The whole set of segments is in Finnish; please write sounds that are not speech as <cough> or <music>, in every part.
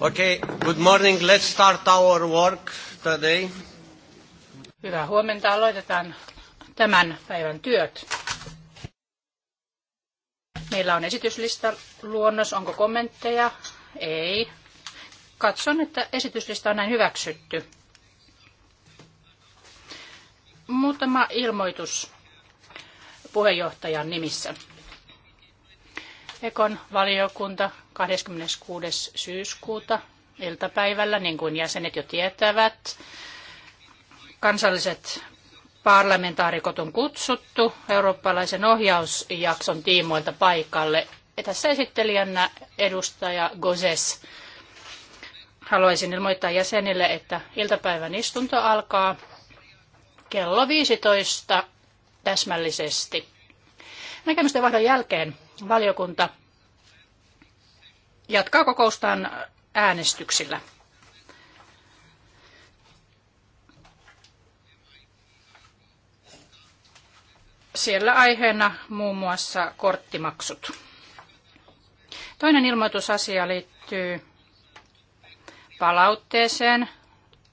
Okay, good morning. Let's start our work today. Hyvää huomenta. Aloitetaan tämän päivän työt. Meillä on esityslista luonnos. Onko kommentteja? Ei. Katson, että esityslista on näin hyväksytty. Muutama ilmoitus puheenjohtajan nimissä. Ekon valiokunta 26. syyskuuta iltapäivällä, niin kuin jäsenet jo tietävät. Kansalliset parlamentaarikot on kutsuttu eurooppalaisen ohjausjakson tiimoilta paikalle. Ja tässä esittelijänä edustaja Gozes. Haluaisin ilmoittaa jäsenille, että iltapäivän istunto alkaa kello 15 täsmällisesti. Näkemysten vaihdon jälkeen valiokunta jatkaa kokoustaan äänestyksillä. Siellä aiheena muun muassa korttimaksut. Toinen ilmoitusasia liittyy palautteeseen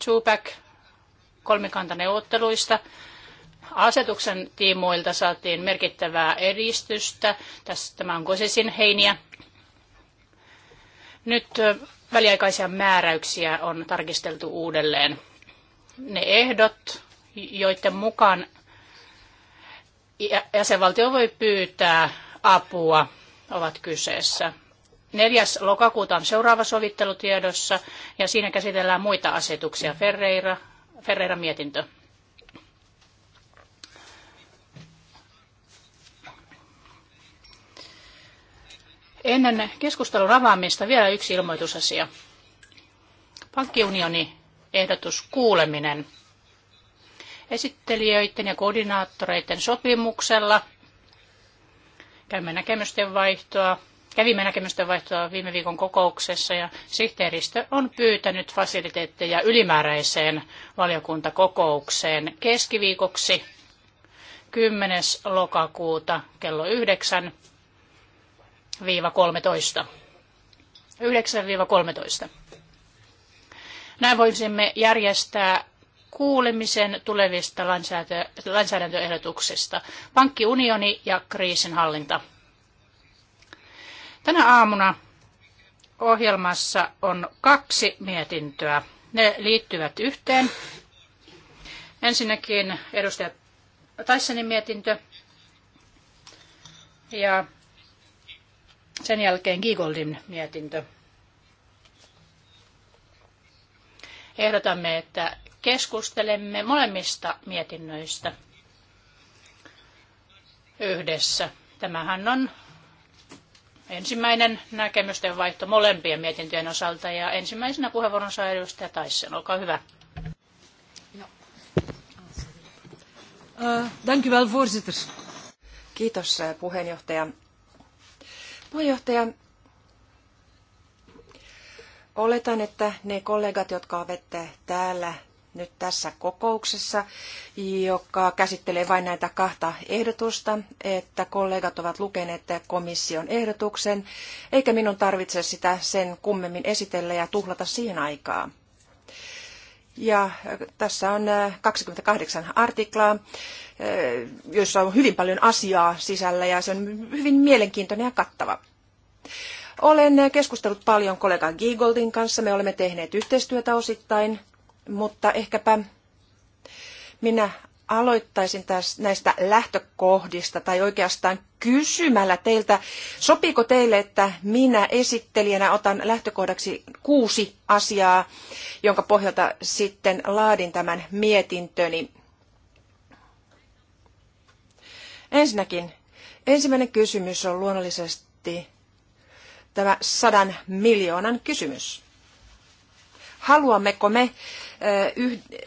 Tupac kolmikantaneuvotteluista. Asetuksen tiimoilta saatiin merkittävää edistystä. Tässä tämä on Kosesin heiniä. Nyt väliaikaisia määräyksiä on tarkisteltu uudelleen. Ne ehdot, joiden mukaan jäsenvaltio voi pyytää apua, ovat kyseessä. 4. lokakuuta on seuraava sovittelu tiedossa ja siinä käsitellään muita asetuksia. Ferreira, Ferreira mietintö. Ennen keskustelun avaamista vielä yksi ilmoitusasia. Pankkiunioni ehdotus kuuleminen. Esittelijöiden ja koordinaattoreiden sopimuksella käymme näkemysten vaihtoa. Kävimme näkemysten vaihtoa viime viikon kokouksessa ja sihteeristö on pyytänyt fasiliteetteja ylimääräiseen valiokuntakokoukseen keskiviikoksi 10. lokakuuta kello 9 9-13. 9-13. Näin voisimme järjestää kuulemisen tulevista lainsäädäntö, lainsäädäntöehdotuksista. Pankkiunioni ja kriisinhallinta. Tänä aamuna ohjelmassa on kaksi mietintöä. Ne liittyvät yhteen. Ensinnäkin edustaja Taissenin mietintö ja sen jälkeen Giegoldin mietintö. Ehdotamme, että keskustelemme molemmista mietinnöistä yhdessä. Tämähän on ensimmäinen näkemysten vaihto molempien mietintöjen osalta ja ensimmäisenä puheenvuoron saa edustaja Taisen. Olkaa hyvä. Dank u wel, voorzitter. Kiitos puheenjohtaja. Puheenjohtaja, oletan, että ne kollegat, jotka ovat täällä nyt tässä kokouksessa, joka käsittelee vain näitä kahta ehdotusta, että kollegat ovat lukeneet komission ehdotuksen, eikä minun tarvitse sitä sen kummemmin esitellä ja tuhlata siihen aikaa. Ja äh, tässä on 28 äh, artiklaa, äh, joissa on hyvin paljon asiaa sisällä ja se on hyvin mielenkiintoinen ja kattava. Olen keskustellut paljon kollega Giegoldin kanssa, me olemme tehneet yhteistyötä osittain, mutta ehkäpä minä aloittaisin tästä näistä lähtökohdista tai oikeastaan kysymällä teiltä, sopiiko teille, että minä esittelijänä otan lähtökohdaksi kuusi asiaa, jonka pohjalta sitten laadin tämän mietintöni. Ensinnäkin, ensimmäinen kysymys on luonnollisesti tämä sadan miljoonan kysymys. Haluammeko me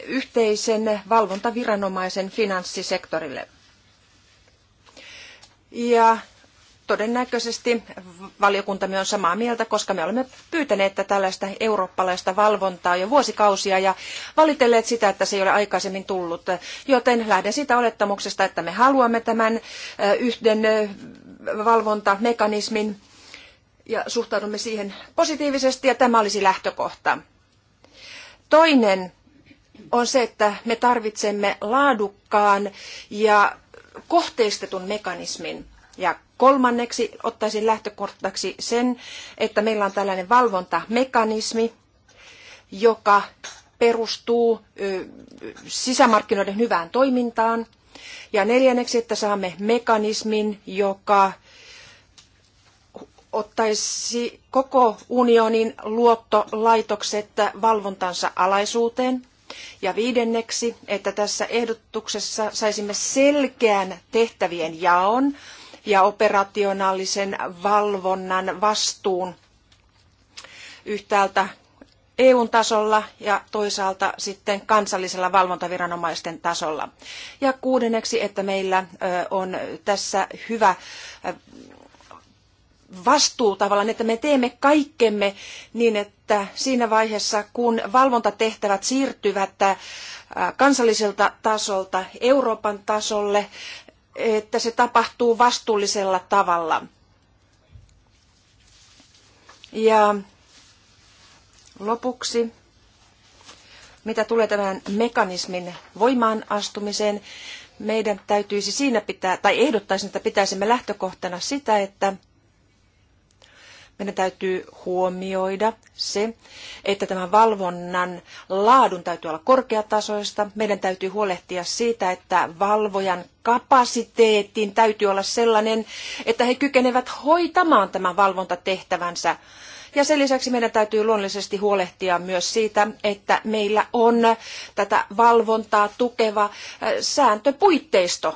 yhteisen valvontaviranomaisen finanssisektorille. Ja todennäköisesti valiokuntamme on samaa mieltä, koska me olemme pyytäneet tällaista eurooppalaista valvontaa jo vuosikausia ja valitelleet sitä, että se ei ole aikaisemmin tullut. Joten lähden siitä olettamuksesta, että me haluamme tämän yhden valvontamekanismin ja suhtaudumme siihen positiivisesti ja tämä olisi lähtökohta. Toinen on se, että me tarvitsemme laadukkaan ja kohteistetun mekanismin. Ja kolmanneksi ottaisin lähtökohtaksi sen, että meillä on tällainen valvontamekanismi, joka perustuu sisämarkkinoiden hyvään toimintaan. Ja neljänneksi, että saamme mekanismin, joka ottaisi koko unionin luottolaitokset valvontansa alaisuuteen. Ja viidenneksi, että tässä ehdotuksessa saisimme selkeän tehtävien jaon ja operationaalisen valvonnan vastuun yhtäältä eu tasolla ja toisaalta sitten kansallisella valvontaviranomaisten tasolla. Ja kuudenneksi, että meillä on tässä hyvä vastuu tavallaan, että me teemme kaikkemme niin, että siinä vaiheessa, kun valvontatehtävät siirtyvät äh, kansalliselta tasolta Euroopan tasolle, että se tapahtuu vastuullisella tavalla. Ja lopuksi, mitä tulee tämän mekanismin voimaan astumiseen, meidän täytyisi siinä pitää, tai ehdottaisin, että pitäisimme lähtökohtana sitä, että meidän täytyy huomioida se, että tämän valvonnan laadun täytyy olla korkeatasoista. Meidän täytyy huolehtia siitä, että valvojan kapasiteetin täytyy olla sellainen, että he kykenevät hoitamaan tämän valvontatehtävänsä. Ja sen lisäksi meidän täytyy luonnollisesti huolehtia myös siitä, että meillä on tätä valvontaa tukeva äh, sääntöpuitteisto.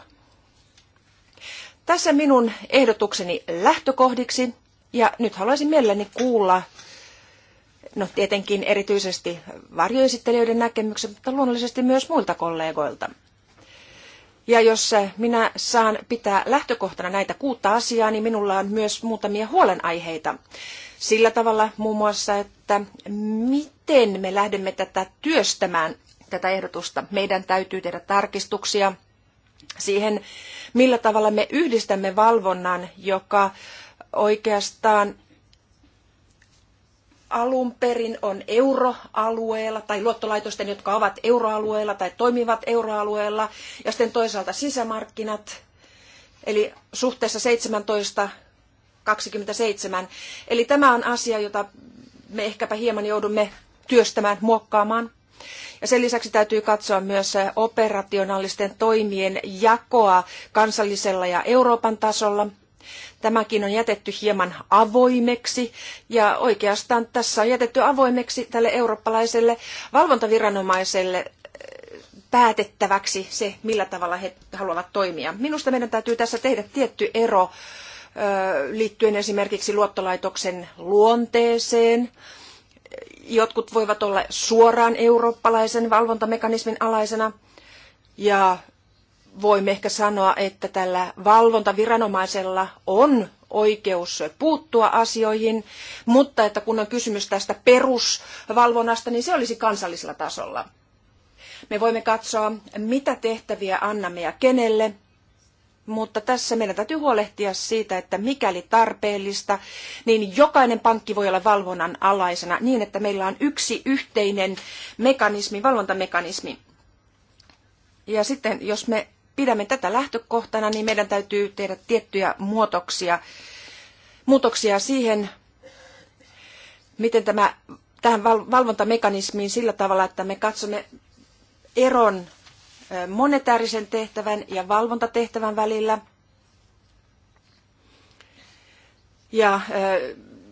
Tässä minun ehdotukseni lähtökohdiksi ja nyt haluaisin mielelläni kuulla, no tietenkin erityisesti varjoesittelijöiden näkemykset, mutta luonnollisesti myös muilta kollegoilta. Ja jos minä saan pitää lähtökohtana näitä kuutta asiaa, niin minulla on myös muutamia huolenaiheita. Sillä tavalla muun muassa, että miten me lähdemme tätä työstämään, tätä ehdotusta. Meidän täytyy tehdä tarkistuksia siihen, millä tavalla me yhdistämme valvonnan, joka oikeastaan alun perin on euroalueella tai luottolaitosten, jotka ovat euroalueella tai toimivat euroalueella, ja sitten toisaalta sisämarkkinat, eli suhteessa 17 27. Eli tämä on asia, jota me ehkäpä hieman joudumme työstämään, muokkaamaan. Ja sen lisäksi täytyy katsoa myös eh, operationaalisten toimien jakoa kansallisella ja Euroopan tasolla – Tämäkin on jätetty hieman avoimeksi ja oikeastaan tässä on jätetty avoimeksi tälle eurooppalaiselle valvontaviranomaiselle eh, päätettäväksi se, millä tavalla he haluavat toimia. Minusta meidän täytyy tässä tehdä tietty ero eh, liittyen esimerkiksi luottolaitoksen luonteeseen. Jotkut voivat olla suoraan eurooppalaisen valvontamekanismin alaisena ja voimme ehkä sanoa, että tällä valvontaviranomaisella on oikeus puuttua asioihin, mutta että kun on kysymys tästä perusvalvonnasta, niin se olisi kansallisella tasolla. Me voimme katsoa, mitä tehtäviä annamme ja kenelle, mutta tässä meidän täytyy huolehtia siitä, että mikäli tarpeellista, niin jokainen pankki voi olla valvonnan alaisena niin, että meillä on yksi yhteinen mekanismi, valvontamekanismi. Ja sitten jos me pidämme tätä lähtökohtana, niin meidän täytyy tehdä tiettyjä muutoksia, muutoksia siihen, miten tämä, tähän valvontamekanismiin sillä tavalla, että me katsomme eron monetäärisen tehtävän ja valvontatehtävän välillä. Ja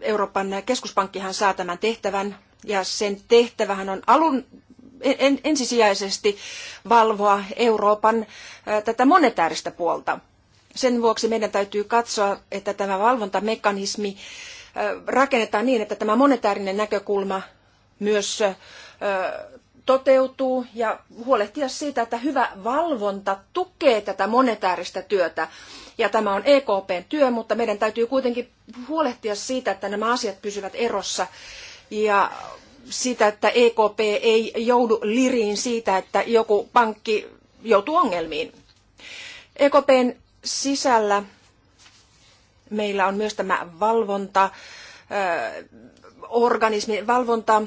Euroopan keskuspankkihan saa tämän tehtävän ja sen tehtävähän on alun en, ensisijaisesti valvoa Euroopan tätä monetääristä puolta. Sen vuoksi meidän täytyy katsoa, että tämä valvontamekanismi rakennetaan niin, että tämä monetäärinen näkökulma myös toteutuu ja huolehtia siitä, että hyvä valvonta tukee tätä monetääristä työtä. Ja tämä on EKPn työ, mutta meidän täytyy kuitenkin huolehtia siitä, että nämä asiat pysyvät erossa ja sitä, että EKP ei joudu liriin siitä, että joku pankki joutuu ongelmiin. EKPn sisällä meillä on myös tämä valvonta, organismi, valvonta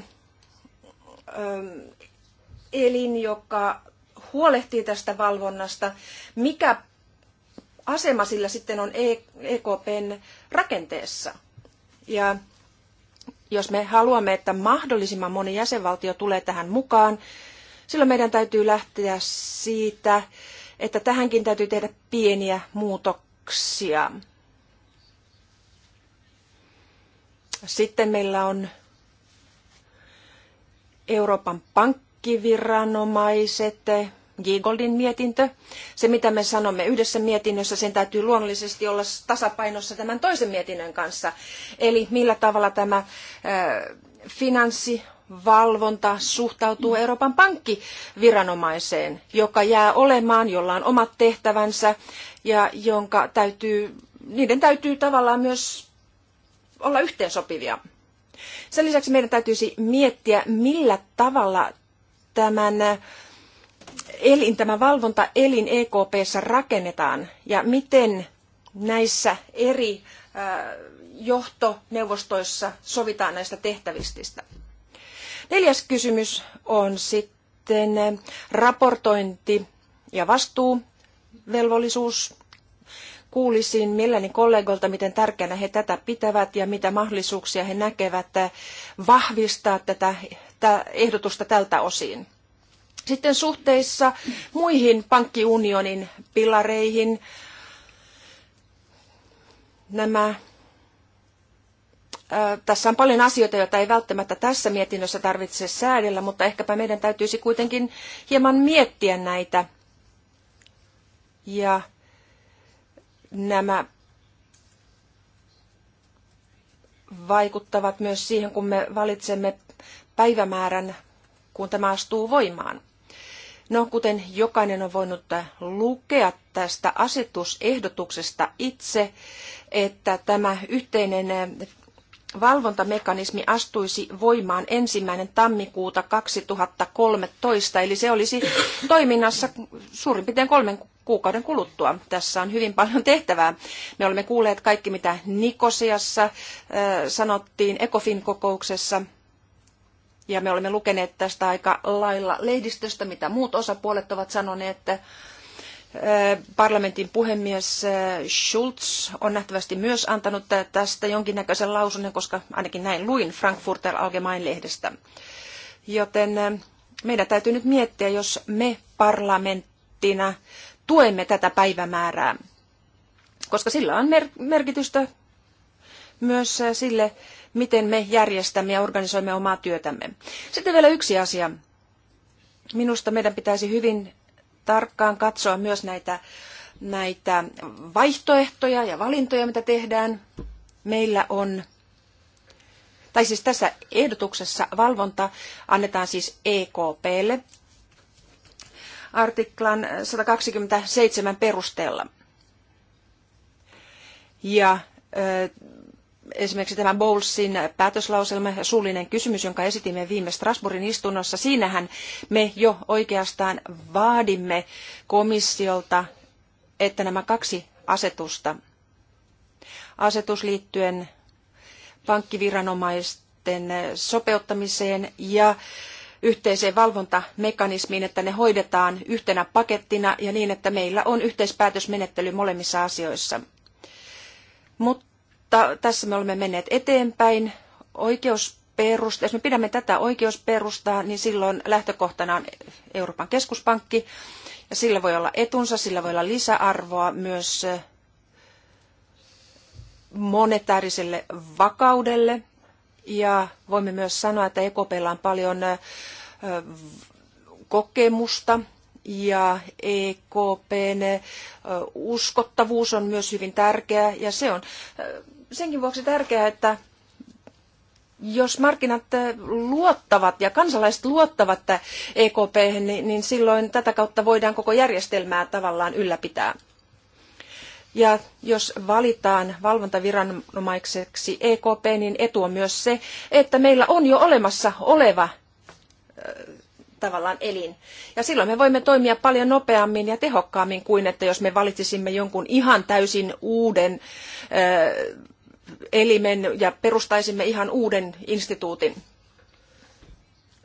elin, joka huolehtii tästä valvonnasta. Mikä asema sillä sitten on EKPn e rakenteessa? Ja jos me haluamme, että mahdollisimman moni jäsenvaltio tulee tähän mukaan, silloin meidän täytyy lähteä siitä, että tähänkin täytyy tehdä pieniä muutoksia. Sitten meillä on Euroopan pankkiviranomaiset, Giegoldin mietintö. Se, mitä me sanomme yhdessä mietinnössä, sen täytyy luonnollisesti olla tasapainossa tämän toisen mietinnön kanssa. Eli millä tavalla tämä finanssi valvonta suhtautuu Euroopan pankkiviranomaiseen, joka jää olemaan, jolla on omat tehtävänsä ja jonka täytyy, niiden täytyy tavallaan myös olla yhteensopivia. Sen lisäksi meidän täytyisi miettiä, millä tavalla tämän elin, tämä valvontaelin EKPssä rakennetaan ja miten näissä eri johtoneuvostoissa sovitaan näistä tehtävistä. Neljäs kysymys on sitten raportointi ja vastuuvelvollisuus. Kuulisin mielelläni kollegoilta, miten tärkeänä he tätä pitävät ja mitä mahdollisuuksia he näkevät vahvistaa tätä ehdotusta tältä osin. Sitten suhteissa muihin pankkiunionin pilareihin nämä tässä on paljon asioita, joita ei välttämättä tässä mietinnössä tarvitse säädellä, mutta ehkäpä meidän täytyisi kuitenkin hieman miettiä näitä. Ja nämä vaikuttavat myös siihen, kun me valitsemme päivämäärän, kun tämä astuu voimaan. No, kuten jokainen on voinut lukea tästä asetusehdotuksesta itse, että tämä yhteinen valvontamekanismi astuisi voimaan ensimmäinen tammikuuta 2013, eli se olisi toiminnassa suurin piirtein kolmen kuukauden kuluttua. Tässä on hyvin paljon tehtävää. Me olemme kuulleet kaikki, mitä Nikosiassa sanottiin ECOFIN kokouksessa ja me olemme lukeneet tästä aika lailla lehdistöstä, mitä muut osapuolet ovat sanoneet, että parlamentin puhemies Schulz on nähtävästi myös antanut tästä jonkinnäköisen lausunnon, koska ainakin näin luin Frankfurter Allgemein-lehdestä. Joten meidän täytyy nyt miettiä, jos me parlamenttina tuemme tätä päivämäärää, koska sillä on merkitystä myös sille, miten me järjestämme ja organisoimme omaa työtämme. Sitten vielä yksi asia. Minusta meidän pitäisi hyvin tarkkaan katsoa myös näitä, näitä vaihtoehtoja ja valintoja, mitä tehdään. Meillä on tai siis tässä ehdotuksessa valvonta annetaan siis EKPlle artiklan 127 perusteella. Ja esimerkiksi tämä Bowlesin päätöslauselma ja suullinen kysymys, jonka esitimme viime Strasbourgin istunnossa, siinähän me jo oikeastaan vaadimme komissiolta, että nämä kaksi asetusta, asetus liittyen pankkiviranomaisten sopeuttamiseen ja yhteiseen valvontamekanismiin, että ne hoidetaan yhtenä pakettina ja niin, että meillä on yhteispäätösmenettely molemmissa asioissa. Mutta mutta tässä me olemme menneet eteenpäin. Oikeusperusta, jos me pidämme tätä oikeusperustaa, niin silloin lähtökohtana on Euroopan keskuspankki. Ja sillä voi olla etunsa, sillä voi olla lisäarvoa myös monetaariselle vakaudelle. Ja voimme myös sanoa, että EKPllä on paljon kokemusta ja EKPn uskottavuus on myös hyvin tärkeä ja se on senkin vuoksi tärkeää, että jos markkinat eh, luottavat ja kansalaiset luottavat EKP, eh, e niin, niin silloin tätä kautta voidaan koko järjestelmää tavallaan ylläpitää. Ja jos valitaan valvontaviranomaiseksi EKP, niin etu on myös se, että meillä on jo olemassa oleva eh, tavallaan elin. Ja silloin me voimme toimia paljon nopeammin ja tehokkaammin kuin, että jos me valitsisimme jonkun ihan täysin uuden ö, elimen ja perustaisimme ihan uuden instituutin.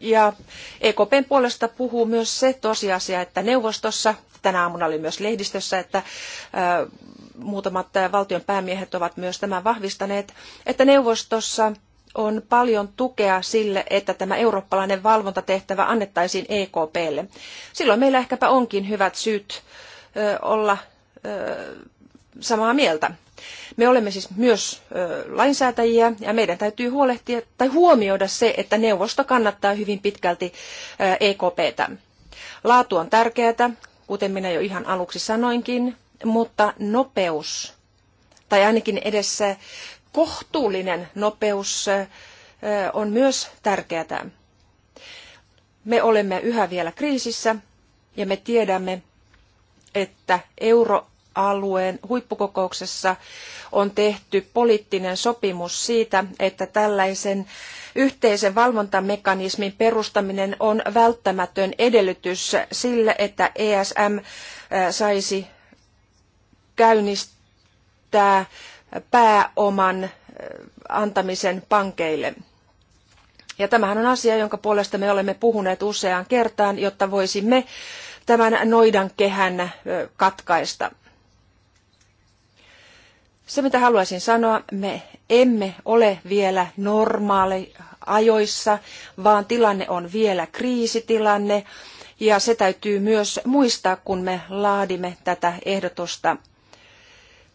Ja EKPn puolesta puhuu myös se tosiasia, että neuvostossa, tänä aamuna oli myös lehdistössä, että muutamat valtion päämiehet ovat myös tämän vahvistaneet, että neuvostossa on paljon tukea sille, että tämä eurooppalainen valvontatehtävä annettaisiin EKPlle. Silloin meillä ehkäpä onkin hyvät syyt olla samaa mieltä. Me olemme siis myös lainsäätäjiä ja meidän täytyy huolehtia tai huomioida se, että neuvosto kannattaa hyvin pitkälti EKPtä. Laatu on tärkeää, kuten minä jo ihan aluksi sanoinkin, mutta nopeus tai ainakin edessä kohtuullinen nopeus on myös tärkeää. Me olemme yhä vielä kriisissä ja me tiedämme, että euro alueen huippukokouksessa on tehty poliittinen sopimus siitä, että tällaisen yhteisen valvontamekanismin perustaminen on välttämätön edellytys sille, että ESM äh, saisi käynnistää pääoman äh, antamisen pankeille. Ja tämähän on asia, jonka puolesta me olemme puhuneet useaan kertaan, jotta voisimme tämän noidankehän äh, katkaista. Se, mitä haluaisin sanoa, me emme ole vielä normaali ajoissa, vaan tilanne on vielä kriisitilanne. Ja se täytyy myös muistaa, kun me laadimme tätä ehdotusta.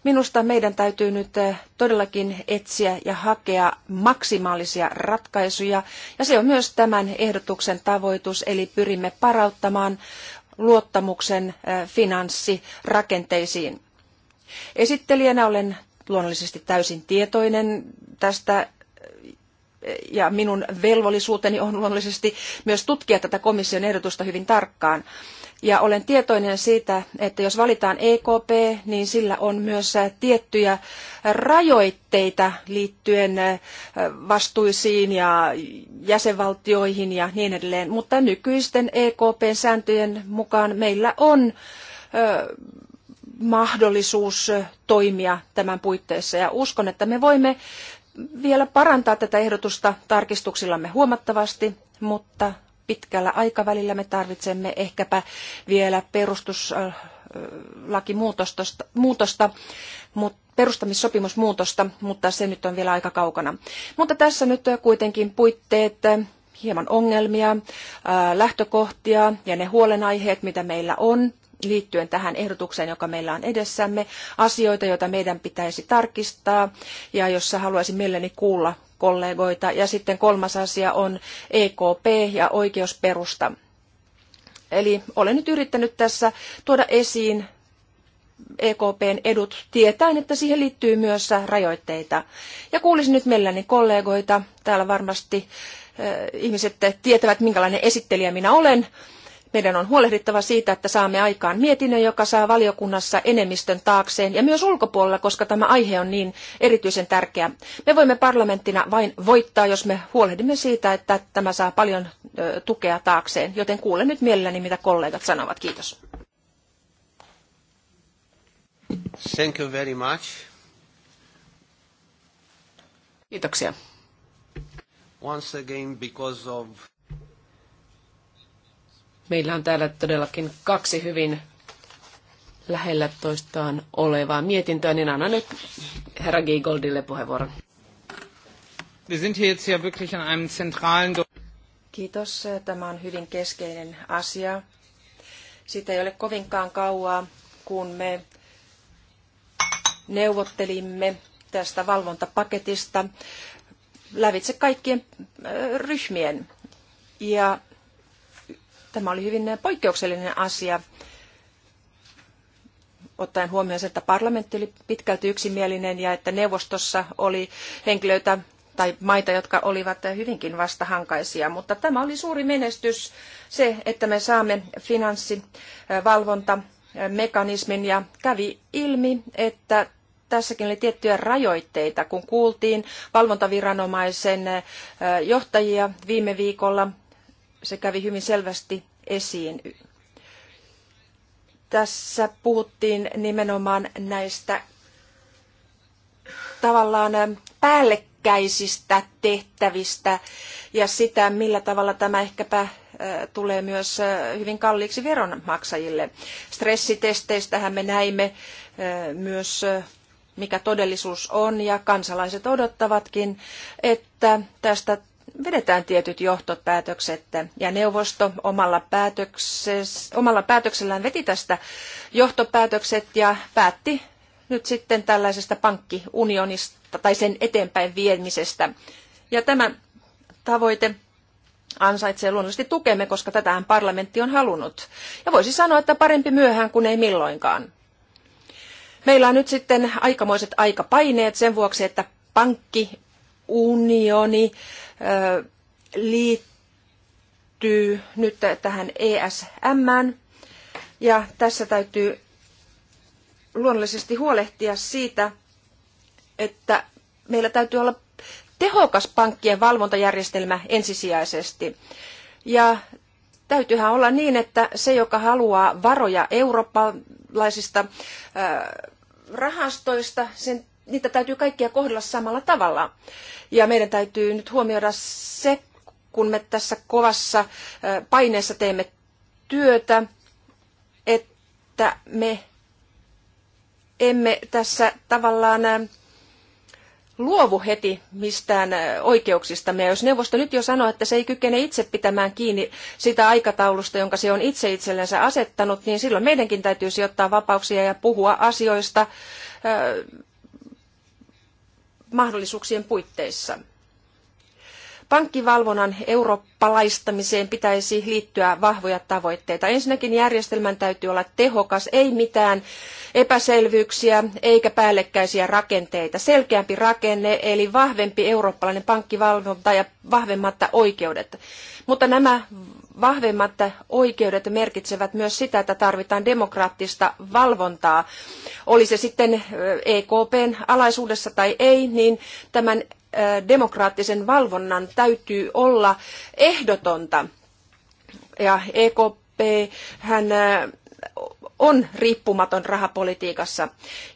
Minusta meidän täytyy nyt eh, todellakin etsiä ja hakea maksimaalisia ratkaisuja, ja se on myös tämän ehdotuksen tavoitus, eli pyrimme parauttamaan luottamuksen eh, finanssirakenteisiin. Esittelijänä olen luonnollisesti täysin tietoinen tästä ja minun velvollisuuteni on luonnollisesti myös tutkia tätä komission ehdotusta hyvin tarkkaan. Ja olen tietoinen siitä, että jos valitaan EKP, niin sillä on myös tiettyjä rajoitteita liittyen vastuisiin ja jäsenvaltioihin ja niin edelleen. Mutta nykyisten EKP-sääntöjen mukaan meillä on mahdollisuus toimia tämän puitteissa. Ja uskon, että me voimme vielä parantaa tätä ehdotusta tarkistuksillamme huomattavasti, mutta pitkällä aikavälillä me tarvitsemme ehkäpä vielä perustuslakimuutosta, mutta perustamissopimusmuutosta, mutta se nyt on vielä aika kaukana. Mutta tässä nyt kuitenkin puitteet, hieman ongelmia, lähtökohtia ja ne huolenaiheet, mitä meillä on liittyen tähän ehdotukseen, joka meillä on edessämme, asioita, joita meidän pitäisi tarkistaa ja jossa haluaisin mielelläni kuulla kollegoita. Ja sitten kolmas asia on EKP ja oikeusperusta. Eli olen nyt yrittänyt tässä tuoda esiin EKPn edut tietäen, että siihen liittyy myös rajoitteita. Ja kuulisin nyt mielelläni kollegoita. Täällä varmasti eh, ihmiset tietävät, minkälainen esittelijä minä olen meidän on huolehdittava siitä, että saamme aikaan mietinnön, joka saa valiokunnassa enemmistön taakseen ja myös ulkopuolella, koska tämä aihe on niin erityisen tärkeä. Me voimme parlamenttina vain voittaa, jos me huolehdimme siitä, että tämä saa paljon tukea taakseen. Joten kuulen nyt mielelläni, mitä kollegat sanovat. Kiitos. Thank you very much. Kiitoksia. Once again because of... Meillä on täällä todellakin kaksi hyvin lähellä toistaan olevaa mietintöä, niin annan nyt herra Giegoldille puheenvuoron. Kiitos. Tämä on hyvin keskeinen asia. Siitä ei ole kovinkaan kauaa, kun me neuvottelimme tästä valvontapaketista lävitse kaikkien äh, ryhmien. Ja Tämä oli hyvin poikkeuksellinen asia, ottaen huomioon sen, että parlamentti oli pitkälti yksimielinen ja että neuvostossa oli henkilöitä tai maita, jotka olivat hyvinkin vastahankaisia. Mutta tämä oli suuri menestys se, että me saamme finanssivalvontamekanismin ja kävi ilmi, että tässäkin oli tiettyjä rajoitteita, kun kuultiin valvontaviranomaisen eh, johtajia viime viikolla se kävi hyvin selvästi esiin. Tässä puhuttiin nimenomaan näistä tavallaan päällekkäisistä tehtävistä ja sitä, millä tavalla tämä ehkäpä äh, tulee myös äh, hyvin kalliiksi veronmaksajille. Stressitesteistähän me näimme äh, myös mikä todellisuus on ja kansalaiset odottavatkin, että tästä vedetään tietyt johtopäätökset. Ja neuvosto omalla, omalla päätöksellään veti tästä johtopäätökset ja päätti nyt sitten tällaisesta pankkiunionista tai sen eteenpäin viemisestä. Ja tämä tavoite ansaitsee luonnollisesti tukemme, koska tätähän parlamentti on halunnut. Ja voisi sanoa, että parempi myöhään kuin ei milloinkaan. Meillä on nyt sitten aikamoiset aikapaineet sen vuoksi, että pankkiunioni liittyy nyt tähän ESM. Ja tässä täytyy luonnollisesti huolehtia siitä, että meillä täytyy olla tehokas pankkien valvontajärjestelmä ensisijaisesti. Ja täytyyhän olla niin, että se, joka haluaa varoja eurooppalaisista rahastoista, sen niitä täytyy kaikkia kohdella samalla tavalla. Ja meidän täytyy nyt huomioida se, kun me tässä kovassa paineessa teemme työtä, että me emme tässä tavallaan luovu heti mistään oikeuksistamme. Ja jos neuvosto nyt jo sanoo, että se ei kykene itse pitämään kiinni sitä aikataulusta, jonka se on itse itsellensä asettanut, niin silloin meidänkin täytyy sijoittaa vapauksia ja puhua asioista mahdollisuuksien puitteissa. Pankkivalvonnan eurooppalaistamiseen pitäisi liittyä vahvoja tavoitteita. Ensinnäkin järjestelmän täytyy olla tehokas, ei mitään epäselvyyksiä eikä päällekkäisiä rakenteita. Selkeämpi rakenne eli vahvempi eurooppalainen pankkivalvonta ja vahvemmat oikeudet. Mutta nämä vahvemmat oikeudet merkitsevät myös sitä, että tarvitaan demokraattista valvontaa. Oli se sitten EKPn alaisuudessa tai ei, niin tämän demokraattisen valvonnan täytyy olla ehdotonta. Ja EKP hän on riippumaton rahapolitiikassa.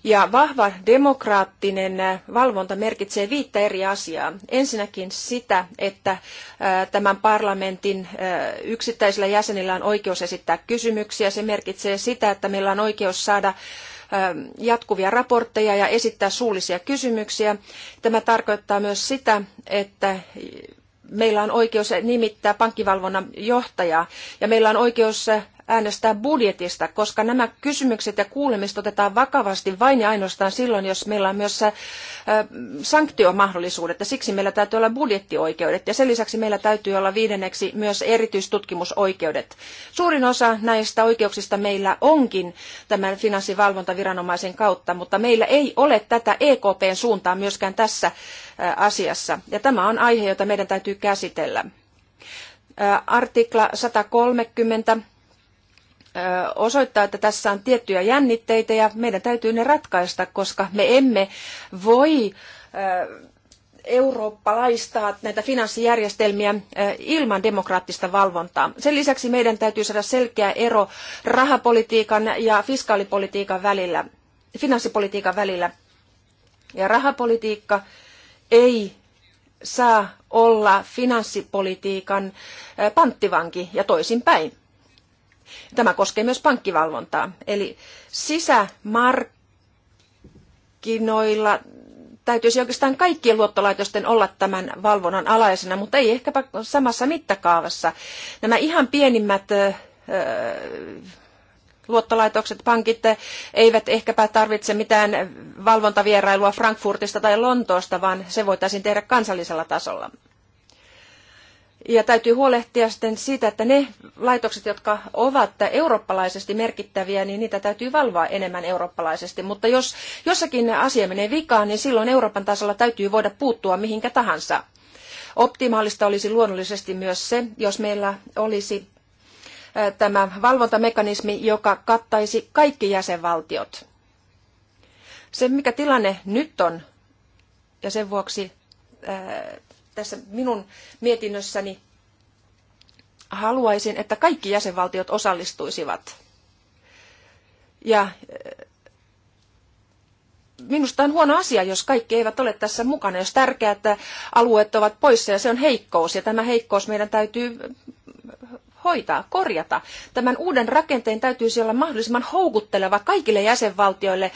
Ja vahva demokraattinen valvonta merkitsee viittä eri asiaa. Ensinnäkin sitä, että tämän parlamentin yksittäisillä jäsenillä on oikeus esittää kysymyksiä. Se merkitsee sitä, että meillä on oikeus saada jatkuvia raportteja ja esittää suullisia kysymyksiä. Tämä tarkoittaa myös sitä, että meillä on oikeus nimittää pankkivalvonnan johtajaa ja meillä on oikeus äänestää budjetista, koska nämä kysymykset ja kuulemiset otetaan vakavasti vain ja ainoastaan silloin, jos meillä on myös äh, sanktiomahdollisuudet. Ja siksi meillä täytyy olla budjettioikeudet ja sen lisäksi meillä täytyy olla viidenneksi myös erityistutkimusoikeudet. Suurin osa näistä oikeuksista meillä onkin tämän finanssivalvontaviranomaisen kautta, mutta meillä ei ole tätä EKPn suuntaa myöskään tässä äh, asiassa. Ja tämä on aihe, jota meidän täytyy käsitellä. Äh, artikla 130 osoittaa, että tässä on tiettyjä jännitteitä ja meidän täytyy ne ratkaista, koska me emme voi eurooppalaistaa näitä finanssijärjestelmiä ilman demokraattista valvontaa. Sen lisäksi meidän täytyy saada selkeä ero rahapolitiikan ja fiskaalipolitiikan välillä, finanssipolitiikan välillä. Ja rahapolitiikka ei saa olla finanssipolitiikan panttivanki ja toisinpäin. Tämä koskee myös pankkivalvontaa. Eli sisämarkkinoilla täytyisi oikeastaan kaikkien luottolaitosten olla tämän valvonnan alaisena, mutta ei ehkäpä samassa mittakaavassa. Nämä ihan pienimmät luottolaitokset, pankit eivät ehkäpä tarvitse mitään valvontavierailua Frankfurtista tai Lontoosta, vaan se voitaisiin tehdä kansallisella tasolla. Ja täytyy huolehtia sitten siitä, että ne laitokset, jotka ovat eurooppalaisesti merkittäviä, niin niitä täytyy valvoa enemmän eurooppalaisesti. Mutta jos jossakin asia menee vikaan, niin silloin Euroopan tasolla täytyy voida puuttua mihinkä tahansa. Optimaalista olisi luonnollisesti myös se, jos meillä olisi tämä valvontamekanismi, joka kattaisi kaikki jäsenvaltiot. Se, mikä tilanne nyt on, ja sen vuoksi tässä minun mietinnössäni haluaisin, että kaikki jäsenvaltiot osallistuisivat. Ja eh, minusta on huono asia, jos kaikki eivät ole tässä mukana, jos tärkeät alueet ovat poissa ja se on heikkous. Ja tämä heikkous meidän täytyy eh, hoitaa, korjata. Tämän uuden rakenteen täytyisi olla mahdollisimman houkutteleva kaikille jäsenvaltioille eh,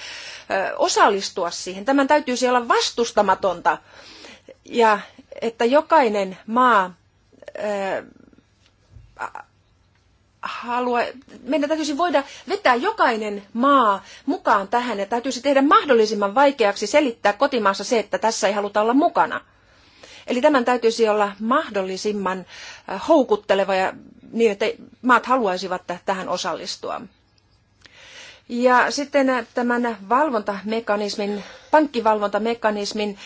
osallistua siihen. Tämän täytyisi olla vastustamatonta. Ja että jokainen maa haluaa, meidän täytyisi voida vetää jokainen maa mukaan tähän ja täytyisi tehdä mahdollisimman vaikeaksi selittää kotimaassa se, että tässä ei haluta olla mukana. Eli tämän täytyisi olla mahdollisimman houkutteleva ja niin, että maat haluaisivat tähän osallistua. Ja sitten tämän valvontamekanismin, pankkivalvontamekanismin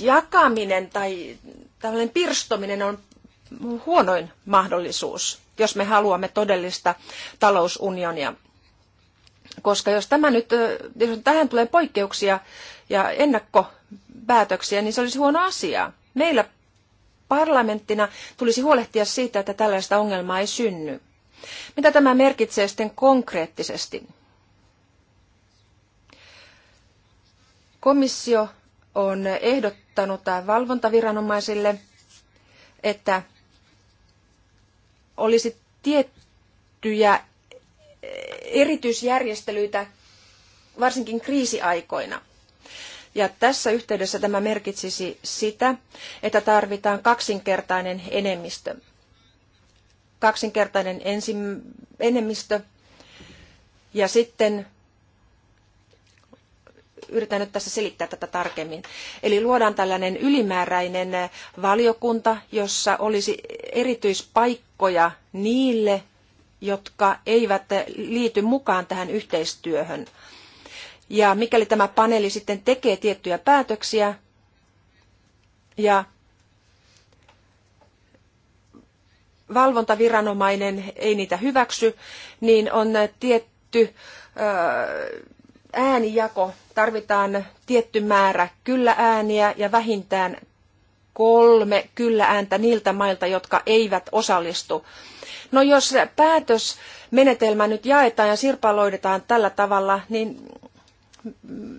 jakaminen tai tällainen pirstominen on huonoin mahdollisuus, jos me haluamme todellista talousunionia. Koska jos, tämä nyt, jos tähän tulee poikkeuksia ja ennakkopäätöksiä, niin se olisi huono asia. Meillä parlamenttina tulisi huolehtia siitä, että tällaista ongelmaa ei synny. Mitä tämä merkitsee sitten konkreettisesti? Komissio on ehdottanut valvontaviranomaisille, että olisi tiettyjä erityisjärjestelyitä varsinkin kriisiaikoina. Ja tässä yhteydessä tämä merkitsisi sitä, että tarvitaan kaksinkertainen enemmistö. Kaksinkertainen enemmistö ja sitten yritän nyt tässä selittää tätä tarkemmin. Eli luodaan tällainen ylimääräinen valiokunta, jossa olisi erityispaikkoja niille, jotka eivät liity mukaan tähän yhteistyöhön. Ja mikäli tämä paneeli sitten tekee tiettyjä päätöksiä ja valvontaviranomainen ei niitä hyväksy, niin on tietty äänijako. Tarvitaan tietty määrä kyllä ääniä ja vähintään kolme kyllä ääntä niiltä mailta, jotka eivät osallistu. No jos päätösmenetelmä nyt jaetaan ja sirpaloidetaan tällä tavalla, niin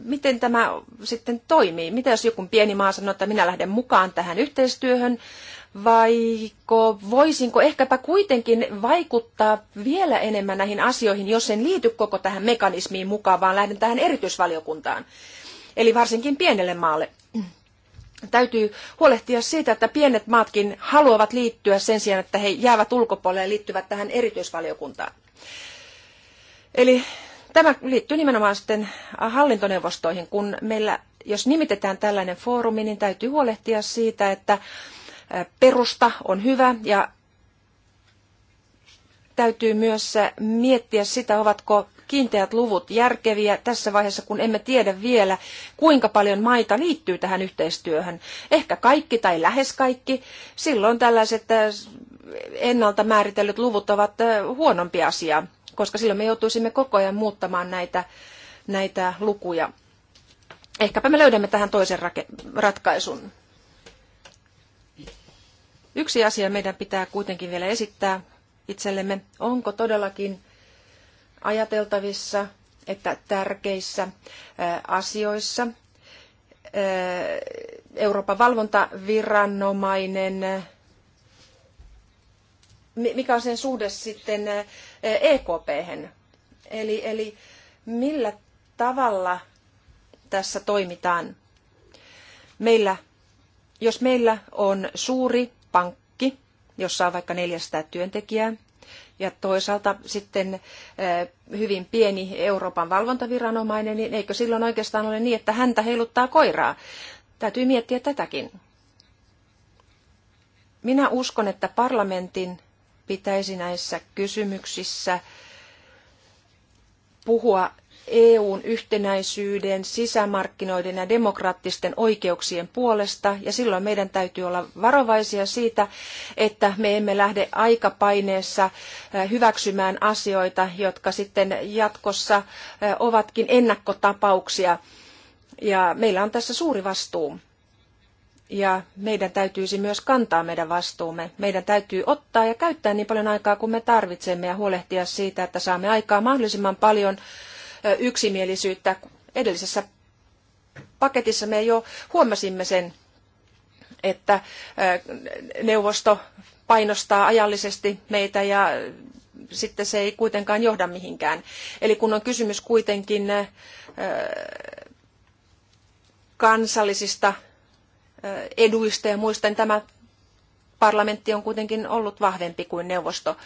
miten tämä sitten toimii? Mitä jos joku pieni maa sanoo, että minä lähden mukaan tähän yhteistyöhön, vaiko voisinko ehkäpä kuitenkin vaikuttaa vielä enemmän näihin asioihin, jos en liity koko tähän mekanismiin mukaan, vaan lähden tähän erityisvaliokuntaan, eli varsinkin pienelle maalle. Täytyy huolehtia siitä, että pienet maatkin haluavat liittyä sen sijaan, että he jäävät ulkopuolelle ja liittyvät tähän erityisvaliokuntaan. Eli tämä liittyy nimenomaan sitten hallintoneuvostoihin, kun meillä, jos nimitetään tällainen foorumi, niin täytyy huolehtia siitä, että perusta on hyvä ja täytyy myös miettiä sitä, ovatko kiinteät luvut järkeviä tässä vaiheessa, kun emme tiedä vielä, kuinka paljon maita liittyy tähän yhteistyöhön. Ehkä kaikki tai lähes kaikki. Silloin tällaiset ennalta määritellyt luvut ovat huonompi asia, koska silloin me joutuisimme koko ajan muuttamaan näitä, näitä lukuja. Ehkäpä me löydämme tähän toisen ratkaisun. Yksi asia meidän pitää kuitenkin vielä esittää itsellemme, onko todellakin ajateltavissa, että tärkeissä asioissa Euroopan valvontaviranomainen, mikä on sen suhde sitten ekp hen, Eli, eli millä tavalla tässä toimitaan? Meillä, jos meillä on suuri pankki, jossa on vaikka 400 työntekijää, ja toisaalta sitten eh, hyvin pieni Euroopan valvontaviranomainen, niin eikö silloin oikeastaan ole niin, että häntä heiluttaa koiraa? Täytyy miettiä tätäkin. Minä uskon, että parlamentin pitäisi näissä kysymyksissä puhua EUn yhtenäisyyden, sisämarkkinoiden ja demokraattisten oikeuksien puolesta, ja silloin meidän täytyy olla varovaisia siitä, että me emme lähde aikapaineessa äh, hyväksymään asioita, jotka sitten jatkossa äh, ovatkin ennakkotapauksia. Ja meillä on tässä suuri vastuu. Ja meidän täytyisi myös kantaa meidän vastuumme. Meidän täytyy ottaa ja käyttää niin paljon aikaa kuin me tarvitsemme ja huolehtia siitä, että saamme aikaa mahdollisimman paljon yksimielisyyttä. Edellisessä paketissa me jo huomasimme sen, että neuvosto painostaa ajallisesti meitä ja sitten se ei kuitenkaan johda mihinkään. Eli kun on kysymys kuitenkin kansallisista eduista ja muista, niin tämä parlamentti on kuitenkin ollut vahvempi kuin neuvosto.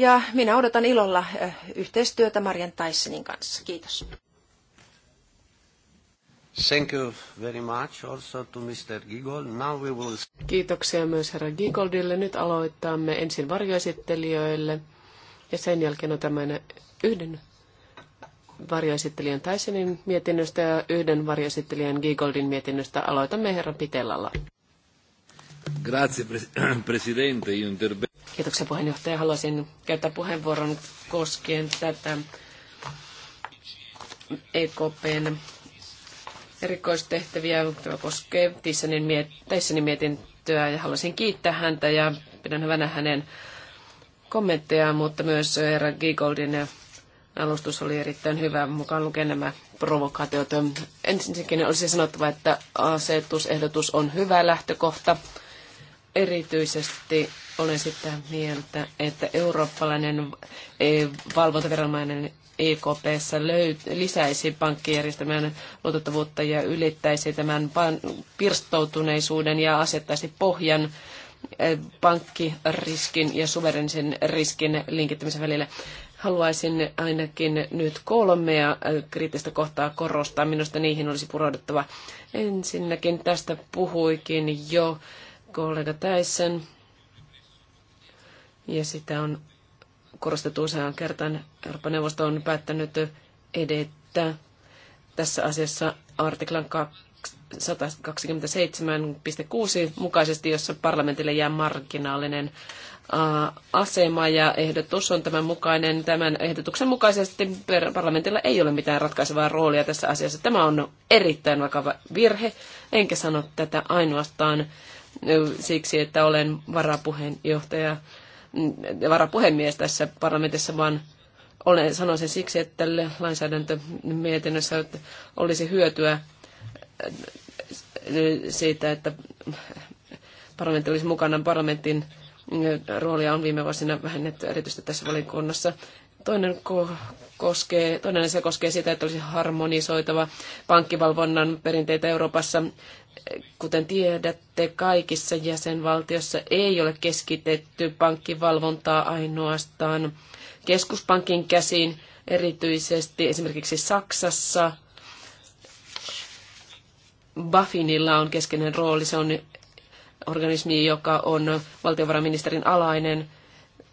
Ja minä odotan ilolla yhteistyötä Marian Taissenin kanssa. Kiitos. Thank you very much also to Mr. Giggold. Now we will... Kiitoksia myös herra Giggoldille. Nyt aloitamme ensin varjoesittelijöille ja sen jälkeen otamme yhden varjoesittelijän Taisenin mietinnöstä ja yhden varjoesittelijän Giggoldin mietinnöstä. Aloitamme herra Pitellalla. Grazie, <clears throat> presidente. Kiitoksia puheenjohtaja. Haluaisin käyttää puheenvuoron koskien tätä EKPn erikoistehtäviä. Tämä koskee Tissanin, miet- Tissanin mietintöä ja haluaisin kiittää häntä ja pidän hyvänä hänen kommenttejaan, mutta myös herra Gigoldin alustus oli erittäin hyvä, mukaan lukee nämä provokaatiot. Ensinnäkin olisi sanottava, että asetusehdotus on hyvä lähtökohta Erityisesti olen sitä mieltä, että eurooppalainen e, valvontaviranomainen EKPssä löy- lisäisi pankkijärjestelmän luotettavuutta ja ylittäisi tämän pirstoutuneisuuden ja asettaisi pohjan e, pankkiriskin ja suverenisen riskin linkittämisen välillä. Haluaisin ainakin nyt kolmea e, kriittistä kohtaa korostaa. Minusta niihin olisi purauduttava. Ensinnäkin tästä puhuikin jo kollega Täissen. Ja sitä on korostettu useaan kertaan. Euroopan neuvosto on päättänyt edetä tässä asiassa artiklan 127.6 mukaisesti, jossa parlamentille jää marginaalinen asema ja ehdotus on tämän mukainen. Tämän ehdotuksen mukaisesti parlamentilla ei ole mitään ratkaisevaa roolia tässä asiassa. Tämä on erittäin vakava virhe, enkä sano tätä ainoastaan siksi, että olen varapuheenjohtaja ja mm, varapuhemies tässä parlamentissa, vaan olen, sanon sen siksi, että lainsäädäntömietinnössä olisi hyötyä äh, siitä, että parlamentti olisi mukana. Parlamentin äh, roolia on viime vuosina vähennetty erityisesti tässä valikunnassa. Toinen, ko- koskee, toinen asia koskee sitä, että olisi harmonisoitava pankkivalvonnan perinteitä Euroopassa Kuten tiedätte, kaikissa jäsenvaltiossa ei ole keskitetty pankkivalvontaa ainoastaan keskuspankin käsiin, erityisesti esimerkiksi Saksassa. Bafinilla on keskeinen rooli, se on organismi, joka on valtiovarainministerin alainen –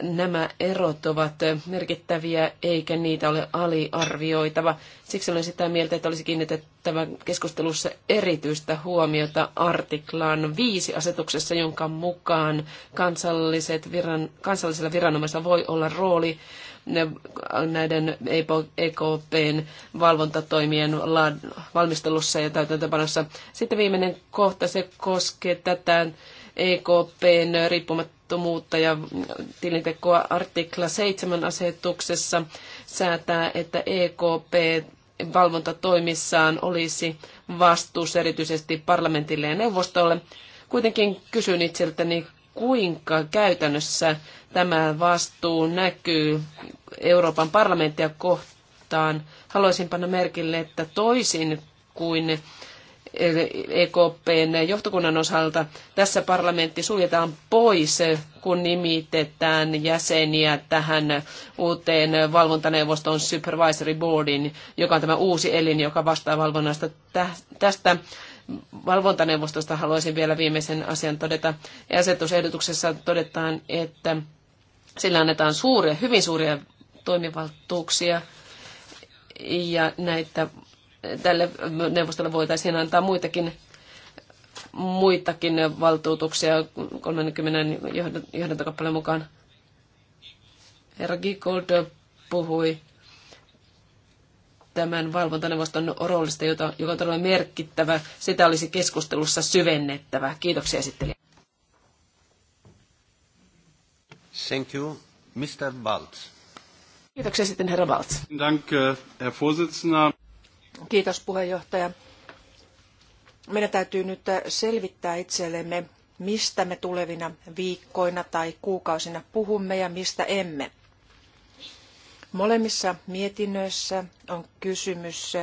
nämä erot ovat merkittäviä eikä niitä ole aliarvioitava. Siksi olen sitä mieltä, että olisi kiinnitettävä keskustelussa erityistä huomiota artiklaan 5 asetuksessa, jonka mukaan kansalliset viran, kansallisella viranomaisella voi olla rooli näiden EKPn e valvontatoimien valmistelussa ja täytäntöpanossa. Sitten viimeinen kohta, se koskee tätä EKPn riippumattomuutta ja tilintekoa artikla 7 asetuksessa säätää, että EKP valvontatoimissaan olisi vastuus erityisesti parlamentille ja neuvostolle. Kuitenkin kysyn itseltäni, kuinka käytännössä tämä vastuu näkyy Euroopan parlamenttia kohtaan. Haluaisin panna merkille, että toisin kuin EKPn johtokunnan osalta tässä parlamentti suljetaan pois, kun nimitetään jäseniä tähän uuteen valvontaneuvoston supervisory boardin, joka on tämä uusi elin, joka vastaa valvonnasta tästä valvontaneuvostosta haluaisin vielä viimeisen asian todeta. E asetusehdotuksessa todetaan, että sillä annetaan suuria, hyvin suuria toimivaltuuksia ja näitä tälle neuvostolle voitaisiin antaa muitakin muitakin valtuutuksia 30 johdantokappaleen mukaan. Herra Gikold puhui tämän valvontaneuvoston roolista, jota, joka on todella merkittävä. Sitä olisi keskustelussa syvennettävä. Kiitoksia esittelijä. Thank you. Mr. Baltz. Kiitoksia sitten herra Valtz. Danke, äh, herr Vorsitzender. Kiitos puheenjohtaja. Meidän täytyy nyt selvittää itsellemme, mistä me tulevina viikkoina tai kuukausina puhumme ja mistä emme. Molemmissa mietinnöissä on kysymys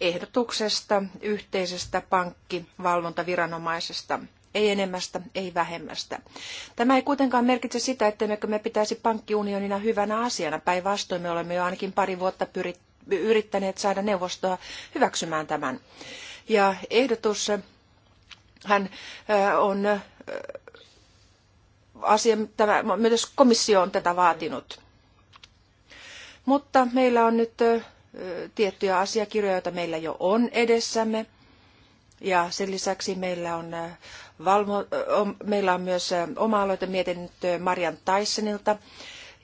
ehdotuksesta yhteisestä pankkivalvontaviranomaisesta. Ei enemmästä, ei vähemmästä. Tämä ei kuitenkaan merkitse sitä, ettemmekö me pitäisi pankkiunionina hyvänä asiana. Päinvastoin me olemme jo ainakin pari vuotta pyrit, yrittäneet saada neuvostoa hyväksymään tämän. Ja ehdotus hän on asia, tämä, myös komissio on tätä vaatinut. Mutta meillä on nyt tiettyjä asiakirjoja, joita meillä jo on edessämme. Ja sen lisäksi meillä on, valmo, meillä on myös oma aloite mietintö Marian Taissenilta,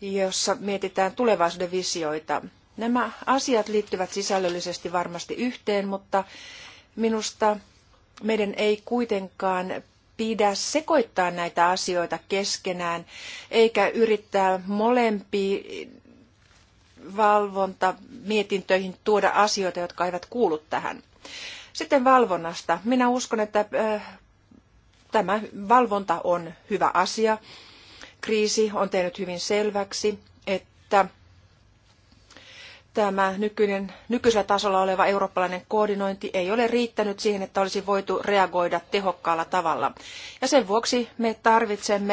jossa mietitään tulevaisuuden visioita Nämä asiat liittyvät sisällöllisesti varmasti yhteen, mutta minusta meidän ei kuitenkaan pidä sekoittaa näitä asioita keskenään, eikä yrittää molempi valvonta mietintöihin tuoda asioita, jotka eivät kuulu tähän. Sitten valvonnasta. Minä uskon, että äh, tämä valvonta on hyvä asia. Kriisi on tehnyt hyvin selväksi, että tämä nykyinen, nykyisellä tasolla oleva eurooppalainen koordinointi ei ole riittänyt siihen, että olisi voitu reagoida tehokkaalla tavalla. Ja sen vuoksi me tarvitsemme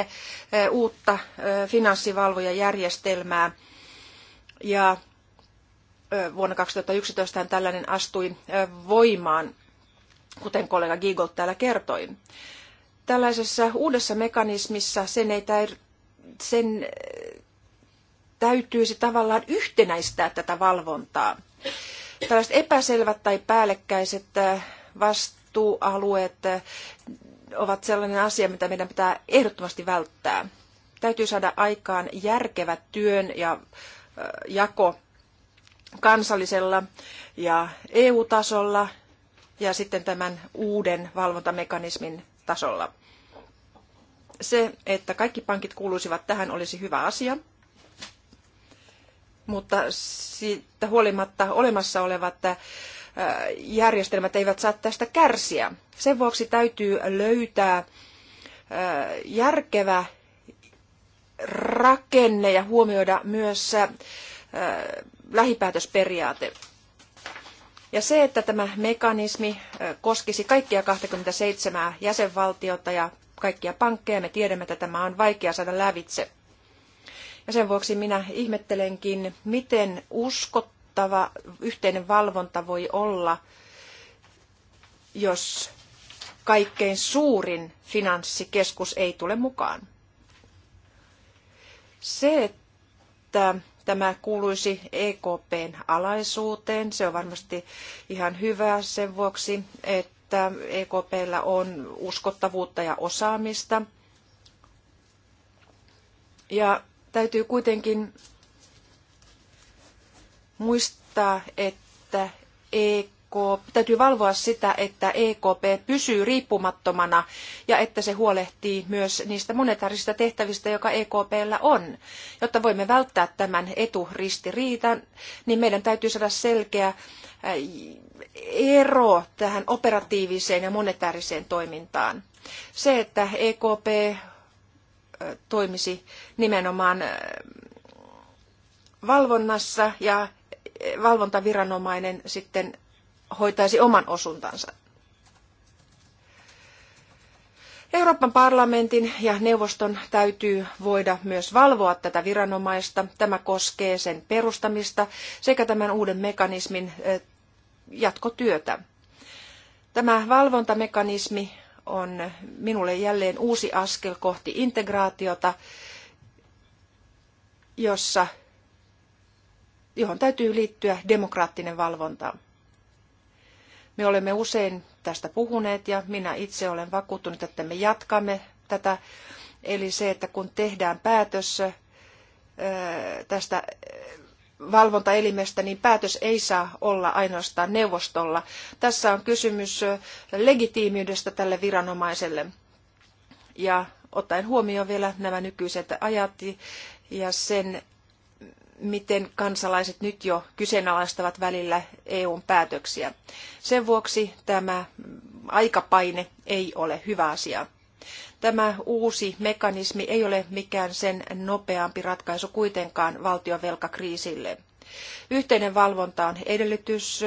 eh, uutta eh, finanssivalvojajärjestelmää. Ja eh, vuonna 2011 tällainen astui voimaan, kuten kollega Giegold täällä kertoi. Tällaisessa uudessa mekanismissa sen ei, sen täytyisi tavallaan yhtenäistää tätä valvontaa. Tällaiset epäselvät tai päällekkäiset äh, vastuualueet äh, ovat sellainen asia, mitä meidän pitää ehdottomasti välttää. Täytyy saada aikaan järkevä työn ja äh, jako kansallisella ja EU-tasolla ja sitten tämän uuden valvontamekanismin tasolla. Se, että kaikki pankit kuuluisivat tähän, olisi hyvä asia – mutta siitä huolimatta olemassa olevat äh, järjestelmät eivät saa tästä kärsiä. Sen vuoksi täytyy löytää äh, järkevä rakenne ja huomioida myös äh, lähipäätösperiaate. Ja se, että tämä mekanismi koskisi kaikkia 27 jäsenvaltiota ja kaikkia pankkeja, me tiedämme, että tämä on vaikea saada lävitse. Ja sen vuoksi minä ihmettelenkin, miten uskottava yhteinen valvonta voi olla, jos kaikkein suurin finanssikeskus ei tule mukaan. Se, että tämä kuuluisi EKPn alaisuuteen, se on varmasti ihan hyvä sen vuoksi, että EKPllä on uskottavuutta ja osaamista. Ja Täytyy kuitenkin muistaa, että EK, täytyy valvoa sitä, että EKP pysyy riippumattomana ja että se huolehtii myös niistä monetaarisista tehtävistä, joka EKPllä on. Jotta voimme välttää tämän eturistiriitan, niin meidän täytyy saada selkeä eh, ero tähän operatiiviseen ja monetaariseen toimintaan. Se, että EKP toimisi nimenomaan valvonnassa ja valvontaviranomainen sitten hoitaisi oman osuntansa. Euroopan parlamentin ja neuvoston täytyy voida myös valvoa tätä viranomaista. Tämä koskee sen perustamista sekä tämän uuden mekanismin jatkotyötä. Tämä valvontamekanismi on minulle jälleen uusi askel kohti integraatiota, jossa, johon täytyy liittyä demokraattinen valvonta. Me olemme usein tästä puhuneet ja minä itse olen vakuuttunut, että me jatkamme tätä. Eli se, että kun tehdään päätös tästä valvontaelimestä, niin päätös ei saa olla ainoastaan neuvostolla. Tässä on kysymys legitiimiydestä tälle viranomaiselle. Ja ottaen huomioon vielä nämä nykyiset ajat ja sen, miten kansalaiset nyt jo kyseenalaistavat välillä EUn päätöksiä. Sen vuoksi tämä aikapaine ei ole hyvä asia. Tämä uusi mekanismi ei ole mikään sen nopeampi ratkaisu kuitenkaan valtionvelkakriisille. Yhteinen valvonta on edellytys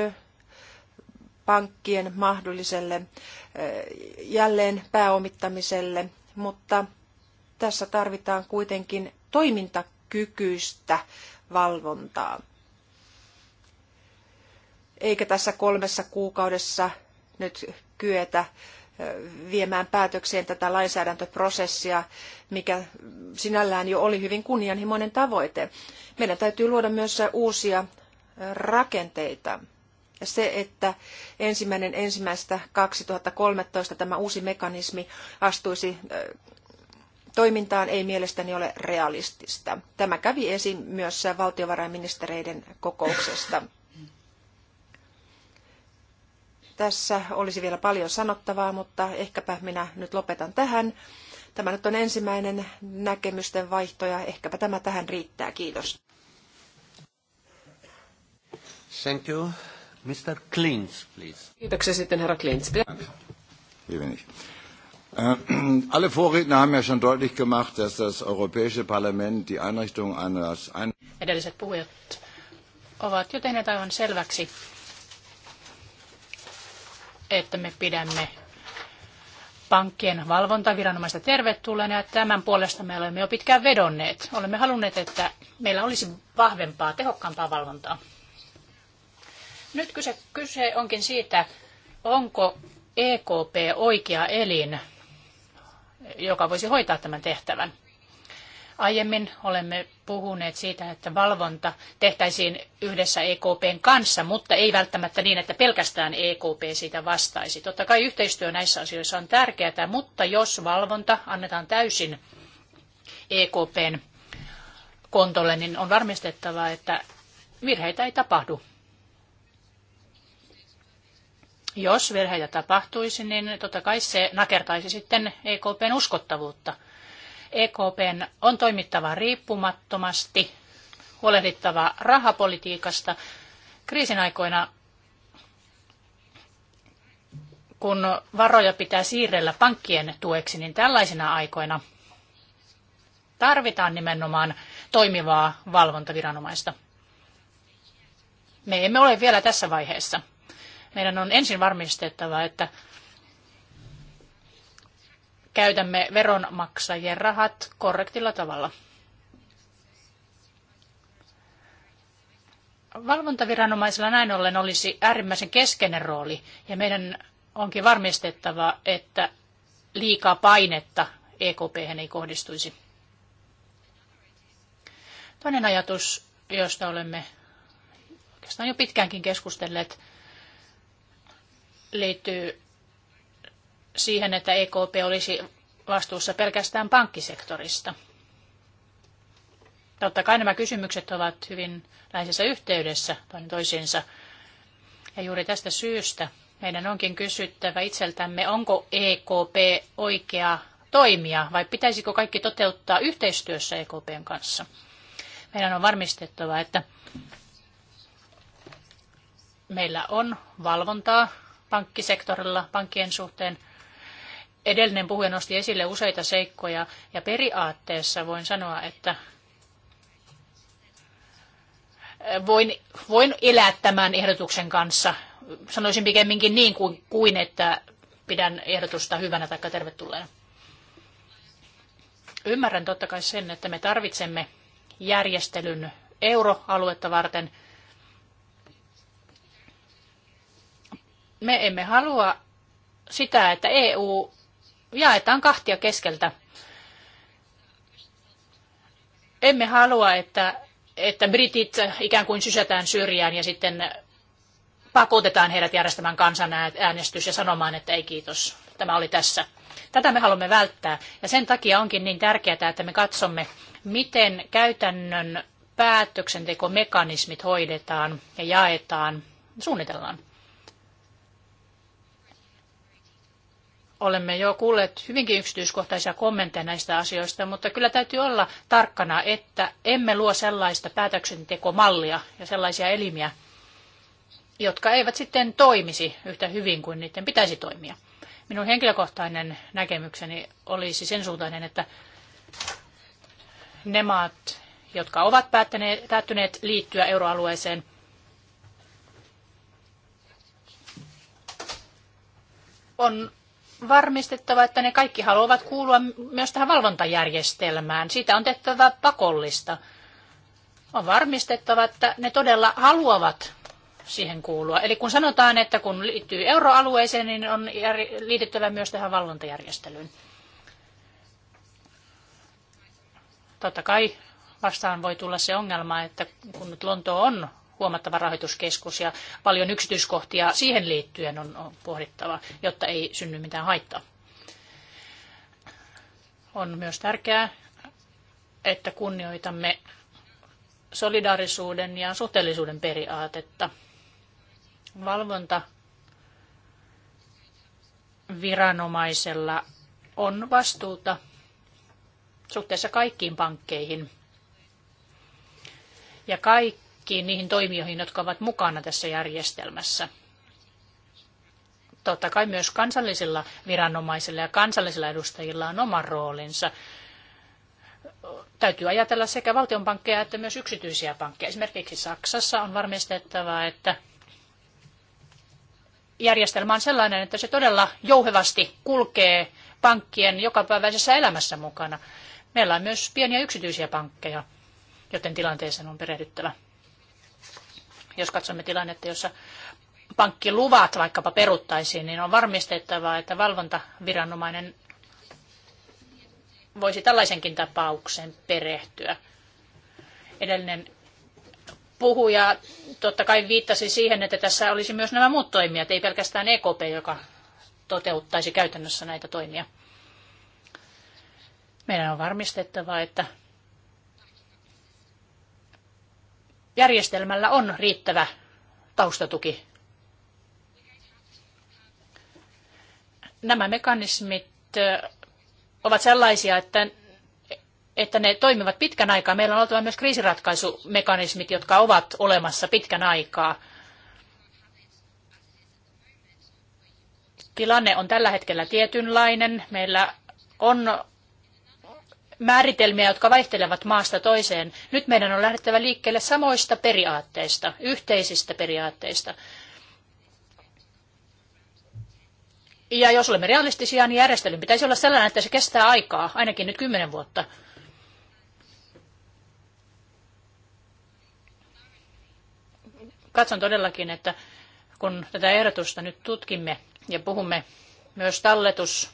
pankkien mahdolliselle eh, jälleen pääomittamiselle, mutta tässä tarvitaan kuitenkin toimintakykyistä valvontaa. Eikä tässä kolmessa kuukaudessa nyt kyetä viemään päätökseen tätä lainsäädäntöprosessia, mikä sinällään jo oli hyvin kunnianhimoinen tavoite. Meidän täytyy luoda myös uusia rakenteita. Ja se, että ensimmäinen ensimmäistä 2013 tämä uusi mekanismi astuisi toimintaan, ei mielestäni ole realistista. Tämä kävi esiin myös valtiovarainministereiden kokouksesta. Tässä olisi vielä paljon sanottavaa, mutta ehkäpä minä nyt lopetan tähän. Tämä nyt on ensimmäinen näkemysten vaihto ja ehkäpä tämä tähän riittää. Kiitos. Thank you. Mr. Klintz, please. Kiitoksia sitten herra Klintz. Äh, alle Vorredner haben ja schon deutlich gemacht, dass das Europäische Parlament die Einrichtung eines... Edelliset puhujat ovat jo tehneet aivan selväksi, että me pidämme pankkien valvontaviranomaista tervetulleena ja tämän puolesta me olemme jo pitkään vedonneet. Olemme halunneet, että meillä olisi vahvempaa, tehokkaampaa valvontaa. Nyt kyse, kyse onkin siitä, onko EKP oikea elin, joka voisi hoitaa tämän tehtävän. Aiemmin olemme puhuneet siitä, että valvonta tehtäisiin yhdessä EKPn kanssa, mutta ei välttämättä niin, että pelkästään EKP siitä vastaisi. Totta kai yhteistyö näissä asioissa on tärkeää, mutta jos valvonta annetaan täysin EKPn kontolle, niin on varmistettava, että virheitä ei tapahdu. Jos virheitä tapahtuisi, niin totta kai se nakertaisi sitten EKPn uskottavuutta – EKPn on toimittava riippumattomasti, huolehdittava rahapolitiikasta. Kriisin aikoina, kun varoja pitää siirrellä pankkien tueksi, niin tällaisina aikoina tarvitaan nimenomaan toimivaa valvontaviranomaista. Me emme ole vielä tässä vaiheessa. Meidän on ensin varmistettava, että käytämme veronmaksajien rahat korrektilla tavalla. Valvontaviranomaisilla näin ollen olisi äärimmäisen keskeinen rooli ja meidän onkin varmistettava, että liikaa painetta EKP ei kohdistuisi. Toinen ajatus, josta olemme oikeastaan jo pitkäänkin keskustelleet, liittyy siihen, että EKP olisi vastuussa pelkästään pankkisektorista. Totta kai nämä kysymykset ovat hyvin läheisessä yhteydessä toinen toisiinsa. Ja juuri tästä syystä meidän onkin kysyttävä itseltämme, onko EKP oikea toimija vai pitäisikö kaikki toteuttaa yhteistyössä EKPn kanssa. Meidän on varmistettava, että meillä on valvontaa pankkisektorilla pankkien suhteen – Edellinen puhuja nosti esille useita seikkoja ja periaatteessa voin sanoa, että voin, voin elää tämän ehdotuksen kanssa. Sanoisin pikemminkin niin kuin, kuin että pidän ehdotusta hyvänä tai tervetulleena. Ymmärrän totta kai sen, että me tarvitsemme järjestelyn euroaluetta varten. Me emme halua sitä, että EU jaetaan kahtia keskeltä. Emme halua, että, että britit ikään kuin sysätään syrjään ja sitten pakotetaan heidät järjestämään kansanäänestys ja sanomaan, että ei kiitos, tämä oli tässä. Tätä me haluamme välttää ja sen takia onkin niin tärkeää, että me katsomme, miten käytännön päätöksentekomekanismit hoidetaan ja jaetaan, suunnitellaan. olemme jo kuulleet hyvinkin yksityiskohtaisia kommentteja näistä asioista, mutta kyllä täytyy olla tarkkana, että emme luo sellaista päätöksentekomallia ja sellaisia elimiä, jotka eivät sitten toimisi yhtä hyvin kuin niiden pitäisi toimia. Minun henkilökohtainen näkemykseni olisi sen suuntainen, että ne maat, jotka ovat päättäneet, päättyneet liittyä euroalueeseen, on varmistettava, että ne kaikki haluavat kuulua myös tähän valvontajärjestelmään. Siitä on tehtävä pakollista. On varmistettava, että ne todella haluavat siihen kuulua. Eli kun sanotaan, että kun liittyy euroalueeseen, niin on liitettävä myös tähän valvontajärjestelyyn. Totta kai vastaan voi tulla se ongelma, että kun nyt Lonto on huomattava rahoituskeskus ja paljon yksityiskohtia siihen liittyen on pohdittava, jotta ei synny mitään haittaa. On myös tärkeää, että kunnioitamme solidaarisuuden ja suhteellisuuden periaatetta. Valvonta viranomaisella on vastuuta suhteessa kaikkiin pankkeihin. Ja kaikki kaikkiin niihin toimijoihin, jotka ovat mukana tässä järjestelmässä. Totta kai myös kansallisilla viranomaisilla ja kansallisilla edustajilla on oma roolinsa. Täytyy ajatella sekä valtionpankkeja että myös yksityisiä pankkeja. Esimerkiksi Saksassa on varmistettava, että järjestelmä on sellainen, että se todella jouhevasti kulkee pankkien jokapäiväisessä elämässä mukana. Meillä on myös pieniä yksityisiä pankkeja, joten tilanteeseen on perehdyttävä. Jos katsomme tilannetta, jossa pankkiluvat vaikkapa peruttaisiin, niin on varmistettava, että valvontaviranomainen voisi tällaisenkin tapauksen perehtyä. Edellinen puhuja totta kai viittasi siihen, että tässä olisi myös nämä muut toimijat, ei pelkästään EKP, joka toteuttaisi käytännössä näitä toimia. Meidän on varmistettava, että järjestelmällä on riittävä taustatuki. Nämä mekanismit äh, ovat sellaisia, että, että ne toimivat pitkän aikaa. Meillä on oltava myös kriisiratkaisumekanismit, jotka ovat olemassa pitkän aikaa. Tilanne on tällä hetkellä tietynlainen. Meillä on määritelmiä, jotka vaihtelevat maasta toiseen. Nyt meidän on lähdettävä liikkeelle samoista periaatteista, yhteisistä periaatteista. Ja jos olemme realistisia, niin järjestelyn pitäisi olla sellainen, että se kestää aikaa, ainakin nyt kymmenen vuotta. Katson todellakin, että kun tätä ehdotusta nyt tutkimme ja puhumme myös talletus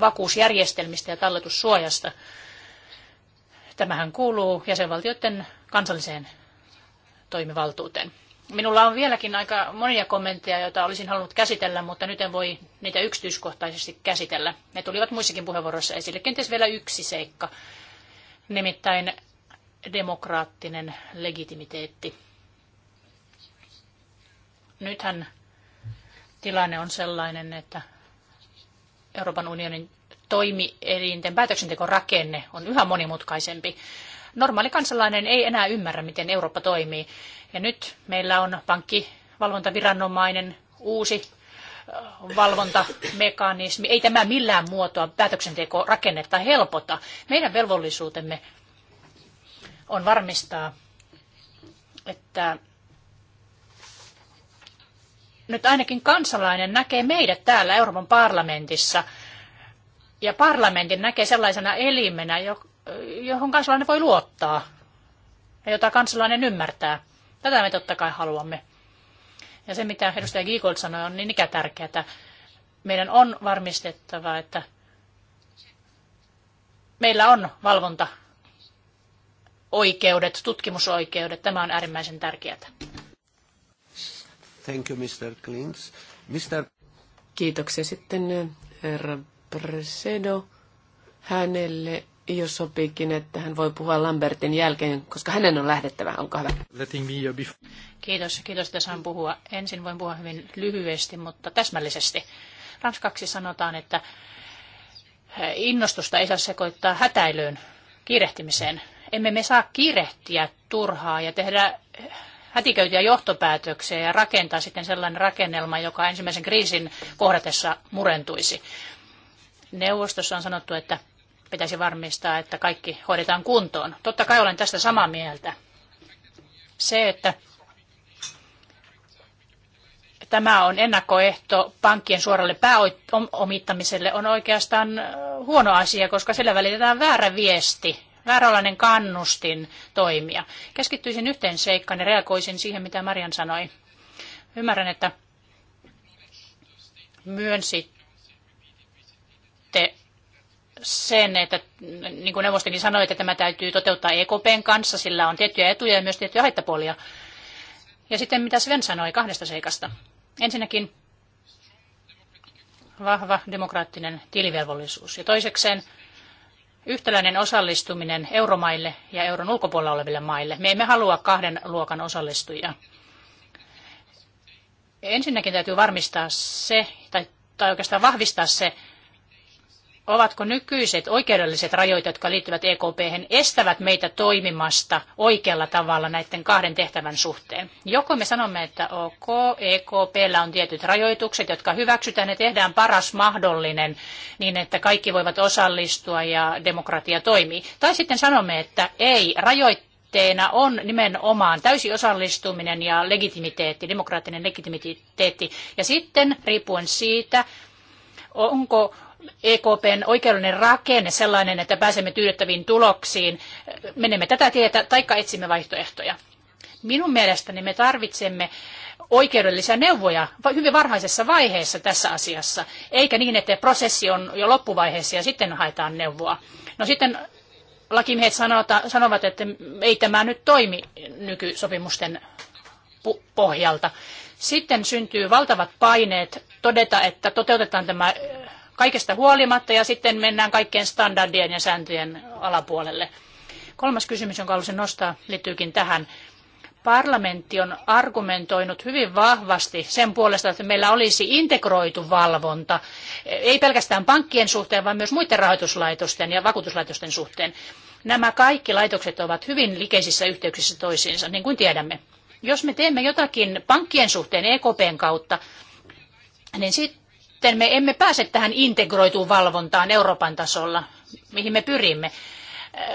vakuusjärjestelmistä ja talletussuojasta. Tämähän kuuluu jäsenvaltioiden kansalliseen toimivaltuuteen. Minulla on vieläkin aika monia kommentteja, joita olisin halunnut käsitellä, mutta nyt en voi niitä yksityiskohtaisesti käsitellä. Ne tulivat muissakin puheenvuoroissa esille. Kenties vielä yksi seikka, nimittäin demokraattinen legitimiteetti. Nythän tilanne on sellainen, että Euroopan unionin toimielinten päätöksentekorakenne on yhä monimutkaisempi. Normaali kansalainen ei enää ymmärrä, miten Eurooppa toimii. Ja nyt meillä on pankkivalvontaviranomainen, uusi äh, valvontamekanismi. Ei tämä millään muotoa päätöksentekorakennetta helpota. Meidän velvollisuutemme on varmistaa, että nyt ainakin kansalainen näkee meidät täällä Euroopan parlamentissa ja parlamentin näkee sellaisena elimenä, johon kansalainen voi luottaa ja jota kansalainen ymmärtää. Tätä me totta kai haluamme. Ja se, mitä edustaja Giegold sanoi, on niin ikätärkeää, että meidän on varmistettava, että meillä on valvonta oikeudet, tutkimusoikeudet. Tämä on äärimmäisen tärkeää. Thank you, Mr. Klintz. Mr. Kiitoksia sitten eh, herra Presedo hänelle, jos sopiikin, että hän voi puhua Lambertin jälkeen, koska hänen on lähdettävä. Olkaa hyvä. Uh, kiitos, kiitos, että saan puhua. Ensin voin puhua hyvin lyhyesti, mutta täsmällisesti. Ranskaksi sanotaan, että eh, innostusta ei saa sekoittaa hätäilyyn, kiirehtimiseen. Emme me saa kiirehtiä turhaa ja tehdä eh, hätiköityjä johtopäätöksiä ja rakentaa sitten sellainen rakennelma, joka ensimmäisen kriisin kohdatessa murentuisi. Neuvostossa on sanottu, että pitäisi varmistaa, että kaikki hoidetaan kuntoon. Totta kai olen tästä samaa mieltä. Se, että tämä on ennakkoehto pankkien suoralle pääomittamiselle, on oikeastaan huono asia, koska sillä välitetään väärä viesti vääränlainen kannustin toimia. Keskittyisin yhteen seikkaan ja reagoisin siihen, mitä Marian sanoi. Ymmärrän, että myönsitte sen, että niin kuin neuvostokin sanoi, että tämä täytyy toteuttaa EKPn kanssa, sillä on tiettyjä etuja ja myös tiettyjä haittapuolia. Ja sitten mitä Sven sanoi kahdesta seikasta. Ensinnäkin vahva demokraattinen tilivelvollisuus ja toisekseen yhtäläinen osallistuminen euromaille ja euron ulkopuolella oleville maille. Me emme halua kahden luokan osallistujia. Ensinnäkin täytyy varmistaa se, tai, tai oikeastaan vahvistaa se, ovatko nykyiset oikeudelliset rajoit, jotka liittyvät EKP, estävät meitä toimimasta oikealla tavalla näiden kahden tehtävän suhteen. Joko me sanomme, että OK, EKPllä on tietyt rajoitukset, jotka hyväksytään ja tehdään paras mahdollinen niin, että kaikki voivat osallistua ja demokratia toimii. Tai sitten sanomme, että ei, rajoittaa on nimenomaan täysi osallistuminen ja legitimiteetti, demokraattinen legitimiteetti. Ja sitten riippuen siitä, onko EKPn oikeudellinen rakenne sellainen, että pääsemme tyydyttäviin tuloksiin, menemme tätä tietä, taikka etsimme vaihtoehtoja. Minun mielestäni me tarvitsemme oikeudellisia neuvoja hyvin varhaisessa vaiheessa tässä asiassa, eikä niin, että prosessi on jo loppuvaiheessa ja sitten haetaan neuvoa. No sitten lakimiehet sanovat, että ei tämä nyt toimi nykysopimusten pohjalta. Sitten syntyy valtavat paineet todeta, että toteutetaan tämä kaikesta huolimatta ja sitten mennään kaikkien standardien ja sääntöjen alapuolelle. Kolmas kysymys, jonka haluaisin nostaa, liittyykin tähän. Parlamentti on argumentoinut hyvin vahvasti sen puolesta, että meillä olisi integroitu valvonta, ei pelkästään pankkien suhteen, vaan myös muiden rahoituslaitosten ja vakuutuslaitosten suhteen. Nämä kaikki laitokset ovat hyvin likeisissä yhteyksissä toisiinsa, niin kuin tiedämme. Jos me teemme jotakin pankkien suhteen EKPn kautta, niin sit, sitten me emme pääse tähän integroituun valvontaan Euroopan tasolla, mihin me pyrimme.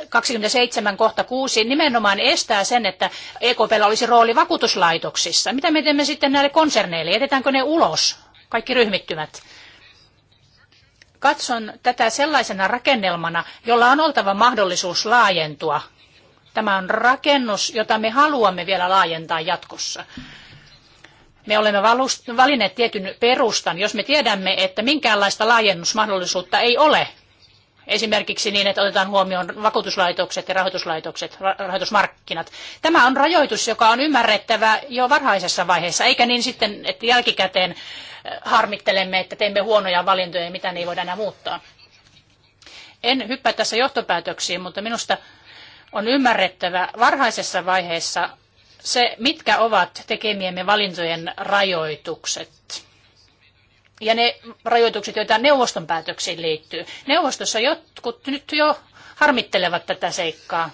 27 kohta 6 nimenomaan estää sen, että EKPllä olisi rooli vakuutuslaitoksissa. Mitä me teemme sitten näille konserneille? Jätetäänkö ne ulos, kaikki ryhmittymät? Katson tätä sellaisena rakennelmana, jolla on oltava mahdollisuus laajentua. Tämä on rakennus, jota me haluamme vielä laajentaa jatkossa me olemme valinneet tietyn perustan, jos me tiedämme, että minkäänlaista laajennusmahdollisuutta ei ole, esimerkiksi niin, että otetaan huomioon vakuutuslaitokset ja rahoituslaitokset, rahoitusmarkkinat. Tämä on rajoitus, joka on ymmärrettävä jo varhaisessa vaiheessa, eikä niin sitten, että jälkikäteen äh, harmittelemme, että teimme huonoja valintoja ja mitä ne ei voida enää muuttaa. En hyppää tässä johtopäätöksiin, mutta minusta on ymmärrettävä varhaisessa vaiheessa se, mitkä ovat tekemiemme valintojen rajoitukset ja ne rajoitukset, joita neuvoston päätöksiin liittyy. Neuvostossa jotkut nyt jo harmittelevat tätä seikkaa.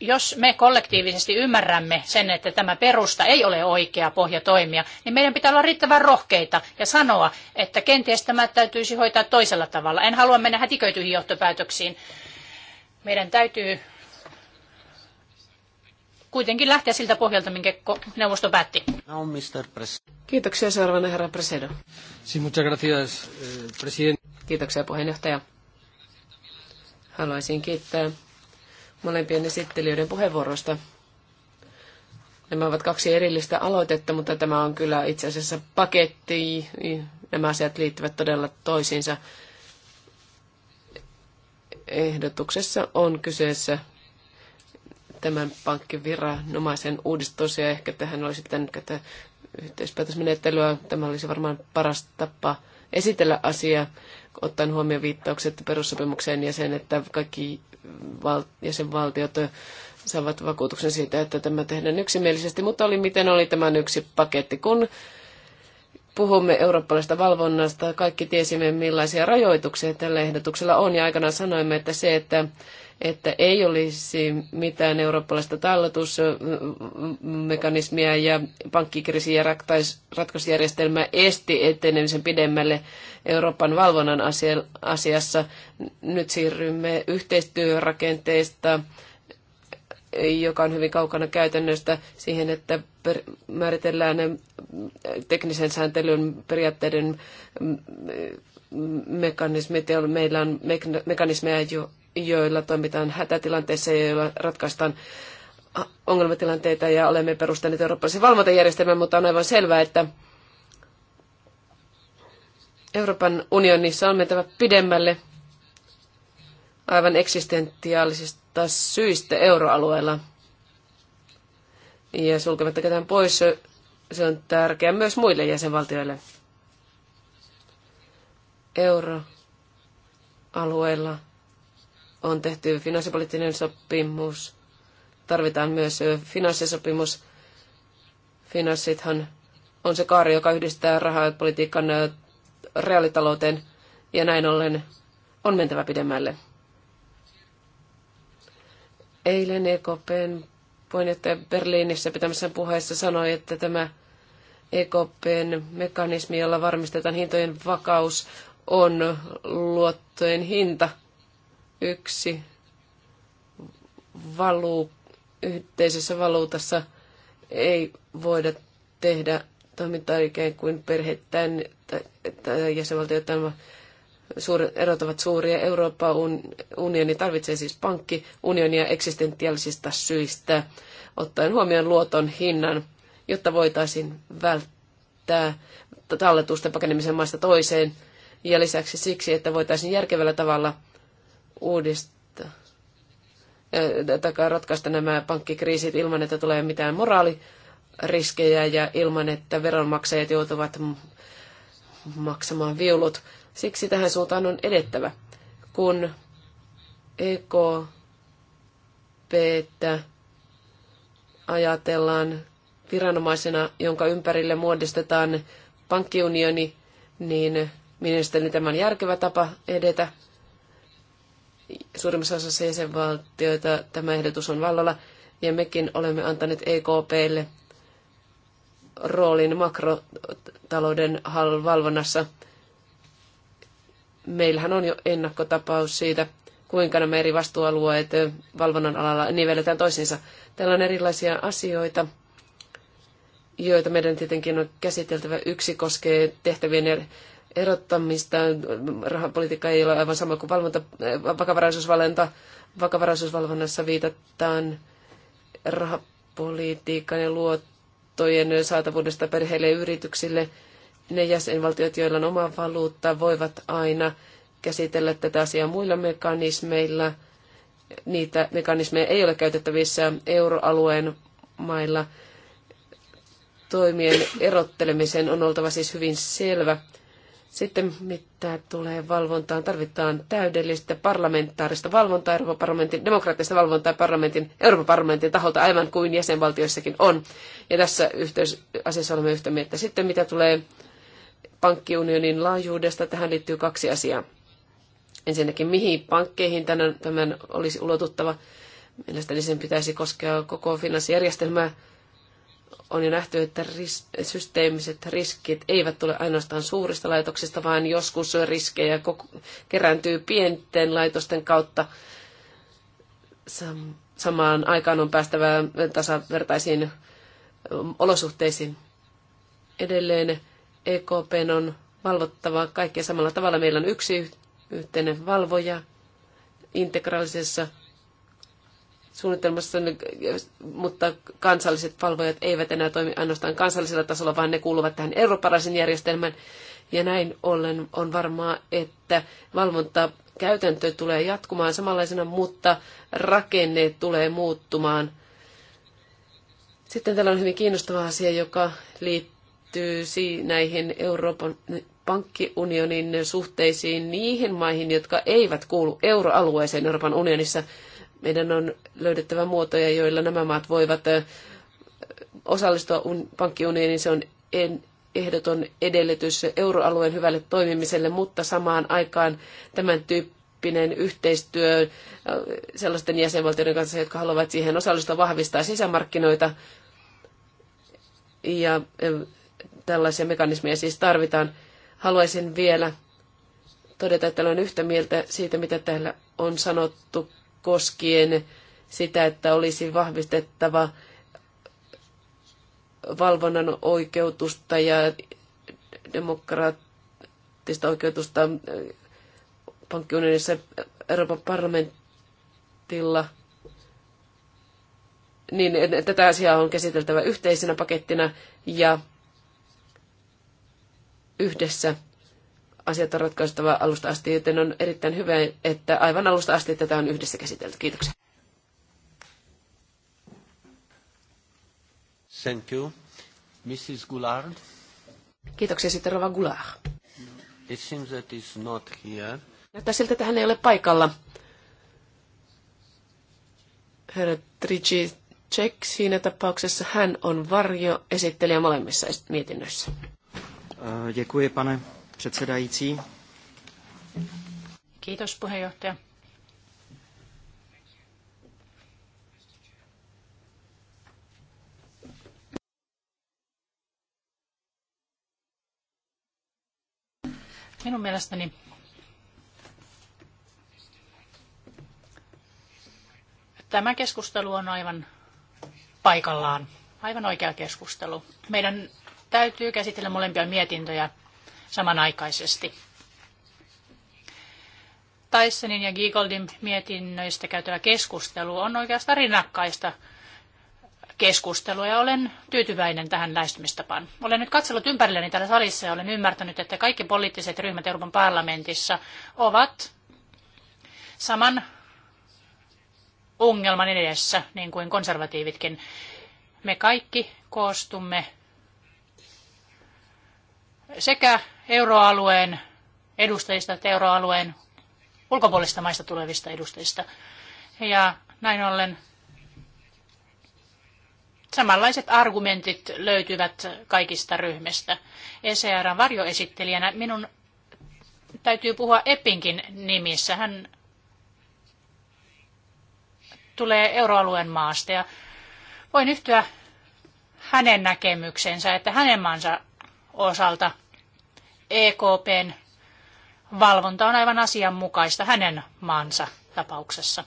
Jos me kollektiivisesti ymmärrämme sen, että tämä perusta ei ole oikea pohja toimia, niin meidän pitää olla riittävän rohkeita ja sanoa, että kenties tämä täytyisi hoitaa toisella tavalla. En halua mennä hätiköityihin johtopäätöksiin. Meidän täytyy kuitenkin lähteä siltä pohjalta, minkä neuvosto päätti. No, Mr. Kiitoksia seuraavana herra Presedo. Sí, muchas gracias, eh, president. Kiitoksia puheenjohtaja. Haluaisin kiittää molempien esittelijöiden puheenvuorosta. Nämä ovat kaksi erillistä aloitetta, mutta tämä on kyllä itse asiassa paketti. Nämä asiat liittyvät todella toisiinsa. Ehdotuksessa on kyseessä tämän pankkiviranomaisen uudistus ja ehkä tähän olisi pitänyt käyttää yhteispäätösmenettelyä. Tämä olisi varmaan paras tapa esitellä asia, ottaen huomioon viittaukset perussopimukseen ja sen, että kaikki val- jäsenvaltiot saavat vakuutuksen siitä, että tämä tehdään yksimielisesti. Mutta oli miten oli tämä yksi paketti, kun puhumme eurooppalaisesta valvonnasta. Kaikki tiesimme, millaisia rajoituksia tällä ehdotuksella on ja aikanaan sanoimme, että se, että että ei olisi mitään eurooppalaista talletusmekanismia ja pankkikriisi- ja ratkaisujärjestelmä esti etenemisen pidemmälle Euroopan valvonnan asiassa. Nyt siirrymme yhteistyörakenteesta joka on hyvin kaukana käytännöstä siihen, että määritellään teknisen sääntelyn periaatteiden mekanismit, ja meillä on mekanismeja jo joilla toimitaan hätätilanteissa ja joilla ratkaistaan ongelmatilanteita ja olemme perustaneet eurooppalaisen valvontajärjestelmän, mutta on aivan selvää, että Euroopan unionissa on mentävä pidemmälle aivan eksistentiaalisista syistä euroalueella. Ja sulkematta ketään pois, se on tärkeää myös muille jäsenvaltioille. Euroalueella on tehty finanssipoliittinen sopimus. Tarvitaan myös finanssisopimus. Finanssithan on se kaari, joka yhdistää rahapolitiikan reaalitalouteen ja näin ollen on mentävä pidemmälle. Eilen EKPn puheenjohtaja Berliinissä pitämässä puheessa sanoi, että tämä EKPn mekanismi, jolla varmistetaan hintojen vakaus, on luottojen hinta – yksi valuu yhteisessä valuutassa, ei voida tehdä toimintaa ikään kuin perhettään tai jäsenvaltioiden suuret erot ovat suuria. Euroopan unioni tarvitsee siis pankkiunionia eksistentiaalisista syistä, ottaen huomioon luoton hinnan, jotta voitaisiin välttää talletusten pakenemisen maasta toiseen, ja lisäksi siksi, että voitaisiin järkevällä tavalla – uudistaa tai ratkaista nämä pankkikriisit ilman, että tulee mitään moraaliriskejä ja ilman, että veronmaksajat joutuvat maksamaan viulut. Siksi tähän suuntaan on edettävä. Kun EKP ajatellaan viranomaisena, jonka ympärille muodostetaan pankkiunioni, niin mielestäni tämä on järkevä tapa edetä. Suurimmassa osassa jäsenvaltioita tämä ehdotus on vallalla, ja mekin olemme antaneet EKPlle roolin makrotalouden valvonnassa. Meillähän on jo ennakkotapaus siitä, kuinka nämä eri vastuualueet valvonnan alalla nivelletään niin toisiinsa. Täällä on erilaisia asioita, joita meidän tietenkin on käsiteltävä. Yksi koskee tehtävien erottamista. Rahapolitiikka ei ole aivan sama kuin valvonta, äh, vakavaraisuusvalvonta. Vakavaraisuusvalvonnassa viitataan rahapolitiikan ja luottojen saatavuudesta perheille ja yrityksille. Ne jäsenvaltiot, joilla on oma valuutta, voivat aina käsitellä tätä asiaa muilla mekanismeilla. Niitä mekanismeja ei ole käytettävissä euroalueen mailla toimien erottelemisen on oltava siis hyvin selvä. Sitten mitä tulee valvontaan, tarvitaan täydellistä parlamentaarista valvontaa, Euroopan parlamentin, demokraattista valvontaa parlamentin, Euroopan parlamentin taholta, aivan kuin jäsenvaltioissakin on. Ja tässä yhteys, asiassa olemme yhtä mieltä. Sitten mitä tulee pankkiunionin laajuudesta, tähän liittyy kaksi asiaa. Ensinnäkin, mihin pankkeihin tämän, tämän olisi ulotuttava. Mielestäni sen pitäisi koskea koko finanssijärjestelmää on jo nähty, että ris- systeemiset riskit eivät tule ainoastaan suurista laitoksista, vaan joskus riskejä kerääntyy pienten laitosten kautta. Sam- samaan aikaan on päästävä tasavertaisiin um, olosuhteisiin. Edelleen EKP on valvottava kaikkea samalla tavalla. Meillä on yksi yhteinen valvoja integraalisessa suunnitelmassa, niin, mutta kansalliset valvojat eivät enää toimi ainoastaan kansallisella tasolla, vaan ne kuuluvat tähän eurooppalaisen järjestelmään. Ja näin ollen on varmaa, että valvonta käytäntö tulee jatkumaan samanlaisena, mutta rakenne tulee muuttumaan. Sitten täällä on hyvin kiinnostava asia, joka liittyy näihin Euroopan pankkiunionin suhteisiin niihin maihin, jotka eivät kuulu euroalueeseen Euroopan unionissa – meidän on löydettävä muotoja, joilla nämä maat voivat osallistua pankkiunioniin. Se on ehdoton edellytys euroalueen hyvälle toimimiselle, mutta samaan aikaan tämän tyyppinen yhteistyö sellaisten jäsenvaltioiden kanssa, jotka haluavat siihen osallistua, vahvistaa sisämarkkinoita ja tällaisia mekanismeja siis tarvitaan. Haluaisin vielä todeta, että olen yhtä mieltä siitä, mitä täällä on sanottu koskien sitä, että olisi vahvistettava valvonnan oikeutusta ja demokraattista oikeutusta äh, pankkiunionissa Euroopan parlamentilla. Niin, tätä asiaa on käsiteltävä yhteisenä pakettina ja yhdessä asiat on ratkaistava alusta asti, joten on erittäin hyvä, että aivan alusta asti tätä on yhdessä käsitelty. Kiitoksia. Thank you. Mrs. Goulard. Kiitoksia sitten Rova Goulard. It seems that is not here. Näyttää siltä, että hän ei ole paikalla. Herra Trici Check siinä tapauksessa hän on varjo esittelijä molemmissa mietinnöissä. Děkuji, pane předsedající. Kiitos puheenjohtaja. Minun mielestäni tämä keskustelu on aivan paikallaan, aivan oikea keskustelu. Meidän täytyy käsitellä molempia mietintöjä samanaikaisesti. Tysonin ja Giegoldin mietinnöistä käytävä keskustelu on oikeastaan rinnakkaista keskustelua ja olen tyytyväinen tähän lähestymistapaan. Olen nyt katsellut ympärilleni täällä salissa ja olen ymmärtänyt, että kaikki poliittiset ryhmät Euroopan parlamentissa ovat saman ongelman edessä, niin kuin konservatiivitkin. Me kaikki koostumme sekä euroalueen edustajista että euroalueen ulkopuolista maista tulevista edustajista. Ja näin ollen samanlaiset argumentit löytyvät kaikista ryhmistä. ECRn varjoesittelijänä minun täytyy puhua Epinkin nimissä. Hän tulee euroalueen maasta ja voin yhtyä hänen näkemyksensä, että hänen maansa osalta – EKPn valvonta on aivan asianmukaista hänen maansa tapauksessa.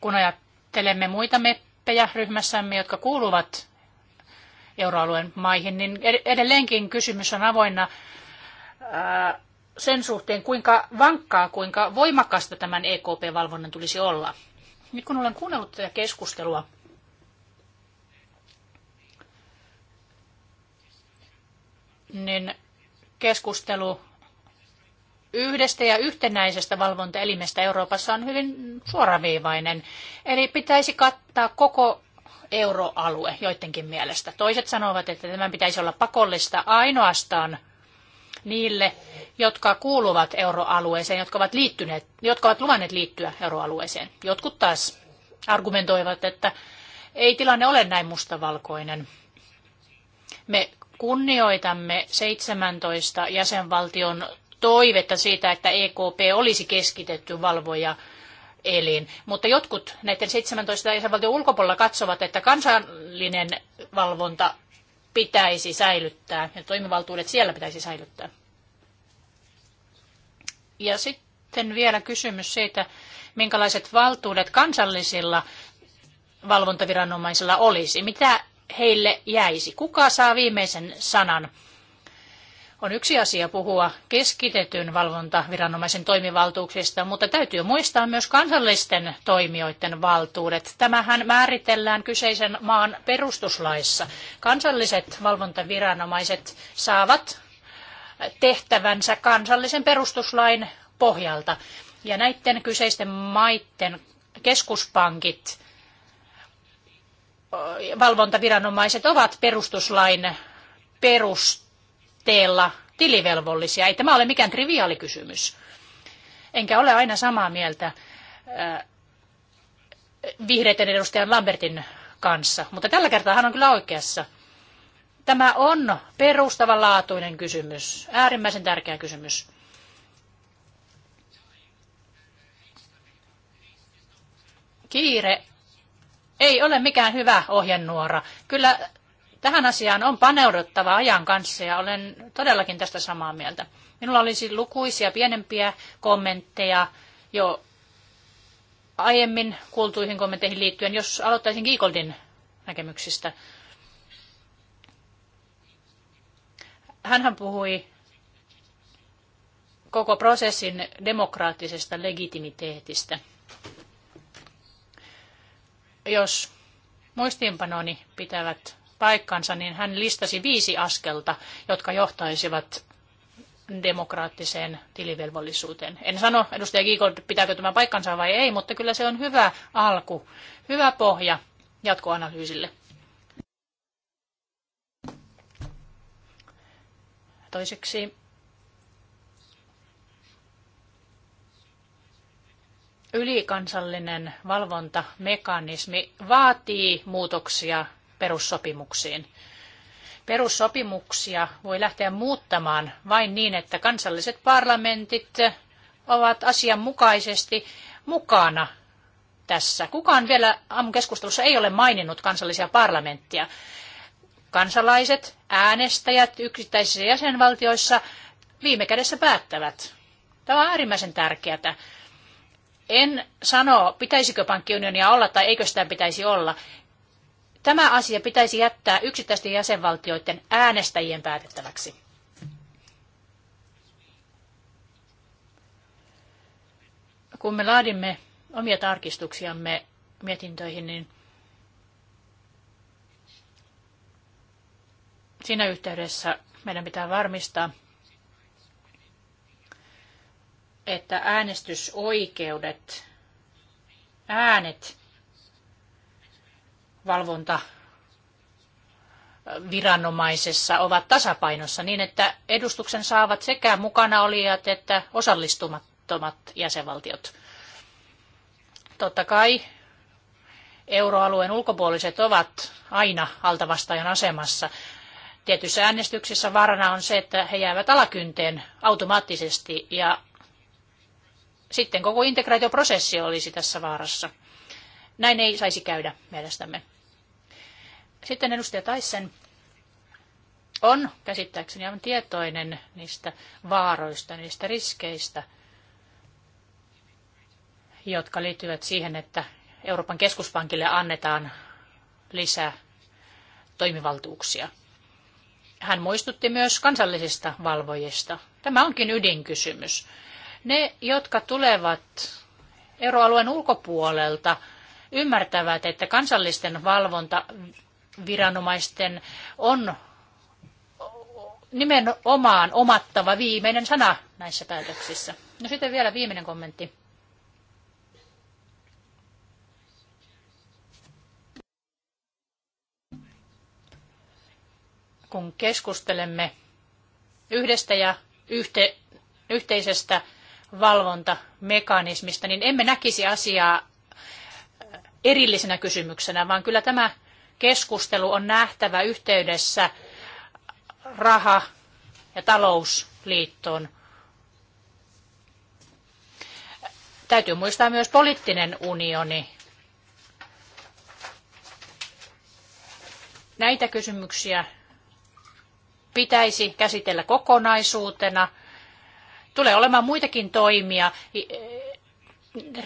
Kun ajattelemme muita meppejä ryhmässämme, jotka kuuluvat euroalueen maihin, niin edelleenkin kysymys on avoinna sen suhteen, kuinka vankkaa, kuinka voimakasta tämän EKP-valvonnan tulisi olla. Nyt kun olen kuunnellut tätä keskustelua, niin keskustelu yhdestä ja yhtenäisestä valvontaelimestä Euroopassa on hyvin suoraviivainen. Eli pitäisi kattaa koko euroalue joidenkin mielestä. Toiset sanovat, että tämän pitäisi olla pakollista ainoastaan niille, jotka kuuluvat euroalueeseen, jotka ovat, liittyneet, jotka ovat luvanneet liittyä euroalueeseen. Jotkut taas argumentoivat, että ei tilanne ole näin mustavalkoinen. Me kunnioitamme 17 jäsenvaltion toivetta siitä, että EKP olisi keskitetty valvoja elin. Mutta jotkut näiden 17 jäsenvaltion ulkopuolella katsovat, että kansallinen valvonta pitäisi säilyttää ja toimivaltuudet siellä pitäisi säilyttää. Ja sitten vielä kysymys siitä, minkälaiset valtuudet kansallisilla valvontaviranomaisilla olisi. Mitä heille jäisi? Kuka saa viimeisen sanan? On yksi asia puhua keskitetyn valvontaviranomaisen toimivaltuuksista, mutta täytyy muistaa myös kansallisten toimijoiden valtuudet. Tämähän määritellään kyseisen maan perustuslaissa. Kansalliset valvontaviranomaiset saavat tehtävänsä kansallisen perustuslain pohjalta. Ja näiden kyseisten maiden keskuspankit valvontaviranomaiset ovat perustuslain perusteella tilivelvollisia. Ei tämä ole mikään triviaali kysymys. Enkä ole aina samaa mieltä äh, vihreiden edustajan Lambertin kanssa, mutta tällä kertaa hän on kyllä oikeassa. Tämä on perustavanlaatuinen kysymys, äärimmäisen tärkeä kysymys. Kiire ei ole mikään hyvä ohjenuora. Kyllä tähän asiaan on paneuduttava ajan kanssa ja olen todellakin tästä samaa mieltä. Minulla olisi lukuisia pienempiä kommentteja jo aiemmin kuultuihin kommentteihin liittyen, jos aloittaisin Giegoldin näkemyksistä. Hänhän puhui koko prosessin demokraattisesta legitimiteetistä – jos muistiinpanoni pitävät paikkansa, niin hän listasi viisi askelta, jotka johtaisivat demokraattiseen tilivelvollisuuteen. En sano, edustaja Giegold, pitääkö tämä paikkansa vai ei, mutta kyllä se on hyvä alku, hyvä pohja jatkoanalyysille. Toiseksi ylikansallinen valvontamekanismi vaatii muutoksia perussopimuksiin. Perussopimuksia voi lähteä muuttamaan vain niin, että kansalliset parlamentit ovat asianmukaisesti mukana tässä. Kukaan vielä keskustelussa ei ole maininnut kansallisia parlamenttia. Kansalaiset, äänestäjät yksittäisissä jäsenvaltioissa viime kädessä päättävät. Tämä on äärimmäisen tärkeää. En sano, pitäisikö pankkiunionia olla tai eikö sitä pitäisi olla. Tämä asia pitäisi jättää yksittäisten jäsenvaltioiden äänestäjien päätettäväksi. Kun me laadimme omia tarkistuksiamme mietintöihin, niin siinä yhteydessä meidän pitää varmistaa, että äänestysoikeudet, äänet, valvonta viranomaisessa ovat tasapainossa niin, että edustuksen saavat sekä mukanaolijat että osallistumattomat jäsenvaltiot. Totta kai euroalueen ulkopuoliset ovat aina altavastajan asemassa. Tietyissä äänestyksissä vaarana on se, että he jäävät alakynteen automaattisesti ja sitten koko integraatioprosessi olisi tässä vaarassa. Näin ei saisi käydä mielestämme. Sitten edustaja Taisen on käsittääkseni aivan tietoinen niistä vaaroista, niistä riskeistä, jotka liittyvät siihen, että Euroopan keskuspankille annetaan lisää toimivaltuuksia. Hän muistutti myös kansallisista valvojista. Tämä onkin ydinkysymys. Ne, jotka tulevat euroalueen ulkopuolelta, ymmärtävät, että kansallisten valvontaviranomaisten on nimenomaan omattava viimeinen sana näissä päätöksissä. No sitten vielä viimeinen kommentti. Kun keskustelemme yhdestä ja yhte, yhteisestä valvontamekanismista, niin emme näkisi asiaa erillisenä kysymyksenä, vaan kyllä tämä keskustelu on nähtävä yhteydessä raha- ja talousliittoon. Täytyy muistaa myös poliittinen unioni. Näitä kysymyksiä pitäisi käsitellä kokonaisuutena – Tulee olemaan muitakin toimia, e,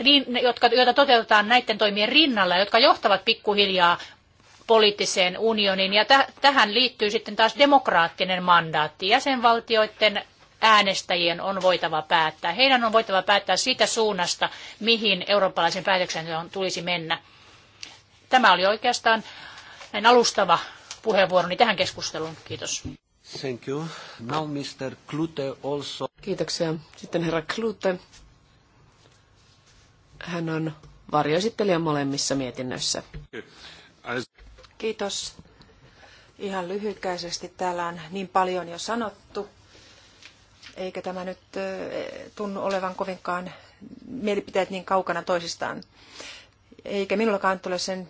niin, jotka, joita toteutetaan näiden toimien rinnalla, jotka johtavat pikkuhiljaa poliittiseen unioniin. Ja tähän liittyy sitten taas demokraattinen mandaatti. Jäsenvaltioiden äänestäjien on voitava päättää. Heidän on voitava päättää siitä suunnasta, mihin eurooppalaisen päätöksenteon tulisi mennä. Tämä oli oikeastaan näin alustava puheenvuoroni tähän keskusteluun. Kiitos. Thank you. Now Mr. Klute also. Kiitoksia. Sitten herra Klute. Hän on varjoesittelijä molemmissa mietinnöissä. Kiitos. Ihan lyhykäisesti täällä on niin paljon jo sanottu, eikä tämä nyt eh, tunnu olevan kovinkaan mielipiteet niin kaukana toisistaan eikä minullakaan tule sen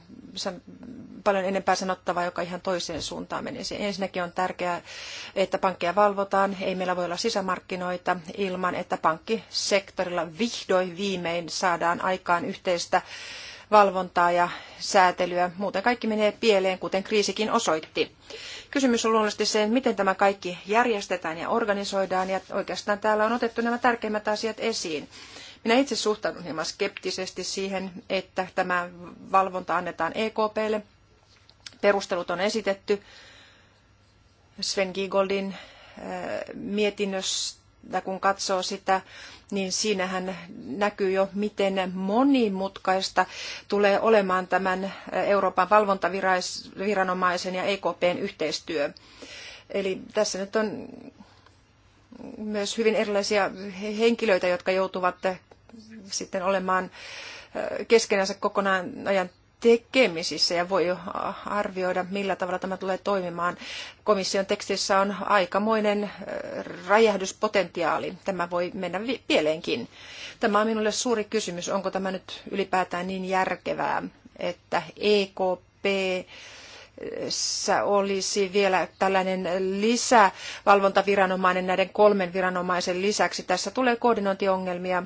paljon enempää sanottavaa, joka ihan toiseen suuntaan menisi. Ensinnäkin on tärkeää, että pankkeja valvotaan. Ei meillä voi olla sisämarkkinoita ilman, että pankkisektorilla vihdoin viimein saadaan aikaan yhteistä valvontaa ja säätelyä. Muuten kaikki menee pieleen, kuten kriisikin osoitti. Kysymys on luonnollisesti se, miten tämä kaikki järjestetään ja organisoidaan, ja oikeastaan täällä on otettu nämä tärkeimmät asiat esiin. Minä itse suhtaudun hieman skeptisesti siihen, että tämä valvonta annetaan EKPlle. Perustelut on esitetty Sven Giegoldin äh, mietinnöstä kun katsoo sitä, niin siinähän näkyy jo, miten monimutkaista tulee olemaan tämän äh, Euroopan valvontaviranomaisen ja EKPn yhteistyö. Eli tässä nyt on myös hyvin erilaisia henkilöitä, jotka joutuvat sitten olemaan keskenänsä kokonaan ajan tekemisissä ja voi jo arvioida, millä tavalla tämä tulee toimimaan. Komission tekstissä on aikamoinen räjähdyspotentiaali. Tämä voi mennä pieleenkin. Tämä on minulle suuri kysymys, onko tämä nyt ylipäätään niin järkevää, että EKP olisi vielä tällainen lisävalvontaviranomainen näiden kolmen viranomaisen lisäksi. Tässä tulee koordinointiongelmia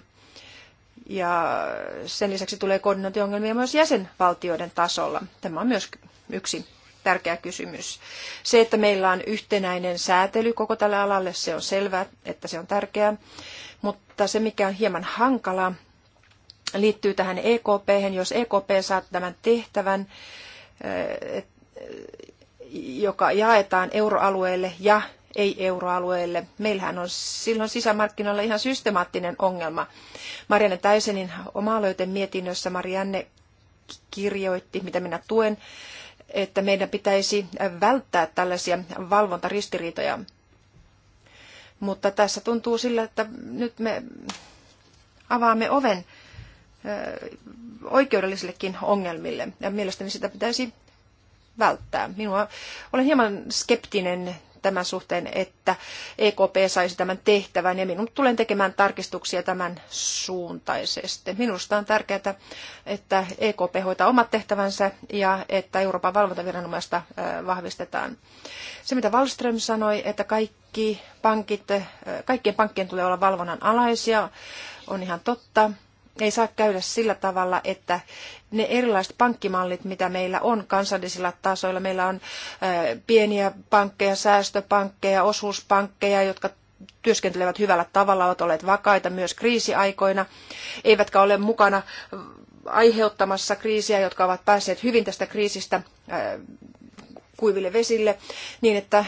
ja sen lisäksi tulee koordinointiongelmia myös jäsenvaltioiden tasolla. Tämä on myös yksi tärkeä kysymys. Se, että meillä on yhtenäinen säätely koko tälle alalle, se on selvää, että se on tärkeää. Mutta se, mikä on hieman hankala, liittyy tähän EKP. hen, Jos EKP saa tämän tehtävän, eh, joka jaetaan euroalueelle ja ei-euroalueelle. Meillähän on silloin sisämarkkinoilla ihan systemaattinen ongelma. Marianne Täysenin oma mietinnössä Marianne kirjoitti, mitä minä tuen, että meidän pitäisi välttää tällaisia valvontaristiriitoja. Mutta tässä tuntuu sillä, että nyt me avaamme oven oikeudellisillekin ongelmille, ja mielestäni sitä pitäisi välttää. Minua olen hieman skeptinen tämän suhteen, että EKP saisi tämän tehtävän ja minun tulen tekemään tarkistuksia tämän suuntaisesti. Minusta on tärkeää, että EKP hoitaa omat tehtävänsä ja että Euroopan valvontaviranomaista vahvistetaan. Se, mitä Wallström sanoi, että kaikki pankit, kaikkien pankkien tulee olla valvonnan alaisia, on ihan totta ei saa käydä sillä tavalla, että ne erilaiset pankkimallit, mitä meillä on kansallisilla tasoilla, meillä on pieniä pankkeja, säästöpankkeja, osuuspankkeja, jotka työskentelevät hyvällä tavalla, ovat olleet vakaita myös kriisiaikoina, eivätkä ole mukana aiheuttamassa kriisiä, jotka ovat päässeet hyvin tästä kriisistä kuiville vesille, niin että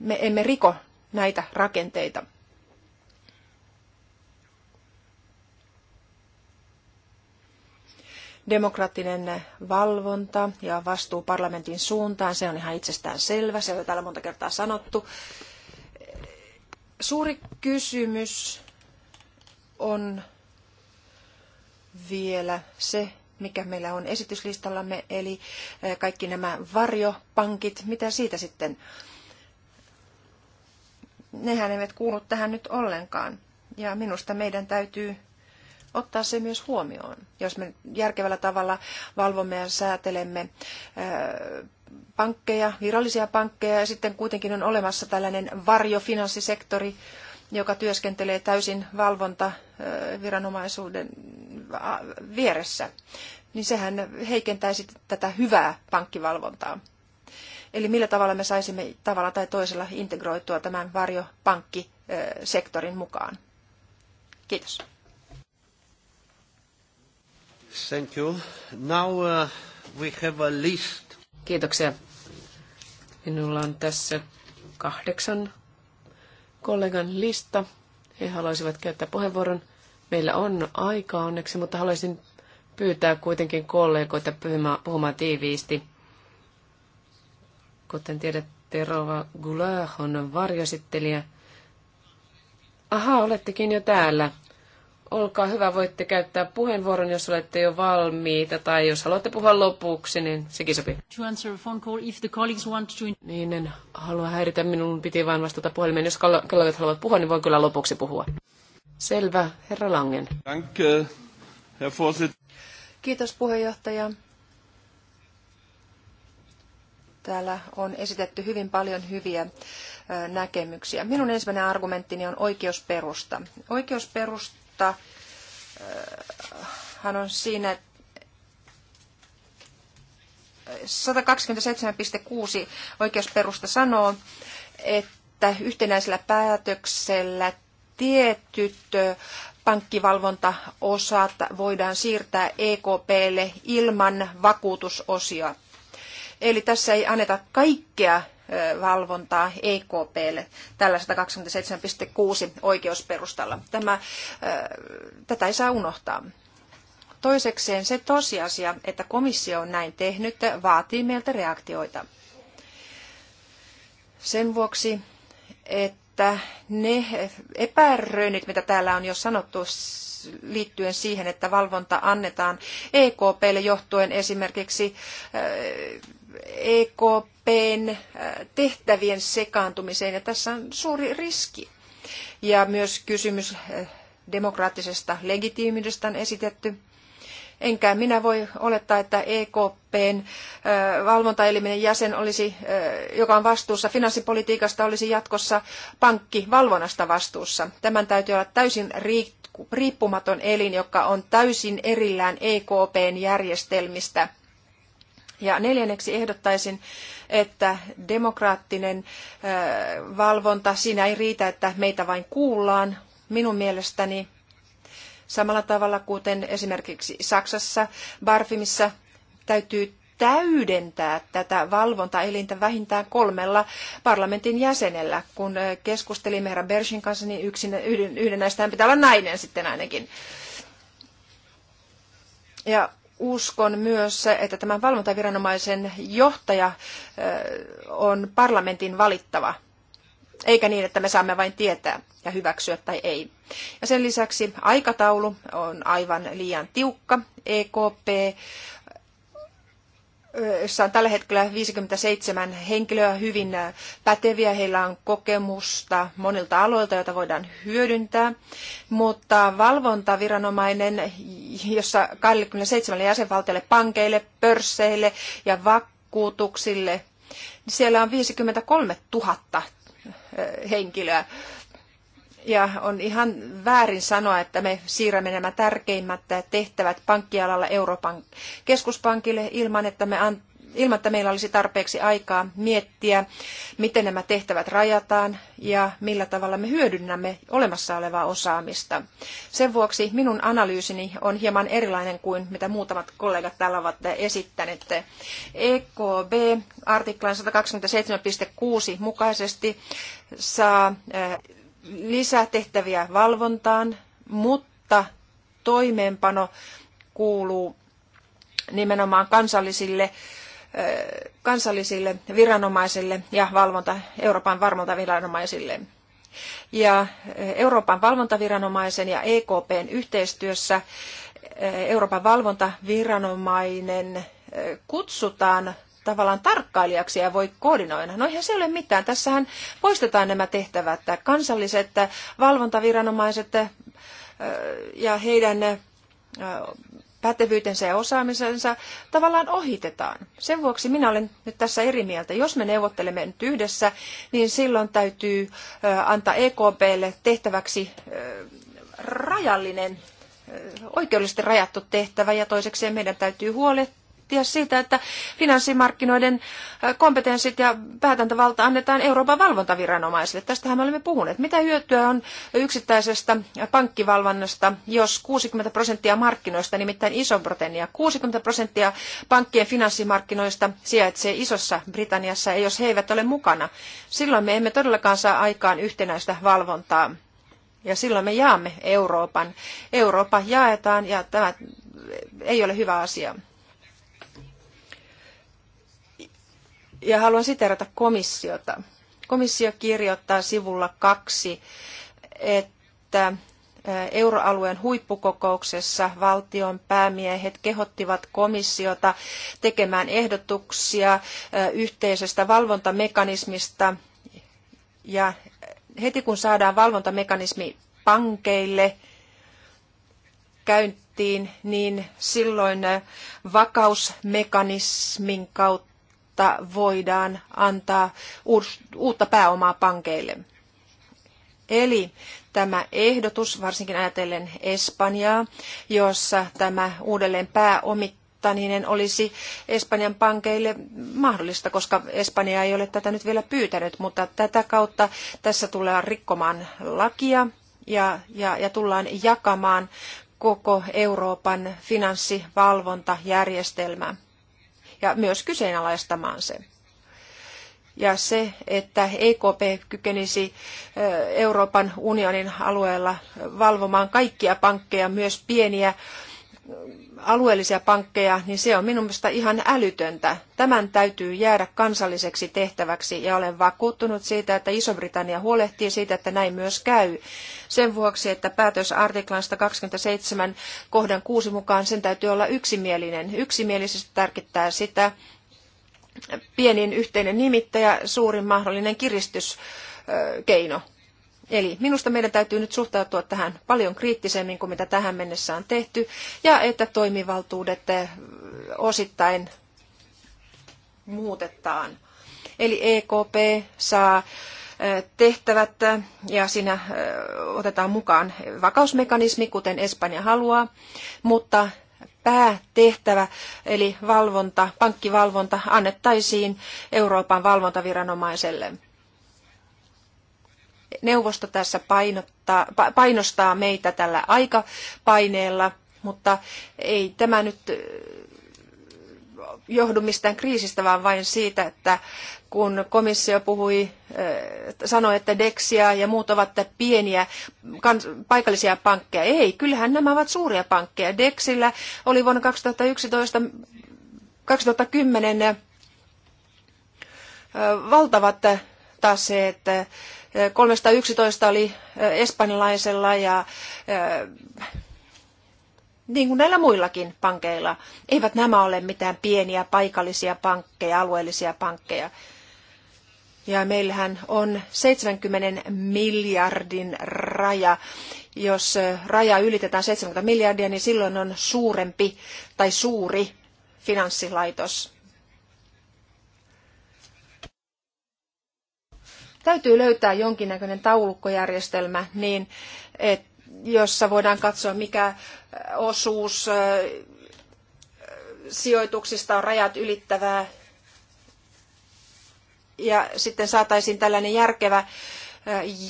me emme riko näitä rakenteita. Demokraattinen valvonta ja vastuu parlamentin suuntaan, se on ihan itsestään selvä, se on jo täällä monta kertaa sanottu. Suuri kysymys on vielä se, mikä meillä on esityslistallamme, eli eh, kaikki nämä varjopankit, mitä siitä sitten? Nehän eivät kuulu tähän nyt ollenkaan. Ja minusta meidän täytyy ottaa se myös huomioon. Jos me järkevällä tavalla valvomme ja säätelemme pankkeja, virallisia pankkeja, ja sitten kuitenkin on olemassa tällainen varjofinanssisektori, joka työskentelee täysin valvontaviranomaisuuden vieressä, niin sehän heikentäisi tätä hyvää pankkivalvontaa. Eli millä tavalla me saisimme tavalla tai toisella integroitua tämän varjopankkisektorin mukaan. Kiitos. Thank you. Now uh, we have a list. Kiitoksia. Minulla on tässä kahdeksan kollegan lista. He haluaisivat käyttää puheenvuoron. Meillä on aika onneksi, mutta haluaisin pyytää kuitenkin kollegoita puhumaan, puhumaan tiiviisti. Kuten tiedätte, Rova Goulart on varjosittelijä. Aha, olettekin jo täällä. Olkaa hyvä, voitte käyttää puheenvuoron, jos olette jo valmiita, tai jos haluatte puhua lopuksi, niin sekin sopii. Niin, en halua häiritä, minun piti vain vastata puhelimeen. Jos kollegat haluavat puhua, niin voin kyllä lopuksi puhua. Selvä, herra Langen. Danke, eh, herr Kiitos puheenjohtaja. Täällä on esitetty hyvin paljon hyviä eh, näkemyksiä. Minun ensimmäinen argumenttini on oikeusperusta. Oikeusperusta mutta äh, hän on siinä 127.6 oikeusperusta sanoo, että yhtenäisellä päätöksellä tietyt äh, pankkivalvontaosat voidaan siirtää EKPlle ilman vakuutusosia. Eli tässä ei anneta kaikkea valvontaa EKPlle tällä 127.6 oikeusperustalla. Tämä, tätä ei saa unohtaa. Toisekseen se tosiasia, että komissio on näin tehnyt, vaatii meiltä reaktioita. Sen vuoksi, että ne epäröinnit, mitä täällä on jo sanottu liittyen siihen, että valvonta annetaan EKPlle johtuen esimerkiksi EKPn äh, tehtävien sekaantumiseen ja tässä on suuri riski. Ja myös kysymys äh, demokraattisesta legitiimiydestä on esitetty. Enkä minä voi olettaa, että EKPn äh, valvontaeliminen jäsen, olisi, joka on vastuussa finanssipolitiikasta, olisi jatkossa pankkivalvonnasta vastuussa. Tämän täytyy olla täysin riippumaton elin, joka on täysin erillään EKPn järjestelmistä – ja neljänneksi ehdottaisin, että demokraattinen valvonta, siinä ei riitä, että meitä vain kuullaan. Minun mielestäni samalla tavalla kuten esimerkiksi Saksassa, Barfimissa täytyy täydentää tätä valvontaelintä vähintään kolmella parlamentin jäsenellä. Kun keskustelimme herra Bershin kanssa, niin yksin, yhden, yhden näistä pitää olla nainen sitten ainakin. Ja uskon myös, että tämän valvontaviranomaisen johtaja on parlamentin valittava, eikä niin, että me saamme vain tietää ja hyväksyä tai ei. Ja sen lisäksi aikataulu on aivan liian tiukka. EKP jossa on tällä hetkellä 57 henkilöä hyvin äh, päteviä. Heillä on kokemusta monilta aloilta, joita voidaan hyödyntää. Mutta valvontaviranomainen, jossa 27 jäsenvaltiolle, pankeille, pörsseille ja vakuutuksille, niin siellä on 53 000 äh, henkilöä. Ja on ihan väärin sanoa, että me siirrämme nämä tärkeimmät tehtävät pankkialalla Euroopan keskuspankille ilman, että me an, ilman, että meillä olisi tarpeeksi aikaa miettiä, miten nämä tehtävät rajataan ja millä tavalla me hyödynnämme olemassa olevaa osaamista. Sen vuoksi minun analyysini on hieman erilainen kuin mitä muutamat kollegat täällä ovat esittäneet. EKB artiklan 127.6 mukaisesti saa eh, lisätehtäviä valvontaan, mutta toimeenpano kuuluu nimenomaan kansallisille, kansallisille viranomaisille ja valvonta, Euroopan valvontaviranomaisille. Ja Euroopan valvontaviranomaisen ja EKPn yhteistyössä Euroopan valvontaviranomainen kutsutaan tavallaan tarkkailijaksi ja voi koordinoida. No eihän se ole mitään. Tässähän poistetaan nämä tehtävät, kansalliset äh, valvontaviranomaiset äh, ja heidän äh, pätevyytensä ja osaamisensa tavallaan ohitetaan. Sen vuoksi minä olen nyt tässä eri mieltä. Jos me neuvottelemme nyt yhdessä, niin silloin täytyy antaa EKPlle tehtäväksi rajallinen, oikeudellisesti rajattu tehtävä ja toisekseen meidän täytyy huolehtia huolehtia siitä, että finanssimarkkinoiden kompetenssit ja päätäntävalta annetaan Euroopan valvontaviranomaisille. Tästähän me olemme puhuneet. Mitä hyötyä on yksittäisestä pankkivalvonnasta, jos 60 prosenttia markkinoista, nimittäin Iso-Britannia, 60 prosenttia pankkien finanssimarkkinoista sijaitsee Isossa Britanniassa, ja jos he eivät ole mukana, silloin me emme todellakaan saa aikaan yhtenäistä valvontaa. Ja silloin me jaamme Euroopan. Eurooppa jaetaan ja tämä ei ole hyvä asia. Ja haluan siterata komissiota. Komissio kirjoittaa sivulla kaksi, että euroalueen huippukokouksessa valtion päämiehet kehottivat komissiota tekemään ehdotuksia yhteisestä valvontamekanismista ja heti kun saadaan valvontamekanismi pankeille käyntiin, niin silloin vakausmekanismin kautta jotta voidaan antaa uutta pääomaa pankeille. Eli tämä ehdotus, varsinkin ajatellen Espanjaa, jossa tämä uudelleen pääomittaminen olisi Espanjan pankeille mahdollista, koska Espanja ei ole tätä nyt vielä pyytänyt, mutta tätä kautta tässä tulee rikkomaan lakia ja, ja, ja tullaan jakamaan koko Euroopan finanssivalvontajärjestelmää ja myös kyseenalaistamaan se. Ja se, että EKP kykenisi Euroopan unionin alueella valvomaan kaikkia pankkeja, myös pieniä alueellisia pankkeja, niin se on minun mielestä ihan älytöntä. Tämän täytyy jäädä kansalliseksi tehtäväksi ja olen vakuuttunut siitä, että Iso-Britannia huolehtii siitä, että näin myös käy. Sen vuoksi, että päätös artiklan 127 kohdan 6 mukaan sen täytyy olla yksimielinen. Yksimielisesti tarkoittaa sitä pienin yhteinen nimittäjä, suurin mahdollinen kiristyskeino. Eli minusta meidän täytyy nyt suhtautua tähän paljon kriittisemmin kuin mitä tähän mennessä on tehty, ja että toimivaltuudet eh, osittain muutetaan. Eli EKP saa eh, tehtävät eh, ja siinä otetaan mukaan vakausmekanismi, kuten Espanja haluaa, mutta päätehtävä eli valvonta, pankkivalvonta annettaisiin Euroopan valvontaviranomaiselle neuvosto tässä painottaa, painostaa meitä tällä aikapaineella, mutta ei tämä nyt johdu mistään kriisistä, vaan vain siitä, että kun komissio puhui, sanoi, että Dexia ja muut ovat pieniä paikallisia pankkeja. Ei, kyllähän nämä ovat suuria pankkeja. Dexillä oli vuonna 2011, 2010 valtavat taseet. 311 eh, oli eh, espanjalaisella ja eh, niin kuin näillä muillakin pankeilla. Eivät nämä ole mitään pieniä paikallisia pankkeja, alueellisia pankkeja. Ja meillähän on 70 miljardin raja. Jos raja ylitetään 70 miljardia, niin silloin on suurempi tai suuri finanssilaitos. täytyy löytää jonkinnäköinen taulukkojärjestelmä niin, et, jossa voidaan katsoa, mikä osuus sijoituksista on rajat ylittävää. Ja sitten saataisiin tällainen järkevä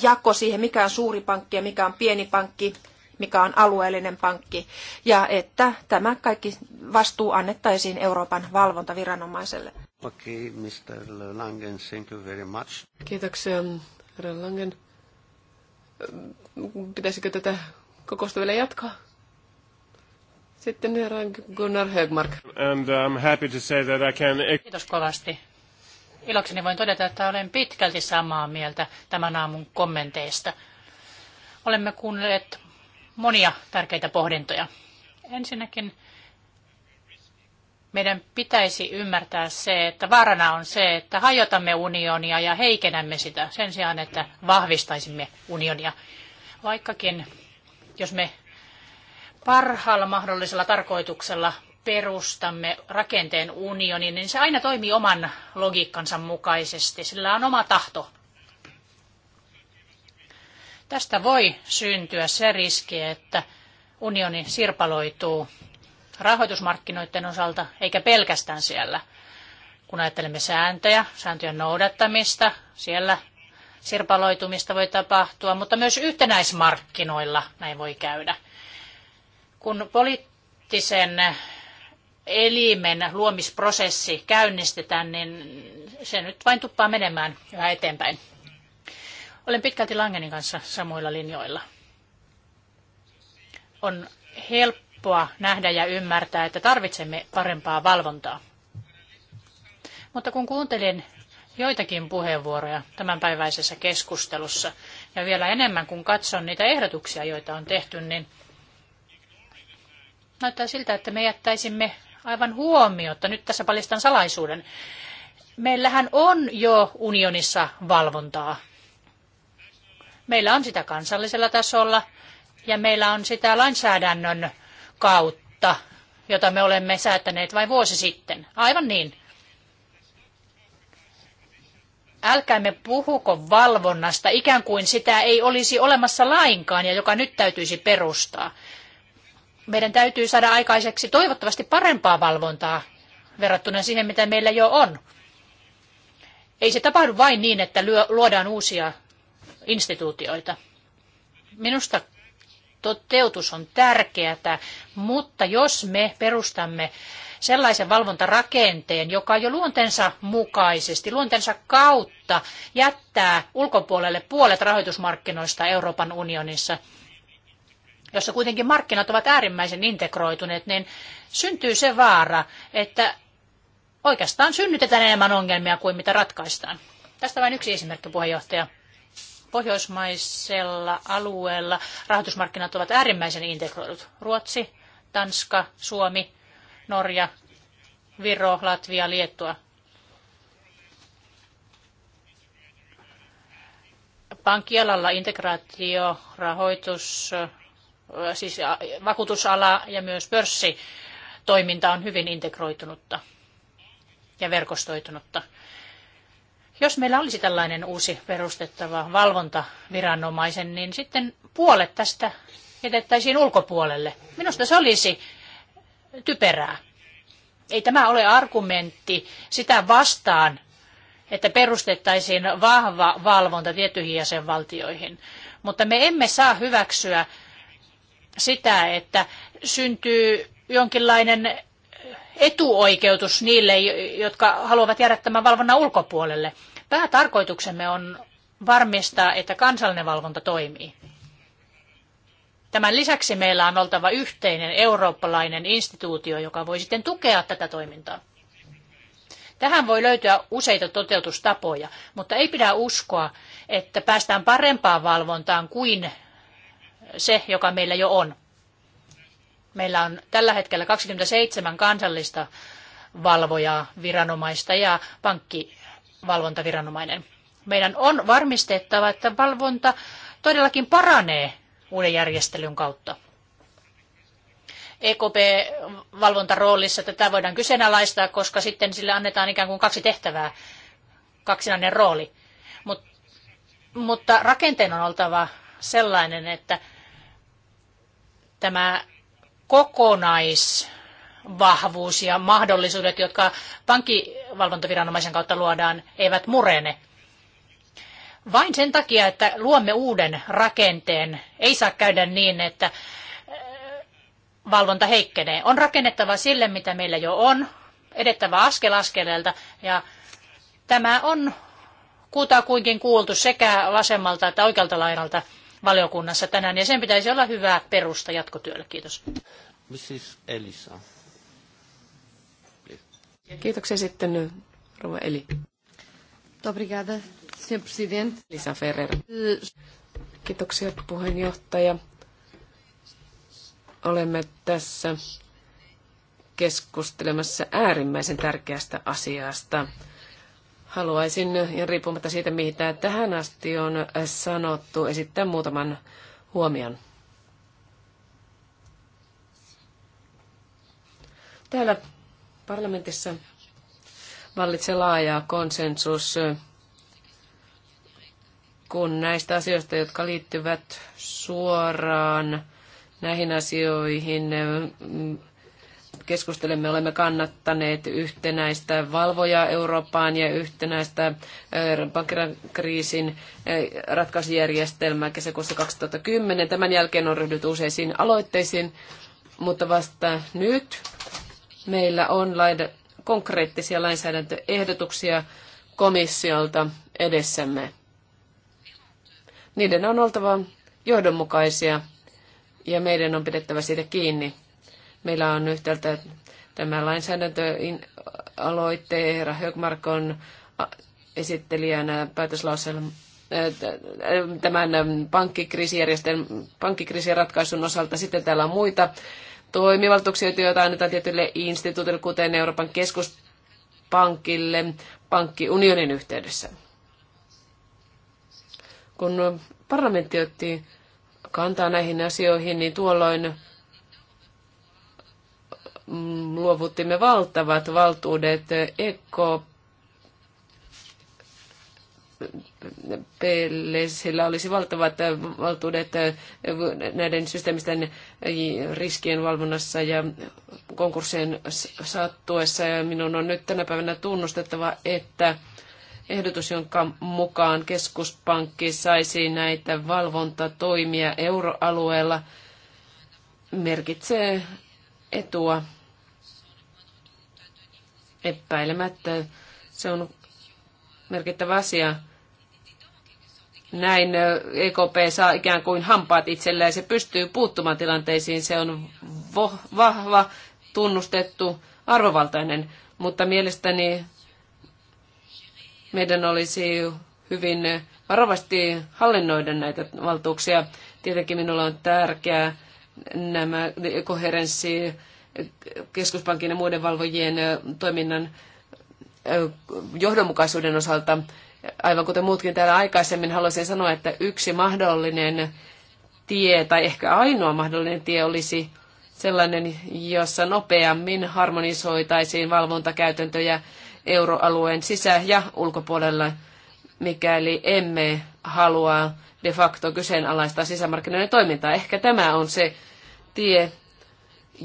jako siihen, mikä on suuri pankki ja mikä on pieni pankki, mikä on alueellinen pankki. Ja että tämä kaikki vastuu annettaisiin Euroopan valvontaviranomaiselle. Okay, Mr. Langen, thank you very much. Kiitoksia, herra Langen. Pitäisikö tätä kokousta vielä jatkaa? Sitten herra Gunnar Högmark. And I'm happy to say that I can... Kiitos kovasti. Ilokseni voin todeta, että olen pitkälti samaa mieltä tämän aamun kommenteista. Olemme kuunnelleet monia tärkeitä pohdintoja. Ensinnäkin meidän pitäisi ymmärtää se, että vaarana on se, että hajotamme unionia ja heikennämme sitä sen sijaan, että vahvistaisimme unionia. Vaikkakin, jos me parhaalla mahdollisella tarkoituksella perustamme rakenteen unionin, niin se aina toimii oman logiikkansa mukaisesti. Sillä on oma tahto. Tästä voi syntyä se riski, että unioni sirpaloituu rahoitusmarkkinoiden osalta, eikä pelkästään siellä. Kun ajattelemme sääntöjä, sääntöjen noudattamista, siellä sirpaloitumista voi tapahtua, mutta myös yhtenäismarkkinoilla näin voi käydä. Kun poliittisen elimen luomisprosessi käynnistetään, niin se nyt vain tuppaa menemään yhä eteenpäin. Olen pitkälti Langenin kanssa samoilla linjoilla. On helppo helppoa nähdä ja ymmärtää, että tarvitsemme parempaa valvontaa. Mutta kun kuuntelin joitakin puheenvuoroja tämänpäiväisessä keskustelussa, ja vielä enemmän kun katson niitä ehdotuksia, joita on tehty, niin näyttää siltä, että me jättäisimme aivan huomiota. Nyt tässä paljastan salaisuuden. Meillähän on jo unionissa valvontaa. Meillä on sitä kansallisella tasolla ja meillä on sitä lainsäädännön kautta, jota me olemme säätäneet vain vuosi sitten. Aivan niin. Älkäämme puhuko valvonnasta ikään kuin sitä ei olisi olemassa lainkaan ja joka nyt täytyisi perustaa. Meidän täytyy saada aikaiseksi toivottavasti parempaa valvontaa verrattuna siihen, mitä meillä jo on. Ei se tapahdu vain niin, että luodaan uusia instituutioita. Minusta toteutus on tärkeää, mutta jos me perustamme sellaisen valvontarakenteen, joka jo luontensa mukaisesti, luontensa kautta jättää ulkopuolelle puolet rahoitusmarkkinoista Euroopan unionissa, jossa kuitenkin markkinat ovat äärimmäisen integroituneet, niin syntyy se vaara, että oikeastaan synnytetään enemmän ongelmia kuin mitä ratkaistaan. Tästä vain yksi esimerkki, puheenjohtaja pohjoismaisella alueella rahoitusmarkkinat ovat äärimmäisen integroidut. Ruotsi, Tanska, Suomi, Norja, Viro, Latvia, Liettua. Pankkialalla integraatio, rahoitus, siis vakuutusala ja myös pörssitoiminta on hyvin integroitunutta ja verkostoitunutta. Jos meillä olisi tällainen uusi perustettava valvontaviranomaisen, niin sitten puolet tästä jätettäisiin ulkopuolelle. Minusta se olisi typerää. Ei tämä ole argumentti sitä vastaan, että perustettaisiin vahva valvonta tiettyihin jäsenvaltioihin. Mutta me emme saa hyväksyä sitä, että syntyy jonkinlainen etuoikeutus niille, jotka haluavat jäädä tämän valvonnan ulkopuolelle. Päätarkoituksemme on varmistaa, että kansallinen valvonta toimii. Tämän lisäksi meillä on oltava yhteinen eurooppalainen instituutio, joka voi sitten tukea tätä toimintaa. Tähän voi löytyä useita toteutustapoja, mutta ei pidä uskoa, että päästään parempaan valvontaan kuin se, joka meillä jo on. Meillä on tällä hetkellä 27 kansallista valvojaa, viranomaista ja pankkivalvontaviranomainen. Meidän on varmistettava, että valvonta todellakin paranee uuden järjestelyn kautta. EKP-valvontaroolissa tätä voidaan kyseenalaistaa, koska sitten sille annetaan ikään kuin kaksi tehtävää, kaksinainen rooli. Mut, mutta rakenteen on oltava sellainen, että tämä kokonaisvahvuus ja mahdollisuudet, jotka pankkivalvontaviranomaisen kautta luodaan, eivät murene. Vain sen takia, että luomme uuden rakenteen, ei saa käydä niin, että äh, valvonta heikkenee. On rakennettava sille, mitä meillä jo on, edettävä askel askeleelta ja tämä on kuitenkin kuultu sekä vasemmalta että oikealta laidalta valiokunnassa tänään ja sen pitäisi olla hyvä perusta jatkotyölle. Kiitos. Mrs. Elisa. Kiitoksia sitten Rova Eli. Obrigada, Sr. President. Elisa Ferreira. Eh, Kiitoksia puheenjohtaja. Olemme tässä keskustelemassa äärimmäisen tärkeästä asiasta. Haluaisin, ja riippumatta siitä, mitä tähän asti on sanottu, esittää muutaman huomion. Täällä parlamentissa vallitsee laaja konsensus, kun näistä asioista, jotka liittyvät suoraan näihin asioihin, keskustelemme, olemme kannattaneet yhtenäistä valvoja Eurooppaan ja yhtenäistä eh, pankkirakriisin eh, ratkaisujärjestelmää kesäkuussa 2010. Tämän jälkeen on ryhdytty useisiin aloitteisiin, mutta vasta nyt meillä on laida, konkreettisia lainsäädäntöehdotuksia komissiolta edessämme. Niiden on oltava johdonmukaisia ja meidän on pidettävä siitä kiinni. Meillä on yhtäältä tämä lainsäädäntöaloite, herra Högmark on esittelijänä päätöslauselma äh, tämän pankkikriisijärjestelmän, pankkikriisiratkaisun osalta. Sitten täällä on muita toimivaltuuksia, joita annetaan tietylle instituutille, kuten Euroopan keskuspankille pankkiunionin yhteydessä. Kun parlamentti otti kantaa näihin asioihin, niin tuolloin luovuttimme valtavat valtuudet EKP sillä olisi valtavat äh, valtuudet äh, näiden systeemisten äh, riskien valvonnassa ja konkurssien sattuessa. Ja minun on nyt tänä päivänä tunnustettava, että ehdotus, jonka mukaan keskuspankki saisi näitä valvontatoimia euroalueella, merkitsee etua epäilemättä. Se on merkittävä asia näin EKP saa ikään kuin hampaat itselleen ja se pystyy puuttumaan tilanteisiin. Se on vahva, tunnustettu, arvovaltainen, mutta mielestäni meidän olisi hyvin varovasti hallinnoida näitä valtuuksia. Tietenkin minulla on tärkeää nämä koherenssi keskuspankin ja muiden valvojien toiminnan johdonmukaisuuden osalta Aivan kuten muutkin täällä aikaisemmin, haluaisin sanoa, että yksi mahdollinen tie, tai ehkä ainoa mahdollinen tie olisi sellainen, jossa nopeammin harmonisoitaisiin valvontakäytäntöjä euroalueen sisä- ja ulkopuolella, mikäli emme halua de facto kyseenalaistaa sisämarkkinoiden toimintaa. Ehkä tämä on se tie,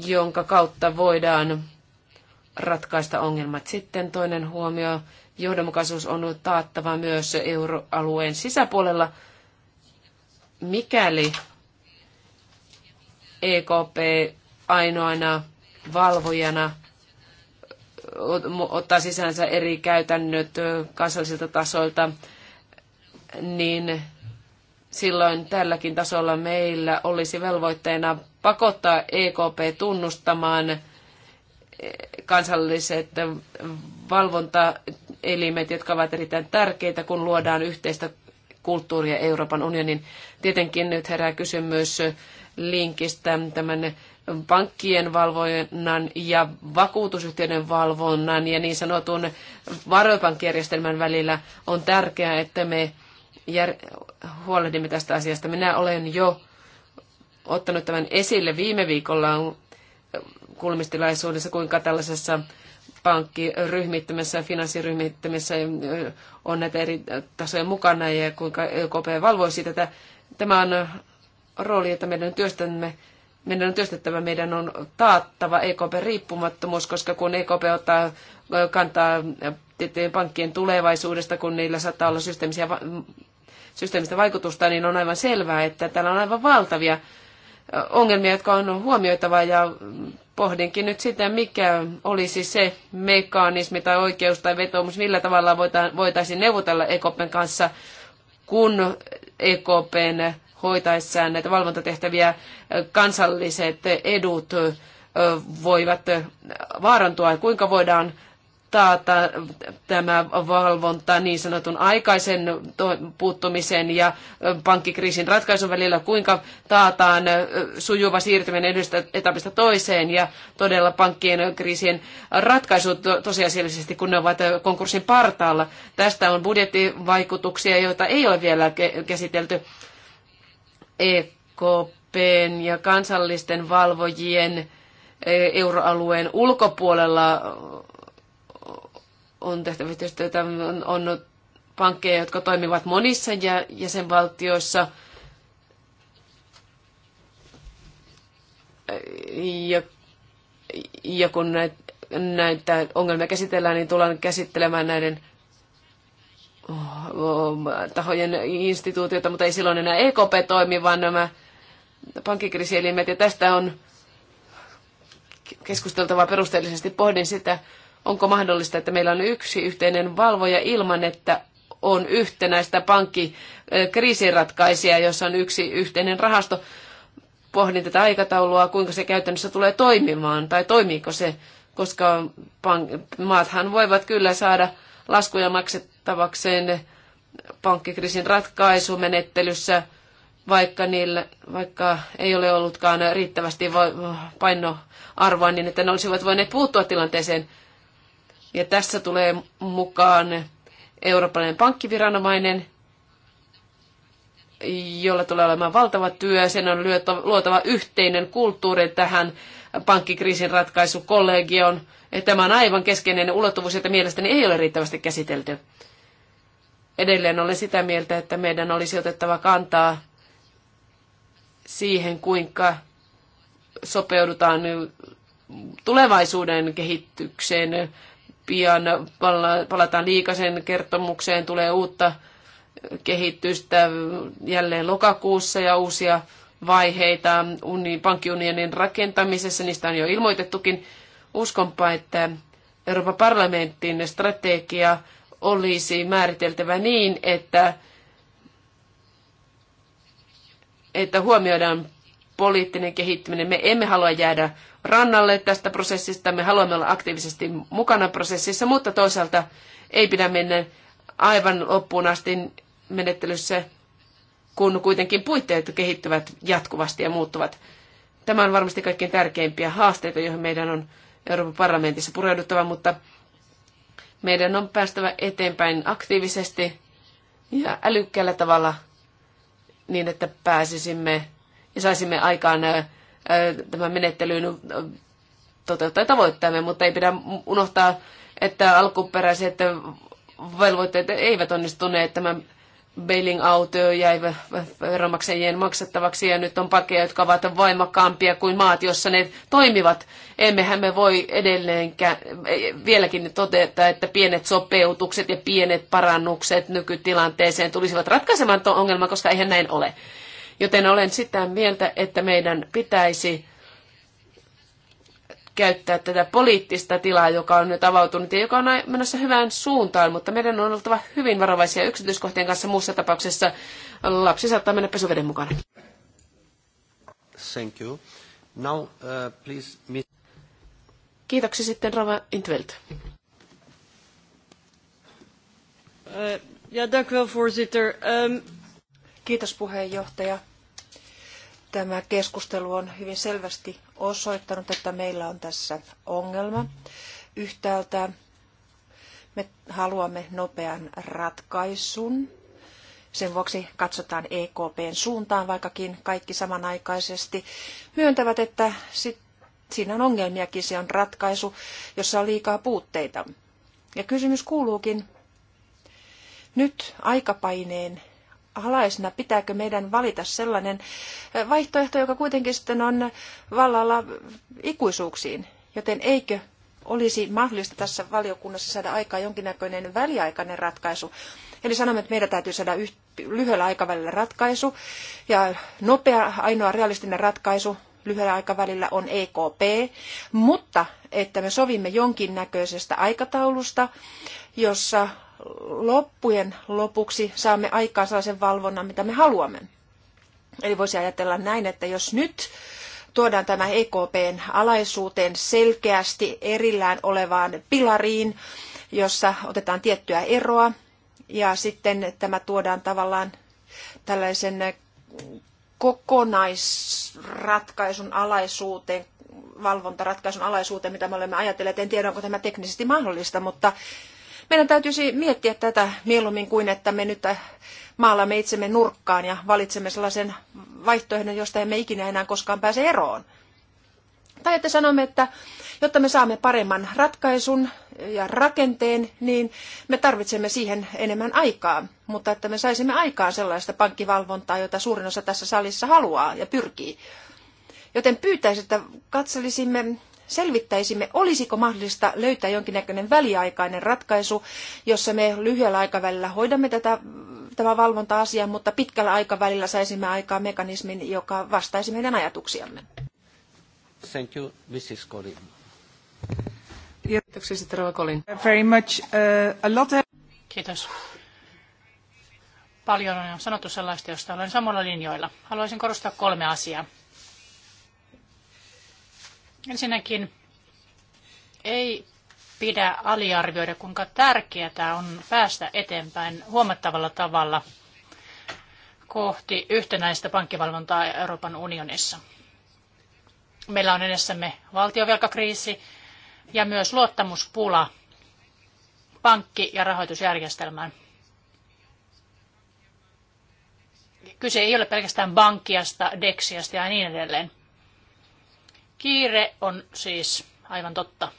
jonka kautta voidaan ratkaista ongelmat. Sitten toinen huomio, johdonmukaisuus on taattava myös euroalueen sisäpuolella, mikäli EKP ainoana valvojana ottaa sisäänsä eri käytännöt kansallisilta tasoilta, niin silloin tälläkin tasolla meillä olisi velvoitteena pakottaa EKP tunnustamaan kansalliset valvontaelimet, jotka ovat erittäin tärkeitä, kun luodaan yhteistä kulttuuria Euroopan unionin. Tietenkin nyt herää kysymys linkistä tämän pankkien valvonnan ja vakuutusyhtiöiden valvonnan ja niin sanotun varoipankkijärjestelmän välillä on tärkeää, että me jär- huolehdimme tästä asiasta. Minä olen jo ottanut tämän esille viime viikolla kulmistilaisuudessa kuinka tällaisessa pankkiryhmittymässä ja finanssiryhmittymässä on näitä eri tasoja mukana ja kuinka EKP valvoisi tätä. Tämä on rooli, että meidän työstämme meidän on työstettävä, meidän on taattava EKP-riippumattomuus, koska kun EKP ottaa kantaa pankkien tulevaisuudesta, kun niillä saattaa olla systeemistä vaikutusta, niin on aivan selvää, että täällä on aivan valtavia ongelmia, jotka on huomioitava ja pohdinkin nyt sitä, mikä olisi se mekanismi tai oikeus tai vetoomus, millä tavalla voitaisiin neuvotella EKPn kanssa, kun EKPn hoitaessaan näitä valvontatehtäviä kansalliset edut voivat vaarantua, ja kuinka voidaan taata tämä valvonta niin sanotun aikaisen puuttumisen ja pankkikriisin ratkaisun välillä, kuinka taataan sujuva siirtyminen yhdestä etapista toiseen ja todella pankkien kriisien ratkaisut tosiasiallisesti, kun ne ovat konkurssin partaalla. Tästä on budjettivaikutuksia, joita ei ole vielä käsitelty EKPn ja kansallisten valvojien euroalueen ulkopuolella on tehtävä yhteistyötä, on, on pankkeja, jotka toimivat monissa jäsenvaltioissa. Ja, ja kun näitä, näitä ongelmia käsitellään, niin tullaan käsittelemään näiden oh, oh, tahojen instituutioita, mutta ei silloin enää EKP toimi, vaan nämä pankkikriisielimet. Ja tästä on keskusteltava perusteellisesti. Pohdin sitä, Onko mahdollista, että meillä on yksi yhteinen valvoja ilman, että on yhtenäistä pankkikriisinratkaisijaa, jossa on yksi yhteinen rahasto? Pohdin tätä aikataulua, kuinka se käytännössä tulee toimimaan tai toimiiko se, koska pank- maathan voivat kyllä saada laskuja maksettavakseen pankkikriisin ratkaisumenettelyssä, vaikka, niillä, vaikka ei ole ollutkaan riittävästi painoarvoa niin, että ne olisivat voineet puuttua tilanteeseen. Ja tässä tulee mukaan eurooppalainen pankkiviranomainen, jolla tulee olemaan valtava työ. Sen on luotava yhteinen kulttuuri tähän pankkikriisin ratkaisukollegioon. Tämä on aivan keskeinen ulottuvuus, jota mielestäni ei ole riittävästi käsitelty. Edelleen olen sitä mieltä, että meidän olisi otettava kantaa siihen, kuinka sopeudutaan tulevaisuuden kehitykseen pian palataan liikasen kertomukseen, tulee uutta kehitystä jälleen lokakuussa ja uusia vaiheita uni, pankkiunionin rakentamisessa. Niistä on jo ilmoitettukin. Uskonpa, että Euroopan parlamentin strategia olisi määriteltävä niin, että, että huomioidaan poliittinen kehittyminen. Me emme halua jäädä rannalle tästä prosessista, me haluamme olla aktiivisesti mukana prosessissa, mutta toisaalta ei pidä mennä aivan loppuun asti menettelyssä, kun kuitenkin puitteet kehittyvät jatkuvasti ja muuttuvat. Tämä on varmasti kaikkein tärkeimpiä haasteita, joihin meidän on Euroopan parlamentissa pureuduttava, mutta meidän on päästävä eteenpäin aktiivisesti ja älykkäällä tavalla niin, että pääsisimme ja saisimme aikaan tämän menettelyyn toteuttaa tavoitteemme, mutta ei pidä unohtaa, että alkuperäiset velvoitteet eivät onnistuneet tämän bailing out jäi veronmaksajien maksettavaksi ja nyt on pakkeja, jotka ovat voimakkaampia kuin maat, jossa ne toimivat. Emmehän me voi edelleenkään e, vieläkin todeta, että pienet sopeutukset ja pienet parannukset nykytilanteeseen tulisivat ratkaisemaan tuon ongelman, koska eihän näin ole. Joten olen sitä mieltä, että meidän pitäisi käyttää tätä poliittista tilaa, joka on nyt avautunut ja joka on menossa hyvään suuntaan, mutta meidän on oltava hyvin varovaisia yksityiskohtien kanssa. Muussa tapauksessa lapsi saattaa mennä pesuveden mukana. Thank you. Now, uh, please, miss... Kiitoksia sitten Rova Intveld. Uh, ja, dank u wel, voorzitter. Um, Kiitos puheenjohtaja. Tämä keskustelu on hyvin selvästi osoittanut, että meillä on tässä ongelma. Yhtäältä me haluamme nopean ratkaisun. Sen vuoksi katsotaan EKPn suuntaan, vaikkakin kaikki samanaikaisesti myöntävät, että sit, siinä on ongelmiakin, se on ratkaisu, jossa on liikaa puutteita. Ja kysymys kuuluukin, nyt aikapaineen alaisena, pitääkö meidän valita sellainen eh, vaihtoehto, joka kuitenkin sitten on vallalla ikuisuuksiin. Joten eikö olisi mahdollista tässä valiokunnassa saada aikaan jonkinnäköinen väliaikainen ratkaisu. Eli sanomme, että meidän täytyy saada lyhyellä aikavälillä ratkaisu. Ja nopea, ainoa realistinen ratkaisu lyhyellä aikavälillä on EKP, mutta että me sovimme jonkinnäköisestä aikataulusta, jossa loppujen lopuksi saamme aikaan sellaisen valvonnan, mitä me haluamme. Eli voisi ajatella näin, että jos nyt tuodaan tämä EKPn alaisuuteen selkeästi erillään olevaan pilariin, jossa otetaan tiettyä eroa, ja sitten tämä tuodaan tavallaan tällaisen kokonaisratkaisun alaisuuteen, valvontaratkaisun alaisuuteen, mitä me olemme ajatelleet. En tiedä, onko tämä teknisesti mahdollista, mutta meidän täytyisi miettiä tätä mieluummin kuin, että me nyt maalamme itsemme nurkkaan ja valitsemme sellaisen vaihtoehdon, josta emme ikinä enää koskaan pääse eroon. Tai että sanomme, että jotta me saamme paremman ratkaisun ja rakenteen, niin me tarvitsemme siihen enemmän aikaa, mutta että me saisimme aikaan sellaista pankkivalvontaa, jota suurin osa tässä salissa haluaa ja pyrkii. Joten pyytäisin, että katselisimme selvittäisimme, olisiko mahdollista löytää jonkinnäköinen väliaikainen ratkaisu, jossa me lyhyellä aikavälillä hoidamme tätä, tämä valvonta-asia, mutta pitkällä aikavälillä saisimme aikaa mekanismin, joka vastaisi meidän ajatuksiamme. Thank you, Mrs. Colin. Kiitoksia, Sitrova Colin. Very much, uh, a lot of... Kiitos paljon on sanottu sellaista, josta olen samalla linjoilla. Haluaisin korostaa kolme asiaa. Ensinnäkin ei pidä aliarvioida, kuinka tärkeää on päästä eteenpäin huomattavalla tavalla kohti yhtenäistä pankkivalvontaa Euroopan unionissa. Meillä on edessämme valtiovelkakriisi ja myös luottamuspula pankki- ja rahoitusjärjestelmään. Kyse ei ole pelkästään bankiasta, deksiasta ja niin edelleen. Kiire on siis aivan totta.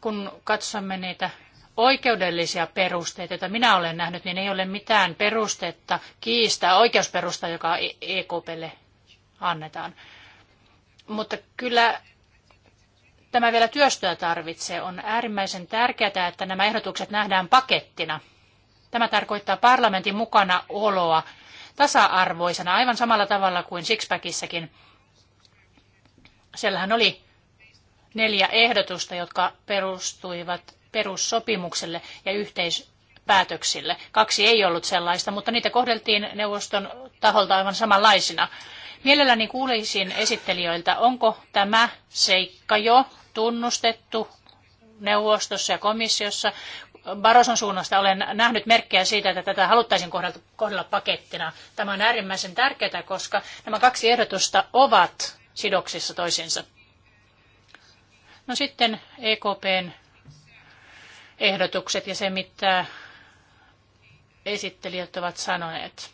Kun katsomme niitä oikeudellisia perusteita, joita minä olen nähnyt, niin ei ole mitään perustetta kiistää oikeusperusta, joka EKPlle e annetaan. Mutta kyllä tämä vielä työstöä tarvitsee. On äärimmäisen tärkeää, että nämä ehdotukset nähdään pakettina – Tämä tarkoittaa parlamentin mukana oloa tasa-arvoisena aivan samalla tavalla kuin Sixpackissäkin. Siellähän oli neljä ehdotusta, jotka perustuivat perussopimukselle ja yhteispäätöksille. Kaksi ei ollut sellaista, mutta niitä kohdeltiin neuvoston taholta aivan samanlaisina. Mielelläni kuulisin esittelijöiltä, onko tämä seikka jo tunnustettu neuvostossa ja komissiossa, Baroson suunnasta olen nähnyt merkkejä siitä, että tätä haluttaisiin kohdella pakettina. Tämä on äärimmäisen tärkeää, koska nämä kaksi ehdotusta ovat sidoksissa toisiinsa. No sitten EKPn ehdotukset ja se, mitä esittelijät ovat sanoneet.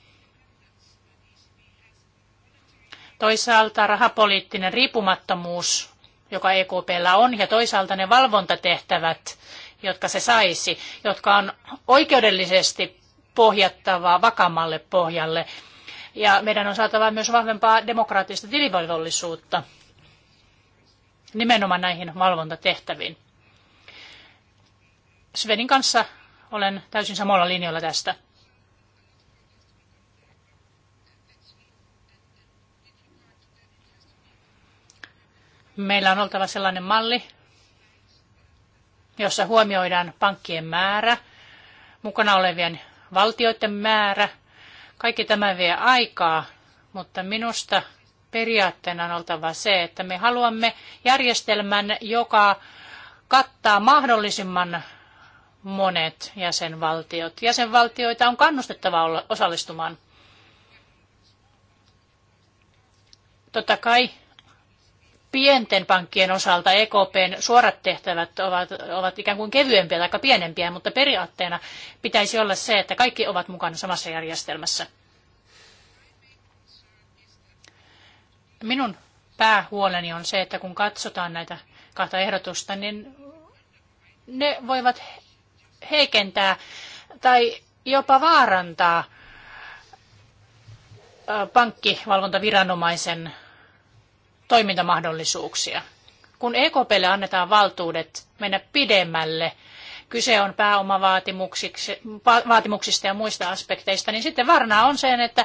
Toisaalta rahapoliittinen riippumattomuus, joka EKPllä on, ja toisaalta ne valvontatehtävät, jotka se saisi, jotka on oikeudellisesti pohjattavaa vakamalle pohjalle. Ja meidän on saatava myös vahvempaa demokraattista tilivelvollisuutta nimenomaan näihin valvontatehtäviin. Svenin kanssa olen täysin samalla linjalla tästä. Meillä on oltava sellainen malli, jossa huomioidaan pankkien määrä, mukana olevien valtioiden määrä. Kaikki tämä vie aikaa, mutta minusta periaatteena on oltava se, että me haluamme järjestelmän, joka kattaa mahdollisimman monet jäsenvaltiot. Jäsenvaltioita on kannustettava osallistumaan. Totta kai pienten pankkien osalta EKPn suorat tehtävät ovat, ovat ikään kuin kevyempiä tai pienempiä, mutta periaatteena pitäisi olla se, että kaikki ovat mukana samassa järjestelmässä. Minun päähuoleni on se, että kun katsotaan näitä kahta ehdotusta, niin ne voivat heikentää tai jopa vaarantaa pankkivalvontaviranomaisen toimintamahdollisuuksia. Kun EKPlle annetaan valtuudet mennä pidemmälle, kyse on pääomavaatimuksista ja muista aspekteista, niin sitten varnaa on sen, että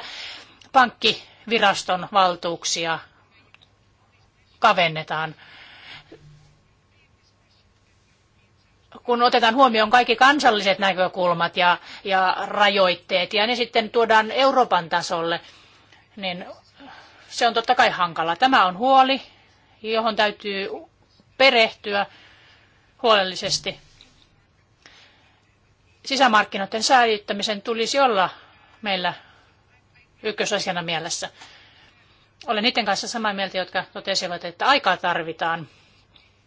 pankkiviraston valtuuksia kavennetaan. kun otetaan huomioon kaikki kansalliset näkökulmat ja, ja rajoitteet ja ne sitten tuodaan Euroopan tasolle, niin se on totta kai hankala. Tämä on huoli, johon täytyy perehtyä huolellisesti. Sisämarkkinoiden säilyttämisen tulisi olla meillä ykkösasiana mielessä. Olen niiden kanssa samaa mieltä, jotka totesivat, että aikaa tarvitaan.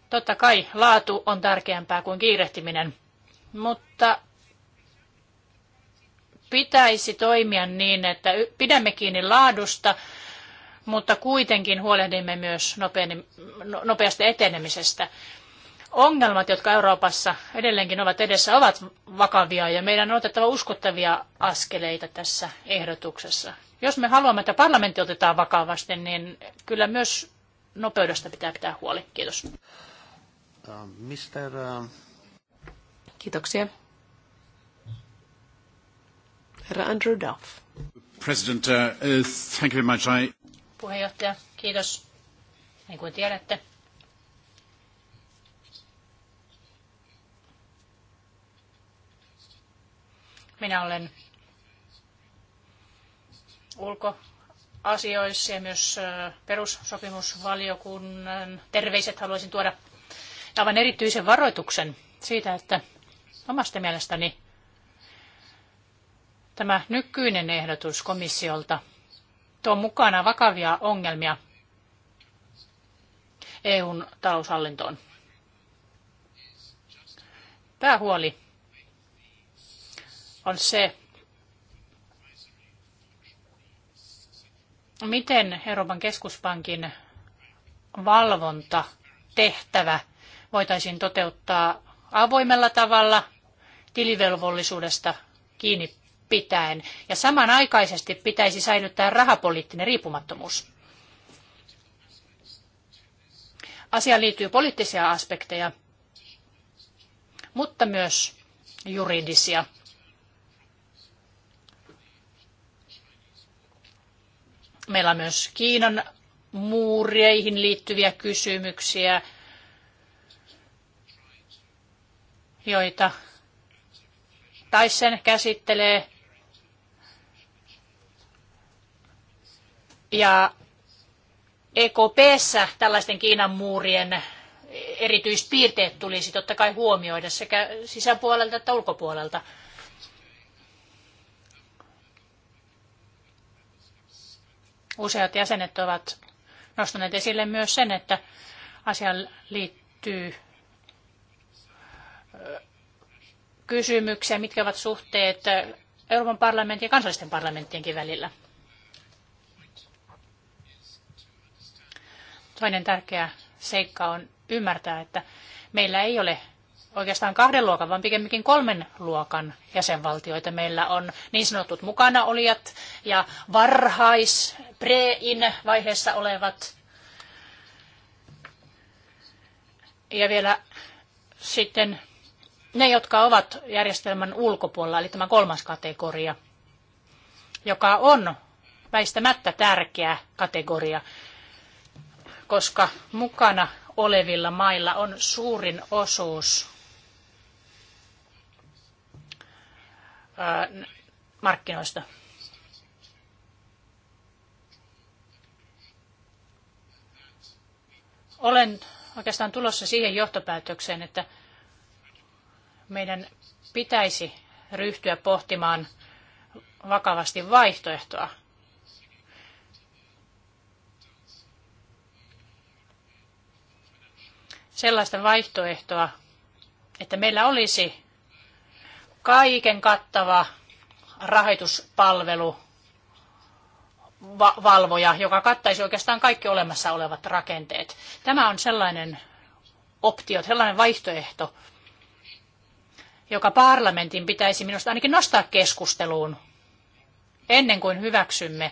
Totta kai laatu on tärkeämpää kuin kiirehtiminen, mutta pitäisi toimia niin, että pidämme kiinni laadusta mutta kuitenkin huolehdimme myös no-, nopeasta etenemisestä. Ongelmat, jotka Euroopassa edelleenkin ovat edessä, ovat vakavia ja meidän on otettava uskottavia askeleita tässä ehdotuksessa. Jos me haluamme, että parlamentti otetaan vakavasti, niin kyllä myös nopeudesta pitää pitää huoli. Kiitos. Ähm, mister... Ähm, Kiitoksia. Herra Andrew Duff. President, uh, uh thank you very much. I puheenjohtaja. Kiitos. Niin kuin tiedätte, minä olen ulkoasioissa ja myös perussopimusvaliokunnan terveiset haluaisin tuoda aivan erityisen varoituksen siitä, että omasta mielestäni tämä nykyinen ehdotus komissiolta – tuo mukana vakavia ongelmia EUn taloushallintoon. Päähuoli on se, miten Euroopan keskuspankin valvonta tehtävä voitaisiin toteuttaa avoimella tavalla tilivelvollisuudesta kiinni pitäen. Ja samanaikaisesti pitäisi säilyttää rahapoliittinen riippumattomuus. Asiaan liittyy poliittisia aspekteja, mutta myös juridisia. Meillä on myös Kiinan muureihin liittyviä kysymyksiä, joita Tyson käsittelee Ja EKPssä tällaisten Kiinan muurien erityispiirteet tulisi totta kai huomioida sekä sisäpuolelta että ulkopuolelta. Useat jäsenet ovat nostaneet esille myös sen, että asiaan liittyy kysymyksiä, mitkä ovat suhteet Euroopan parlamentin ja kansallisten parlamenttienkin välillä. Toinen tärkeä seikka on ymmärtää, että meillä ei ole oikeastaan kahden luokan, vaan pikemminkin kolmen luokan jäsenvaltioita. Meillä on niin sanotut mukanaolijat ja varhais, pre-in vaiheessa olevat. Ja vielä sitten ne, jotka ovat järjestelmän ulkopuolella, eli tämä kolmas kategoria, joka on väistämättä tärkeä kategoria, koska mukana olevilla mailla on suurin osuus markkinoista. Olen oikeastaan tulossa siihen johtopäätökseen, että meidän pitäisi ryhtyä pohtimaan vakavasti vaihtoehtoa sellaista vaihtoehtoa, että meillä olisi kaiken kattava rahoituspalvelu valvoja, joka kattaisi oikeastaan kaikki olemassa olevat rakenteet. Tämä on sellainen optio, sellainen vaihtoehto, joka parlamentin pitäisi minusta ainakin nostaa keskusteluun ennen kuin hyväksymme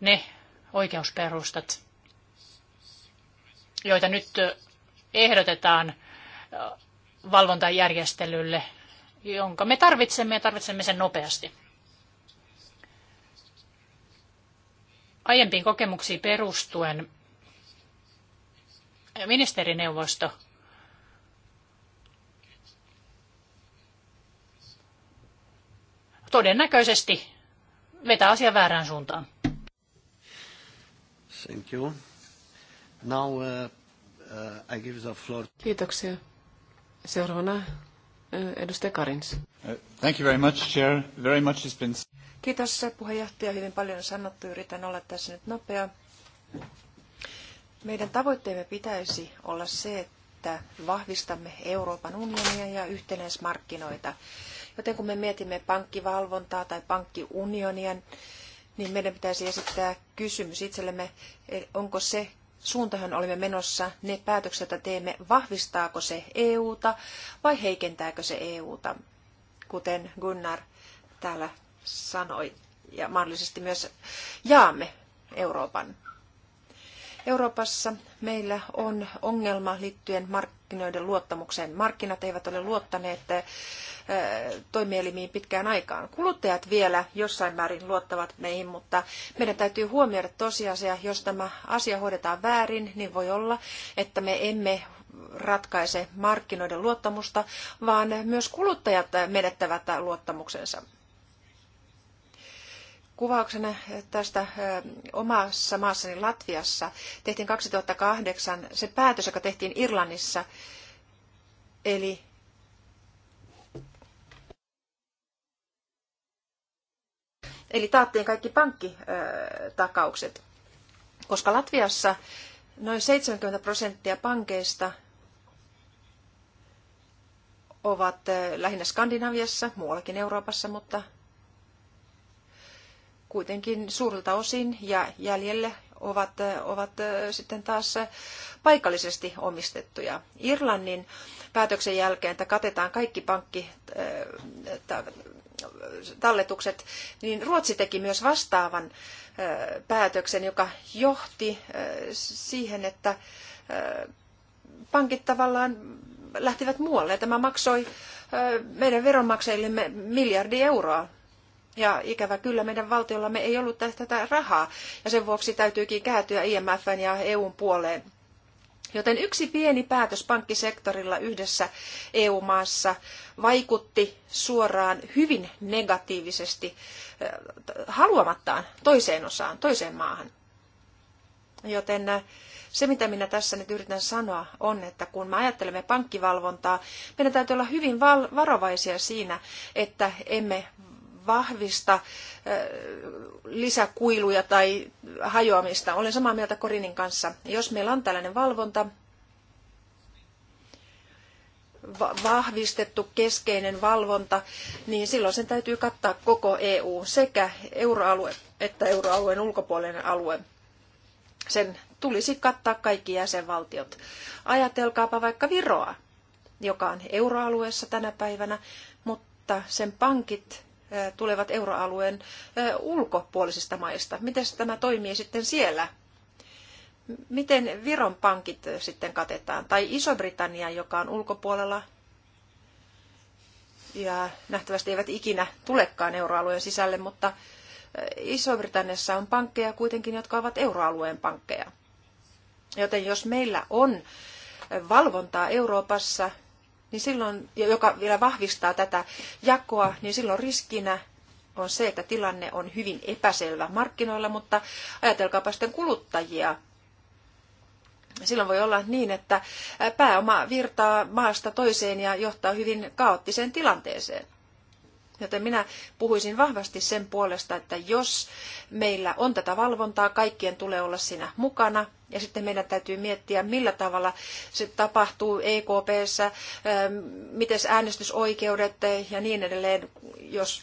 ne oikeusperustat, joita nyt ehdotetaan valvontajärjestelylle, jonka me tarvitsemme ja tarvitsemme sen nopeasti. Aiempiin kokemuksiin perustuen ministerineuvosto todennäköisesti vetää asia väärään suuntaan. Thank you. Now, uh, Uh, I give the floor. Kiitoksia. Seuraavana uh, edustaja Karins. Uh, thank you very much, Chair. Very much has been... Kiitos puheenjohtaja. Hyvin paljon on sanottu. Yritän olla tässä nyt nopea. Meidän tavoitteemme pitäisi olla se, että vahvistamme Euroopan unionia ja yhtenäismarkkinoita. Joten kun me mietimme pankkivalvontaa tai pankkiunionia, niin meidän pitäisi esittää kysymys itsellemme, e, onko se suuntahan olemme menossa, ne päätökset, joita teemme, vahvistaako se EUta vai heikentääkö se EUta, kuten Gunnar täällä sanoi, ja mahdollisesti myös jaamme Euroopan. Euroopassa meillä on ongelma liittyen markkinoiden luottamukseen. Markkinat eivät ole luottaneet toimielimiin pitkään aikaan. Kuluttajat vielä jossain määrin luottavat meihin, mutta meidän täytyy huomioida tosiasia, jos tämä asia hoidetaan väärin, niin voi olla, että me emme ratkaise markkinoiden luottamusta, vaan myös kuluttajat menettävät luottamuksensa kuvauksena tästä omassa maassani Latviassa tehtiin 2008 se päätös, joka tehtiin Irlannissa, eli Eli taattiin kaikki pankkitakaukset, koska Latviassa noin 70 prosenttia pankeista ovat eh, lähinnä Skandinaviassa, muuallakin Euroopassa, mutta kuitenkin suurilta osin ja jäljelle ovat, eh, ovat eh, sitten taas paikallisesti omistettuja. Irlannin päätöksen jälkeen, että katetaan kaikki pankki, talletukset, niin Ruotsi teki myös vastaavan päätöksen, joka johti siihen, että pankit tavallaan lähtivät muualle. Tämä maksoi meidän veronmaksajillemme miljardi euroa. Ja ikävä kyllä meidän valtiollamme ei ollut tätä rahaa ja sen vuoksi täytyykin kääntyä IMFn ja EUn puoleen – Joten yksi pieni päätös pankkisektorilla yhdessä EU-maassa vaikutti suoraan hyvin negatiivisesti eh, haluamattaan toiseen osaan, toiseen maahan. Joten eh, se, mitä minä tässä nyt yritän sanoa, on, että kun me ajattelemme pankkivalvontaa, meidän täytyy olla hyvin varovaisia siinä, että emme vahvista lisäkuiluja tai hajoamista. Olen samaa mieltä Korinin kanssa. Jos meillä on tällainen valvonta, vahvistettu keskeinen valvonta, niin silloin sen täytyy kattaa koko EU, sekä euroalue että euroalueen ulkopuolinen alue. Sen tulisi kattaa kaikki jäsenvaltiot. Ajatelkaapa vaikka Viroa, joka on euroalueessa tänä päivänä, mutta sen pankit tulevat euroalueen ulkopuolisista maista. Miten tämä toimii sitten siellä? Miten Viron pankit sitten katetaan? Tai Iso-Britannia, joka on ulkopuolella ja nähtävästi eivät ikinä tulekaan euroalueen sisälle, mutta Iso-Britanniassa on pankkeja kuitenkin, jotka ovat euroalueen pankkeja. Joten jos meillä on valvontaa Euroopassa, niin silloin, joka vielä vahvistaa tätä jakoa, niin silloin riskinä on se, että tilanne on hyvin epäselvä markkinoilla, mutta ajatelkaapa sitten kuluttajia. Silloin voi olla niin, että pääoma virtaa maasta toiseen ja johtaa hyvin kaoottiseen tilanteeseen. Joten minä puhuisin vahvasti sen puolesta, että jos meillä on tätä valvontaa, kaikkien tulee olla siinä mukana. Ja sitten meidän täytyy miettiä, millä tavalla se tapahtuu EKPssä, ähm, miten äänestysoikeudet ja niin edelleen, jos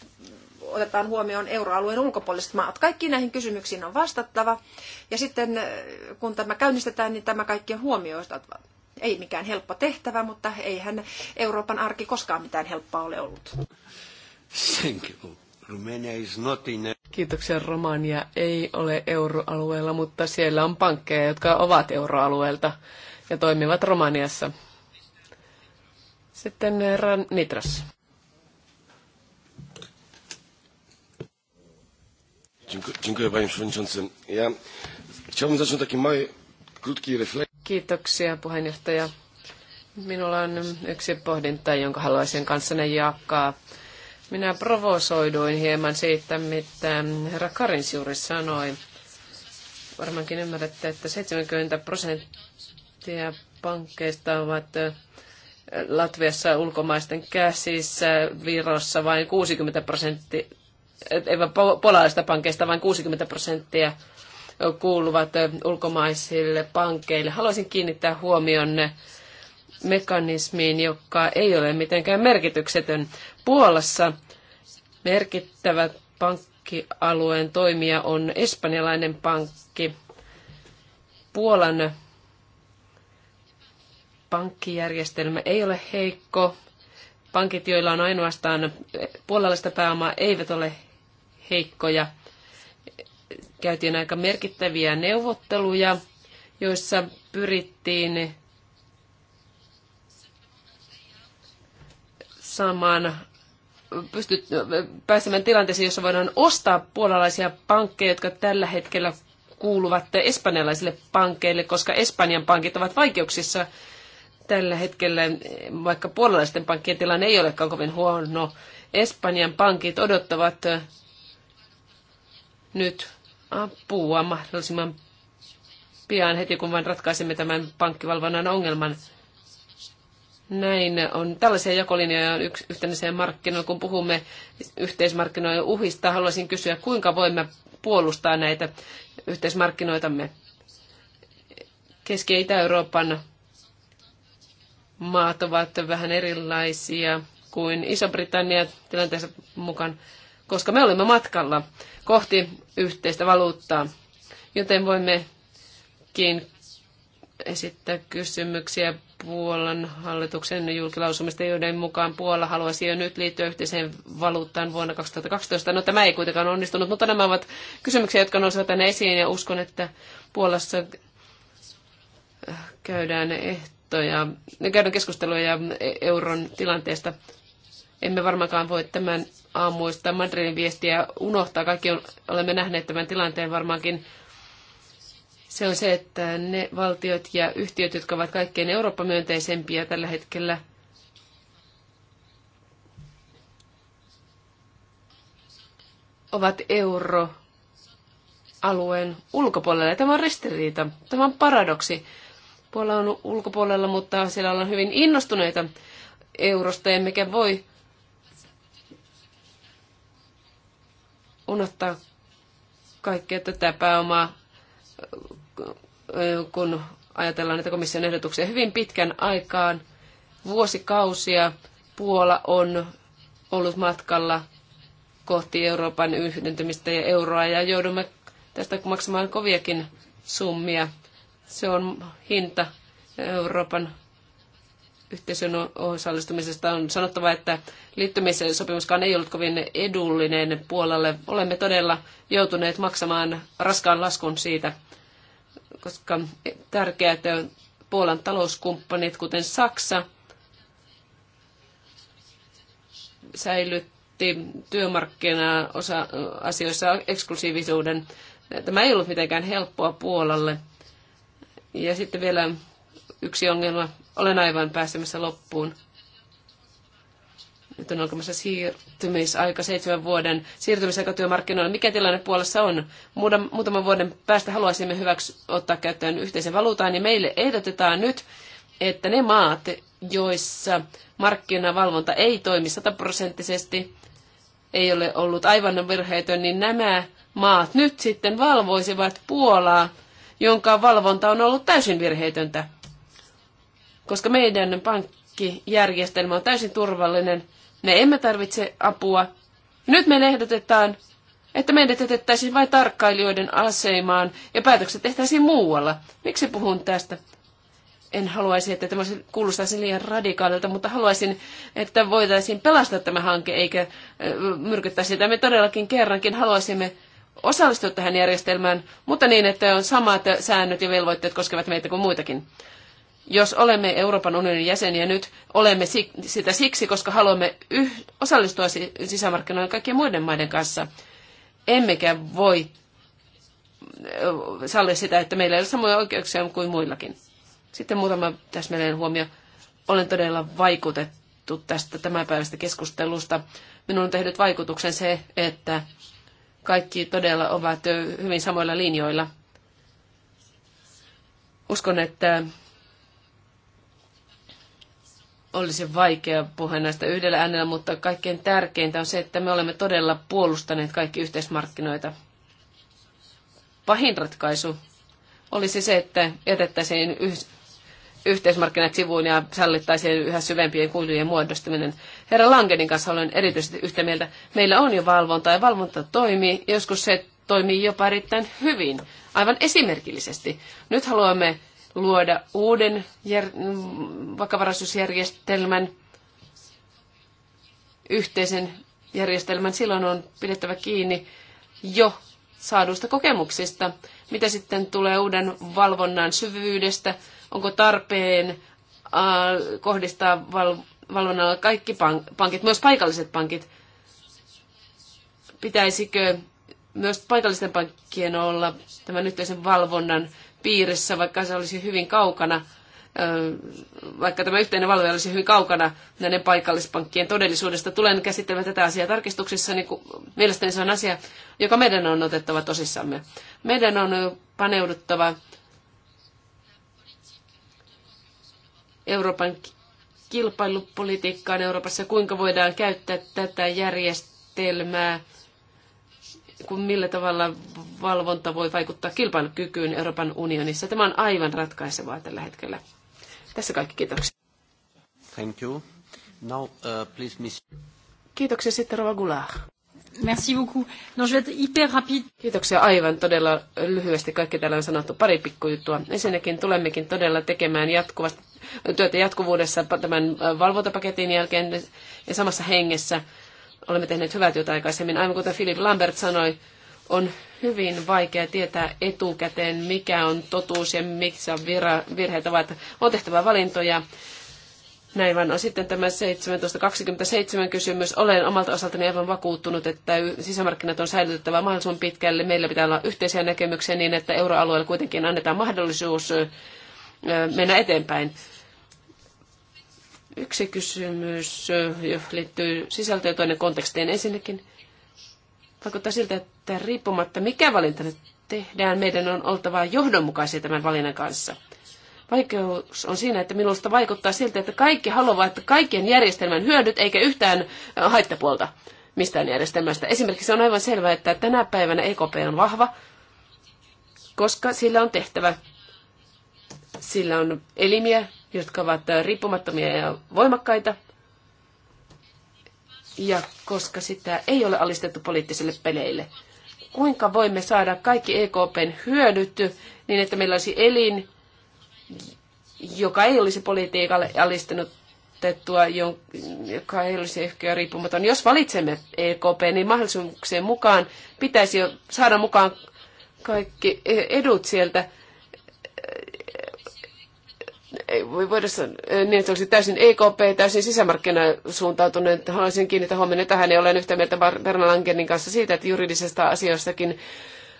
otetaan huomioon euroalueen ulkopuoliset maat. Kaikkiin näihin kysymyksiin on vastattava. Ja sitten äh, kun tämä käynnistetään, niin tämä kaikki on huomioitava. Ei mikään helppo tehtävä, mutta eihän Euroopan arki koskaan mitään helppoa ole ollut. Thank you. Romania is not in a... Kiitoksia. Romania ei ole euroalueella, mutta siellä on pankkeja, jotka ovat euroalueelta ja toimivat Romaniassa. Sitten eh, Ran Nitras. Dziękuję panie przewodniczący. Ja chciałbym zacząć taki mały, krótki refleksji. Kiitoksia puheenjohtaja. Minulla on yksi pohdinta, jonka haluaisin kanssanne jakaa minä provosoiduin hieman siitä, mitä herra Karinsiuri sanoi. Varmaankin ymmärrätte, että 70 prosenttia pankkeista ovat Latviassa ulkomaisten käsissä, Virossa vain 60 prosenttia, eivä polaista pankeista, vain 60 prosenttia kuuluvat ulkomaisille pankeille. Haluaisin kiinnittää huomionne mekanismiin, joka ei ole mitenkään merkityksetön. Puolassa merkittävä pankkialueen toimija on espanjalainen pankki. Puolan pankkijärjestelmä ei ole heikko. Pankit, joilla on ainoastaan puolalaista pääomaa, eivät ole heikkoja. Käytiin aika merkittäviä neuvotteluja, joissa pyrittiin saamaan pystyt pääsemään tilanteeseen, jossa voidaan ostaa puolalaisia pankkeja, jotka tällä hetkellä kuuluvat espanjalaisille pankeille, koska Espanjan pankit ovat vaikeuksissa tällä hetkellä, vaikka puolalaisten pankkien tilanne ei olekaan kovin huono. Espanjan pankit odottavat nyt apua mahdollisimman pian heti, kun vain ratkaisemme tämän pankkivalvonnan ongelman näin on tällaisia jakolinjoja yhtenäiseen markkinoille, kun puhumme yhteismarkkinoiden uhista. Haluaisin kysyä, kuinka voimme puolustaa näitä yhteismarkkinoitamme. Keski- ja Itä-Euroopan maat ovat vähän erilaisia kuin Iso-Britannia tilanteessa mukaan, koska me olemme matkalla kohti yhteistä valuuttaa, joten voimmekin esittää kysymyksiä Puolan hallituksen julkilausumista, joiden mukaan Puola haluaisi jo nyt liittyä yhteiseen valuuttaan vuonna 2012. No tämä ei kuitenkaan onnistunut, mutta nämä ovat kysymyksiä, jotka nousevat tänne esiin ja uskon, että Puolassa äh, käydään ehtoja, käydään keskusteluja e-, euron tilanteesta. Emme varmaankaan voi tämän aamuista Madridin viestiä unohtaa. Kaikki olemme nähneet tämän tilanteen varmaankin se on se, että ne valtiot ja yhtiöt, jotka ovat kaikkein Eurooppa-myönteisempiä tällä hetkellä, ovat euroalueen ulkopuolella. Tämä on ristiriita, tämä on paradoksi. Puola on ulkopuolella, mutta siellä ollaan hyvin innostuneita eurosta, emmekä voi unohtaa kaikkea tätä pääomaa kun ajatellaan näitä komission ehdotuksia hyvin pitkän aikaan, vuosikausia Puola on ollut matkalla kohti Euroopan yhdentymistä ja euroa ja joudumme tästä maksamaan koviakin summia. Se on hinta Euroopan yhteisön osallistumisesta. On sanottava, että sopimuskaan ei ollut kovin edullinen Puolalle. Olemme todella joutuneet maksamaan raskaan laskun siitä koska tärkeät Puolan talouskumppanit, kuten Saksa, säilytti työmarkkina-asioissa eksklusiivisuuden. Tämä ei ollut mitenkään helppoa Puolalle. Ja sitten vielä yksi ongelma. Olen aivan pääsemässä loppuun nyt on alkamassa siirtymisaika, seitsemän vuoden siirtymisaika työmarkkinoilla. Mikä tilanne puolessa on? Muutaman vuoden päästä haluaisimme hyväksi ottaa käyttöön yhteisen valuutan, niin meille ehdotetaan nyt, että ne maat, joissa markkinavalvonta ei toimi sataprosenttisesti, ei ole ollut aivan virheitön, niin nämä maat nyt sitten valvoisivat Puolaa, jonka valvonta on ollut täysin virheitöntä. Koska meidän pankkijärjestelmä on täysin turvallinen, me emme tarvitse apua. Nyt me ehdotetaan, että meidät jätettäisiin vain tarkkailijoiden asemaan ja päätökset tehtäisiin muualla. Miksi puhun tästä? En haluaisi, että tämä kuulostaisi liian radikaalilta, mutta haluaisin, että voitaisiin pelastaa tämä hanke eikä myrkyttää sitä. Me todellakin kerrankin haluaisimme osallistua tähän järjestelmään, mutta niin, että on samat säännöt ja velvoitteet koskevat meitä kuin muitakin jos olemme Euroopan unionin jäseniä nyt, olemme sitä siksi, koska haluamme osallistua sisämarkkinoille kaikkien muiden maiden kanssa. Emmekä voi sallia sitä, että meillä ei ole samoja oikeuksia kuin muillakin. Sitten muutama täsmälleen huomio. Olen todella vaikutettu tästä tämän päivästä keskustelusta. Minun on tehnyt vaikutuksen se, että kaikki todella ovat hyvin samoilla linjoilla. Uskon, että olisi vaikea puhua näistä yhdellä äänellä, mutta kaikkein tärkeintä on se, että me olemme todella puolustaneet kaikki yhteismarkkinoita. Pahin ratkaisu olisi se, että jätettäisiin yh- yhteismarkkinat sivuun ja sallittaisiin yhä syvempien kuilujen muodostaminen. Herra Langenin kanssa olen erityisesti yhtä mieltä. Meillä on jo valvonta ja valvonta toimii. Joskus se toimii jopa erittäin hyvin, aivan esimerkillisesti. Nyt haluamme luoda uuden jär- vakavaraisuusjärjestelmän, yhteisen järjestelmän. Silloin on pidettävä kiinni jo saaduista kokemuksista. Mitä sitten tulee uuden valvonnan syvyydestä? Onko tarpeen kohdistaa val- valvonnalla kaikki pank- pankit, myös paikalliset pankit? Pitäisikö myös paikallisten pankkien olla tämän yhteisen valvonnan piirissä, vaikka se olisi hyvin kaukana, vaikka tämä yhteinen valvoja olisi hyvin kaukana näiden paikallispankkien todellisuudesta. Tulen käsittelemään tätä asiaa tarkistuksissa, niin kun mielestäni se on asia, joka meidän on otettava tosissamme. Meidän on paneuduttava Euroopan kilpailupolitiikkaan Euroopassa, kuinka voidaan käyttää tätä järjestelmää kun millä tavalla valvonta voi vaikuttaa kilpailukykyyn Euroopan unionissa. Tämä on aivan ratkaisevaa tällä hetkellä. Tässä kaikki kiitoksia. Thank you. Now, uh, please, miss... Kiitoksia sitten Rova Goulart. Merci beaucoup. No, je vais hyper rapide. Kiitoksia aivan todella lyhyesti. Kaikki täällä on sanottu pari pikkujuttua. Ensinnäkin tulemmekin todella tekemään jatkuvasti työtä jatkuvuudessa tämän valvontapaketin jälkeen ja samassa hengessä olemme tehneet hyvää työtä aikaisemmin. Aivan kuten Philip Lambert sanoi, on hyvin vaikea tietää etukäteen, mikä on totuus ja miksi on virheet ovat. On tehtävä valintoja. Näin vaan on sitten tämä 17.27 kysymys. Olen omalta osaltani aivan vakuuttunut, että sisämarkkinat on säilytettävä mahdollisimman pitkälle. Meillä pitää olla yhteisiä näkemyksiä niin, että euroalueella kuitenkin annetaan mahdollisuus mennä eteenpäin. Yksi kysymys liittyy sisältöön ja toinen kontekstiin. Ensinnäkin vaikuttaa siltä, että riippumatta mikä valinta nyt tehdään, meidän on oltava johdonmukaisia tämän valinnan kanssa. Vaikeus on siinä, että minusta vaikuttaa siltä, että kaikki haluavat että kaikkien järjestelmän hyödyt eikä yhtään haittapuolta mistään järjestelmästä. Esimerkiksi on aivan selvää, että tänä päivänä EKP on vahva, koska sillä on tehtävä sillä on elimiä, jotka ovat äh, riippumattomia ja voimakkaita. Ja koska sitä ei ole alistettu poliittisille peleille. Kuinka voimme saada kaikki EKPn hyödytty niin, että meillä olisi elin, joka ei olisi politiikalle alistunut Tettua, joka ei olisi ehkä riippumaton. Jos valitsemme EKP, niin mahdollisuuksien mukaan pitäisi saada mukaan kaikki e-, edut sieltä ei voi voida sanoa, eh, niin että olisi täysin EKP, täysin sisämarkkinasuuntautunut. Että haluaisin kiinnittää huomenna tähän ja olen yhtä mieltä Bernal Langenin kanssa siitä, että juridisesta asioistakin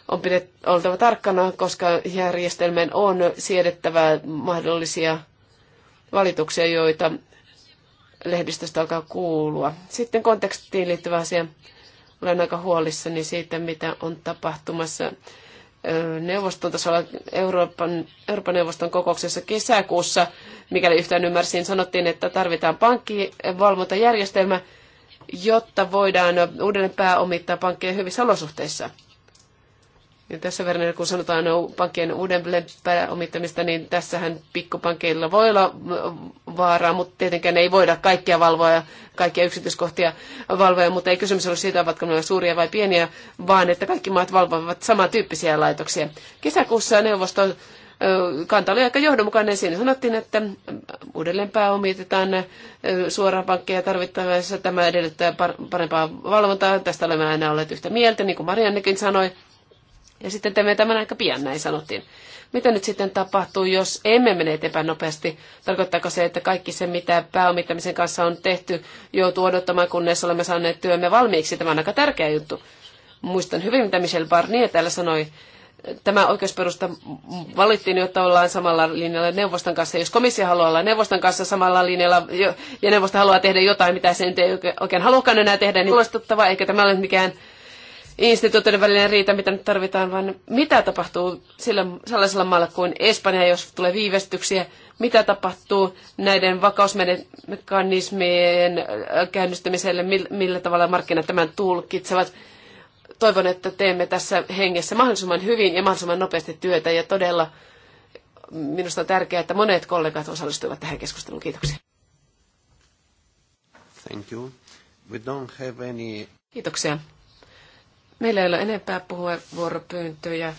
on pidet, oltava tarkkana, koska järjestelmän on siedettävä mahdollisia valituksia, joita lehdistöstä alkaa kuulua. Sitten kontekstiin liittyvä asia. Olen aika huolissani siitä, mitä on tapahtumassa neuvoston tasolla Euroopan, Euroopan neuvoston kokouksessa kesäkuussa, mikäli yhtään ymmärsin, sanottiin, että tarvitaan pankkivalvontajärjestelmä, jotta voidaan uudelleen pääomittaa pankkeja hyvissä olosuhteissa. Ja tässä Werner, kun sanotaan no, pankkien uudelleen pääomittamista, niin tässähän pikkupankkeilla voi olla vaaraa, mutta tietenkään ei voida kaikkia valvoa ja kaikkia yksityiskohtia valvoa, mutta ei kysymys ole siitä, ovatko ne suuria vai pieniä, vaan että kaikki maat valvovat samantyyppisiä laitoksia. Kesäkuussa neuvosto kanta oli aika johdonmukainen. Siinä sanottiin, että uudelleen pääomitetaan suoraan pankkeja tarvittaessa. Tämä edellyttää parempaa valvontaa. Tästä olemme aina olleet yhtä mieltä, niin kuin Mariannekin sanoi. Ja sitten teemme tämän aika pian, näin sanottiin. Mitä nyt sitten tapahtuu, jos emme mene eteenpäin nopeasti? Tarkoittaako se, että kaikki se, mitä pääomittamisen kanssa on tehty, joutuu odottamaan, kunnes olemme saaneet työmme valmiiksi? Tämä on aika tärkeä juttu. Muistan hyvin, mitä Michel Barnier täällä sanoi. Tämä oikeusperusta valittiin, jotta ollaan samalla linjalla neuvoston kanssa. Jos komissio haluaa olla neuvoston kanssa samalla linjalla ja neuvosto haluaa tehdä jotain, mitä se ei oikein halukaan enää tehdä, niin huolestuttavaa, eikä tämä ole mikään instituutioiden välinen riitä, mitä nyt tarvitaan, vaan mitä tapahtuu sillä, sellaisella maalla kuin Espanja, jos tulee viivästyksiä, mitä tapahtuu näiden vakausmekanismien äh, käynnistymiselle, millä tavalla markkinat tämän tulkitsevat. Toivon, että teemme tässä hengessä mahdollisimman hyvin ja mahdollisimman nopeasti työtä ja todella minusta on tärkeää, että monet kollegat osallistuivat tähän keskusteluun. Kiitoksia. Thank you. We don't have any... Kiitoksia. Meillä ei ole enempää puheenvuoropyyntöjä,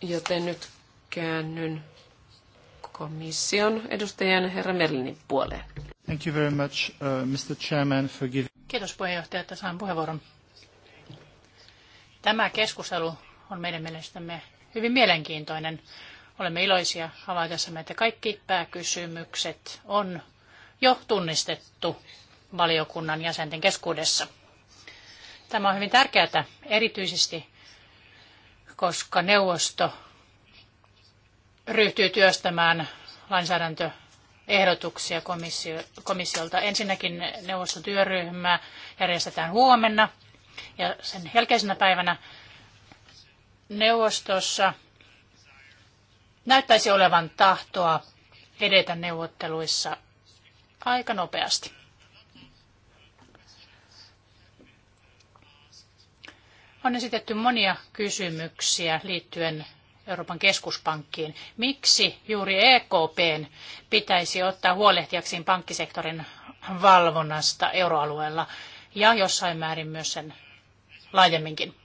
joten nyt käännyn komission edustajan herra Merlinin puoleen. Thank you very much, uh, Mr. Chairman, for giving... Kiitos puheenjohtaja, että saan puheenvuoron. Tämä keskustelu on meidän mielestämme hyvin mielenkiintoinen. Olemme iloisia havaitessamme, että kaikki pääkysymykset on jo tunnistettu valiokunnan jäsenten keskuudessa. Tämä on hyvin tärkeää erityisesti, koska neuvosto ryhtyy työstämään lainsäädäntöehdotuksia komissio, komissiolta. Ensinnäkin neuvostotyöryhmä järjestetään huomenna ja sen jälkeisenä päivänä neuvostossa näyttäisi olevan tahtoa edetä neuvotteluissa aika nopeasti. On esitetty monia kysymyksiä liittyen Euroopan keskuspankkiin. Miksi juuri EKPn pitäisi ottaa huolehtiakseen pankkisektorin valvonnasta euroalueella ja jossain määrin myös sen laajemminkin?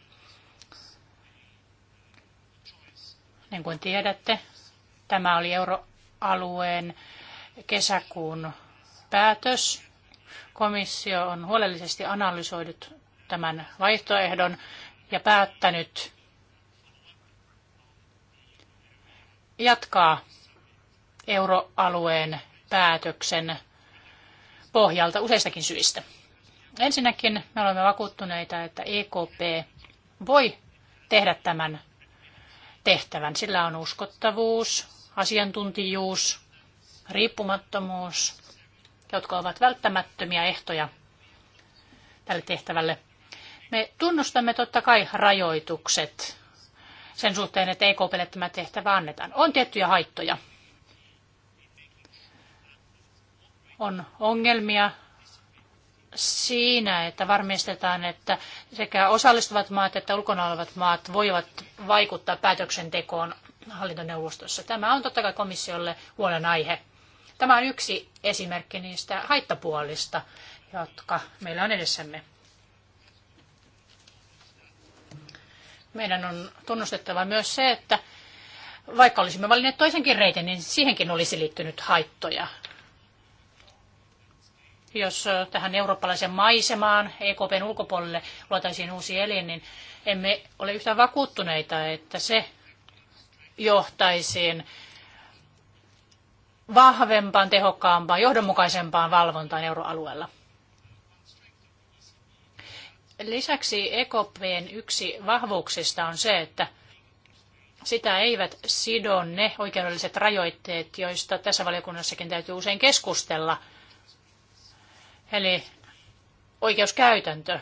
Niin kuin tiedätte, tämä oli euroalueen kesäkuun päätös. Komissio on huolellisesti analysoinut tämän vaihtoehdon ja päättänyt jatkaa euroalueen päätöksen pohjalta useistakin syistä. Ensinnäkin me olemme vakuuttuneita, että EKP voi tehdä tämän tehtävän. Sillä on uskottavuus, asiantuntijuus, riippumattomuus, jotka ovat välttämättömiä ehtoja tälle tehtävälle. Me tunnustamme totta kai rajoitukset sen suhteen, että EKPlle tämä tehtävä annetaan. On tiettyjä haittoja. On ongelmia siinä, että varmistetaan, että sekä osallistuvat maat että ulkona olevat maat voivat vaikuttaa päätöksentekoon hallintoneuvostossa. Tämä on totta kai komissiolle huolenaihe. Tämä on yksi esimerkki niistä haittapuolista, jotka meillä on edessämme. Meidän on tunnustettava myös se, että vaikka olisimme valinneet toisenkin reitin, niin siihenkin olisi liittynyt haittoja. Jos tähän eurooppalaisen maisemaan EKPn ulkopuolelle luotaisiin uusi elin, niin emme ole yhtään vakuuttuneita, että se johtaisiin vahvempaan, tehokkaampaan, johdonmukaisempaan valvontaan euroalueella. Lisäksi EKPn yksi vahvuuksista on se, että sitä eivät sido ne oikeudelliset rajoitteet, joista tässä valiokunnassakin täytyy usein keskustella. Eli oikeuskäytäntö.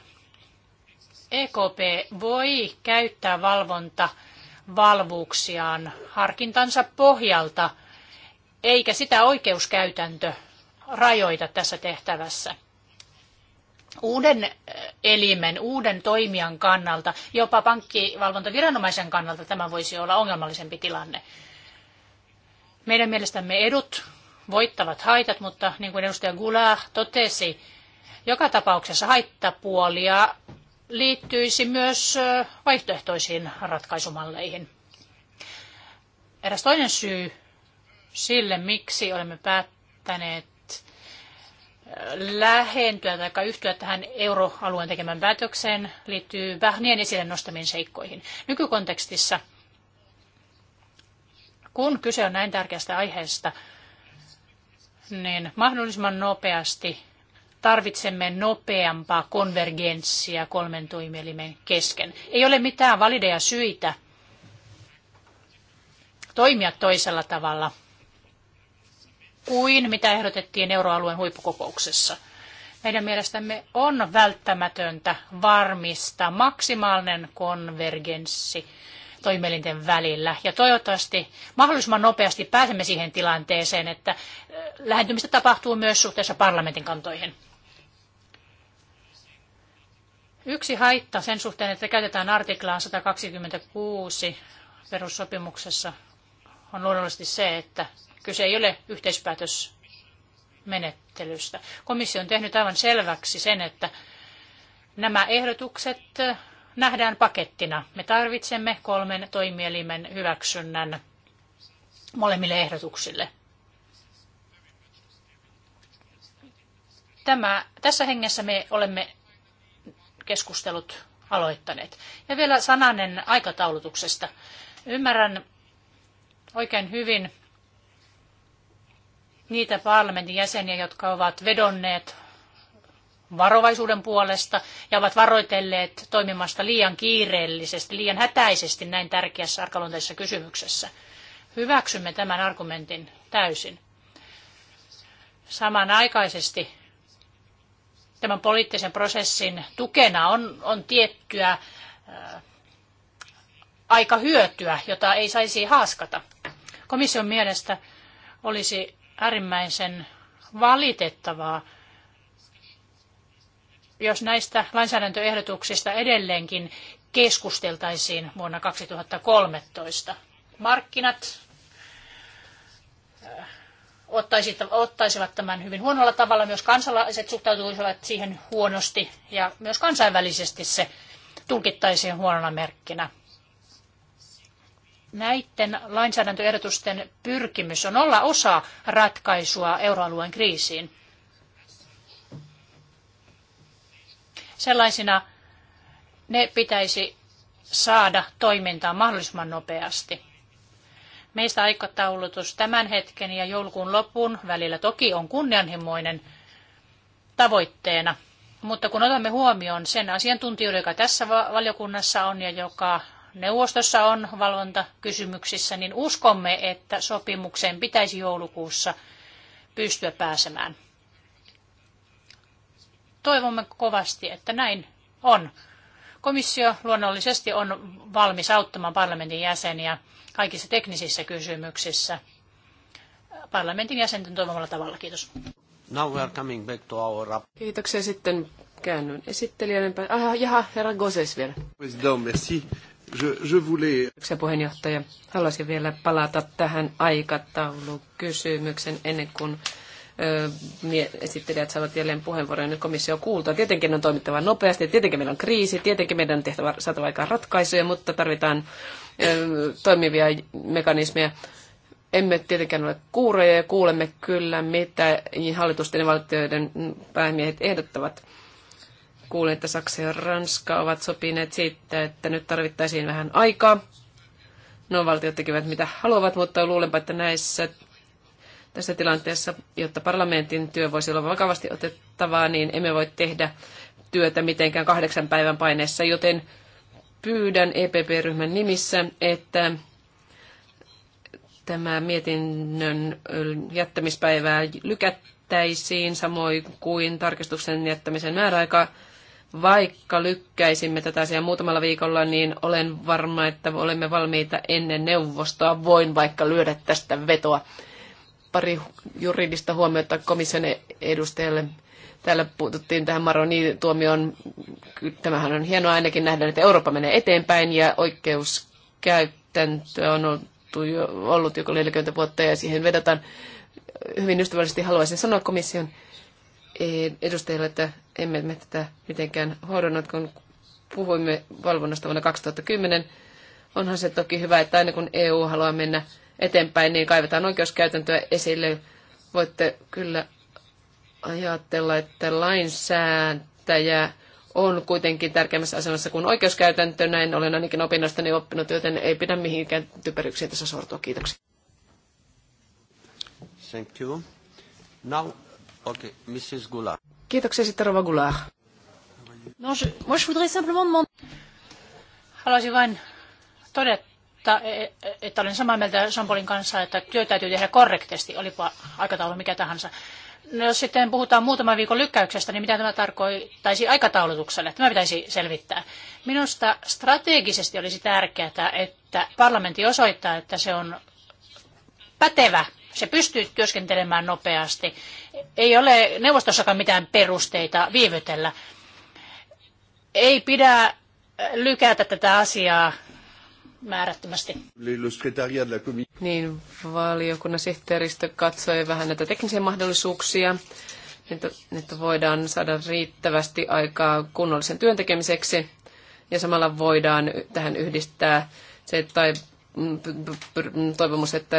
EKP voi käyttää valvonta valvuuksiaan harkintansa pohjalta, eikä sitä oikeuskäytäntö rajoita tässä tehtävässä uuden eh, elimen, uuden toimijan kannalta, jopa pankkivalvontaviranomaisen kannalta tämä voisi olla ongelmallisempi tilanne. Meidän mielestämme edut voittavat haitat, mutta niin kuin edustaja Gula totesi, joka tapauksessa haittapuolia liittyisi myös eh, vaihtoehtoisiin ratkaisumalleihin. Eräs toinen syy sille, miksi olemme päättäneet lähentyä tai yhtyä tähän euroalueen tekemään päätökseen liittyy Bahnien esille nostamiin seikkoihin. Nykykontekstissa, kun kyse on näin tärkeästä aiheesta, niin mahdollisimman nopeasti tarvitsemme nopeampaa konvergenssia kolmen toimielimen kesken. Ei ole mitään valideja syitä toimia toisella tavalla – kuin mitä ehdotettiin euroalueen huippukokouksessa. Meidän mielestämme on välttämätöntä varmistaa maksimaalinen konvergenssi toimielinten välillä. Ja toivottavasti mahdollisimman nopeasti pääsemme siihen tilanteeseen, että eh, lähentymistä tapahtuu myös suhteessa parlamentin kantoihin. Yksi haitta sen suhteen, että käytetään artiklaa 126 perussopimuksessa, on luonnollisesti se, että Kyse ei ole yhteispäätösmenettelystä. Komissio on tehnyt aivan selväksi sen, että nämä ehdotukset nähdään pakettina. Me tarvitsemme kolmen toimielimen hyväksynnän molemmille ehdotuksille. Tämä, tässä hengessä me olemme keskustelut aloittaneet. Ja vielä sananen aikataulutuksesta. Ymmärrän oikein hyvin niitä parlamentin jäseniä, jotka ovat vedonneet varovaisuuden puolesta ja ovat varoitelleet toimimasta liian kiireellisesti, liian hätäisesti näin tärkeässä arkaluonteisessa kysymyksessä. Hyväksymme tämän argumentin täysin. Samanaikaisesti tämän poliittisen prosessin tukena on, on tiettyä ää, äh, hyötyä, jota ei saisi haaskata. Komission mielestä olisi äärimmäisen valitettavaa, jos näistä lainsäädäntöehdotuksista edelleenkin keskusteltaisiin vuonna 2013. Markkinat äh, ottaisivat tämän hyvin huonolla tavalla, myös kansalaiset suhtautuisivat siihen huonosti ja myös kansainvälisesti se tulkittaisiin huonona merkkinä näiden lainsäädäntöehdotusten pyrkimys on olla osa ratkaisua euroalueen kriisiin. Sellaisina ne pitäisi saada toimintaan mahdollisimman nopeasti. Meistä aikataulutus tämän hetken ja joulukuun lopun välillä toki on kunnianhimoinen tavoitteena, mutta kun otamme huomioon sen asiantuntijoiden, joka tässä valiokunnassa on ja joka neuvostossa on valvontakysymyksissä, niin uskomme, että sopimukseen pitäisi joulukuussa pystyä pääsemään. Toivomme kovasti, että näin on. Komissio luonnollisesti on valmis auttamaan parlamentin jäseniä kaikissa teknisissä kysymyksissä parlamentin jäsenten toivomalla tavalla. Kiitos. Now we are coming back to our... Kiitoksia sitten käännyn esittelijän päin. Ah, jaha, herra Goses vielä. Merci. Je, puheenjohtaja, haluaisin vielä palata tähän aikataulukysymyksen ennen kuin esittelijät saavat jälleen puheenvuoron, nyt komissio kuultaa. Tietenkin on toimittava nopeasti, tietenkin meillä on kriisi, tietenkin meidän on tehtävä, saatava aikaan ratkaisuja, mutta tarvitaan toimivia mekanismeja. Emme tietenkään ole kuureja ja kuulemme kyllä, mitä hallitusten ja valtioiden päämiehet ehdottavat. Kuulin, että Saksa ja Ranska ovat sopineet siitä, että nyt tarvittaisiin vähän aikaa. No valtiot tekevät mitä haluavat, mutta luulenpa, että näissä tässä tilanteessa, jotta parlamentin työ voisi olla vakavasti otettavaa, niin emme voi tehdä työtä mitenkään kahdeksan päivän paineessa, joten pyydän EPP-ryhmän nimissä, että tämä mietinnön jättämispäivää lykättäisiin, samoin kuin tarkistuksen jättämisen määräaikaa. Vaikka lykkäisimme tätä asiaa muutamalla viikolla, niin olen varma, että olemme valmiita ennen neuvostoa. Voin vaikka lyödä tästä vetoa. Pari juridista huomiota komission edustajalle täällä puututtiin tähän Maroni-tuomioon. Tämähän on hienoa ainakin nähdä, että Eurooppa menee eteenpäin ja oikeuskäytäntö on ollut jo, ollut jo 40 vuotta ja siihen vedotaan. Hyvin ystävällisesti haluaisin sanoa komission e- edustajille, että emme me tätä mitenkään hoidonnut, kun puhuimme valvonnasta vuonna 2010. Onhan se toki hyvä, että aina kun EU haluaa mennä eteenpäin, niin kaivetaan oikeuskäytäntöä esille. Voitte kyllä ajatella, että lainsääntäjä on kuitenkin tärkeämmässä asemassa kuin oikeuskäytäntö. Näin olen ainakin opinnostani oppinut, joten ei pidä mihinkään typeryksiin tässä sortua. Kiitoksia. Thank you. Now, okay, Mrs. Goulart. Kiitoksia sitten Rova Goulart. No, je, moi je voudrais simplement demander... Haluaisin vain todeta, e- e- e- että olen samaa mieltä Jean-Paulin kanssa, että työ täytyy tehdä korrektisti, olipa aikataulu mikä tahansa. No, jos sitten puhutaan muutaman viikon lykkäyksestä, niin mitä tämä tarkoittaisi aikataulutukselle? Tämä pitäisi selvittää. Minusta strategisesti olisi tärkeää, että parlamentti osoittaa, että se on pätevä, se pystyy työskentelemään nopeasti ei ole neuvostossakaan mitään perusteita viivytellä. Ei pidä äh, lykätä tätä asiaa määrättömästi. Niin, valiokunnan sihteeristö katsoi vähän näitä teknisiä mahdollisuuksia, että, että voidaan saada riittävästi aikaa kunnollisen työntekemiseksi ja samalla voidaan tähän yhdistää se, tai toivomus, että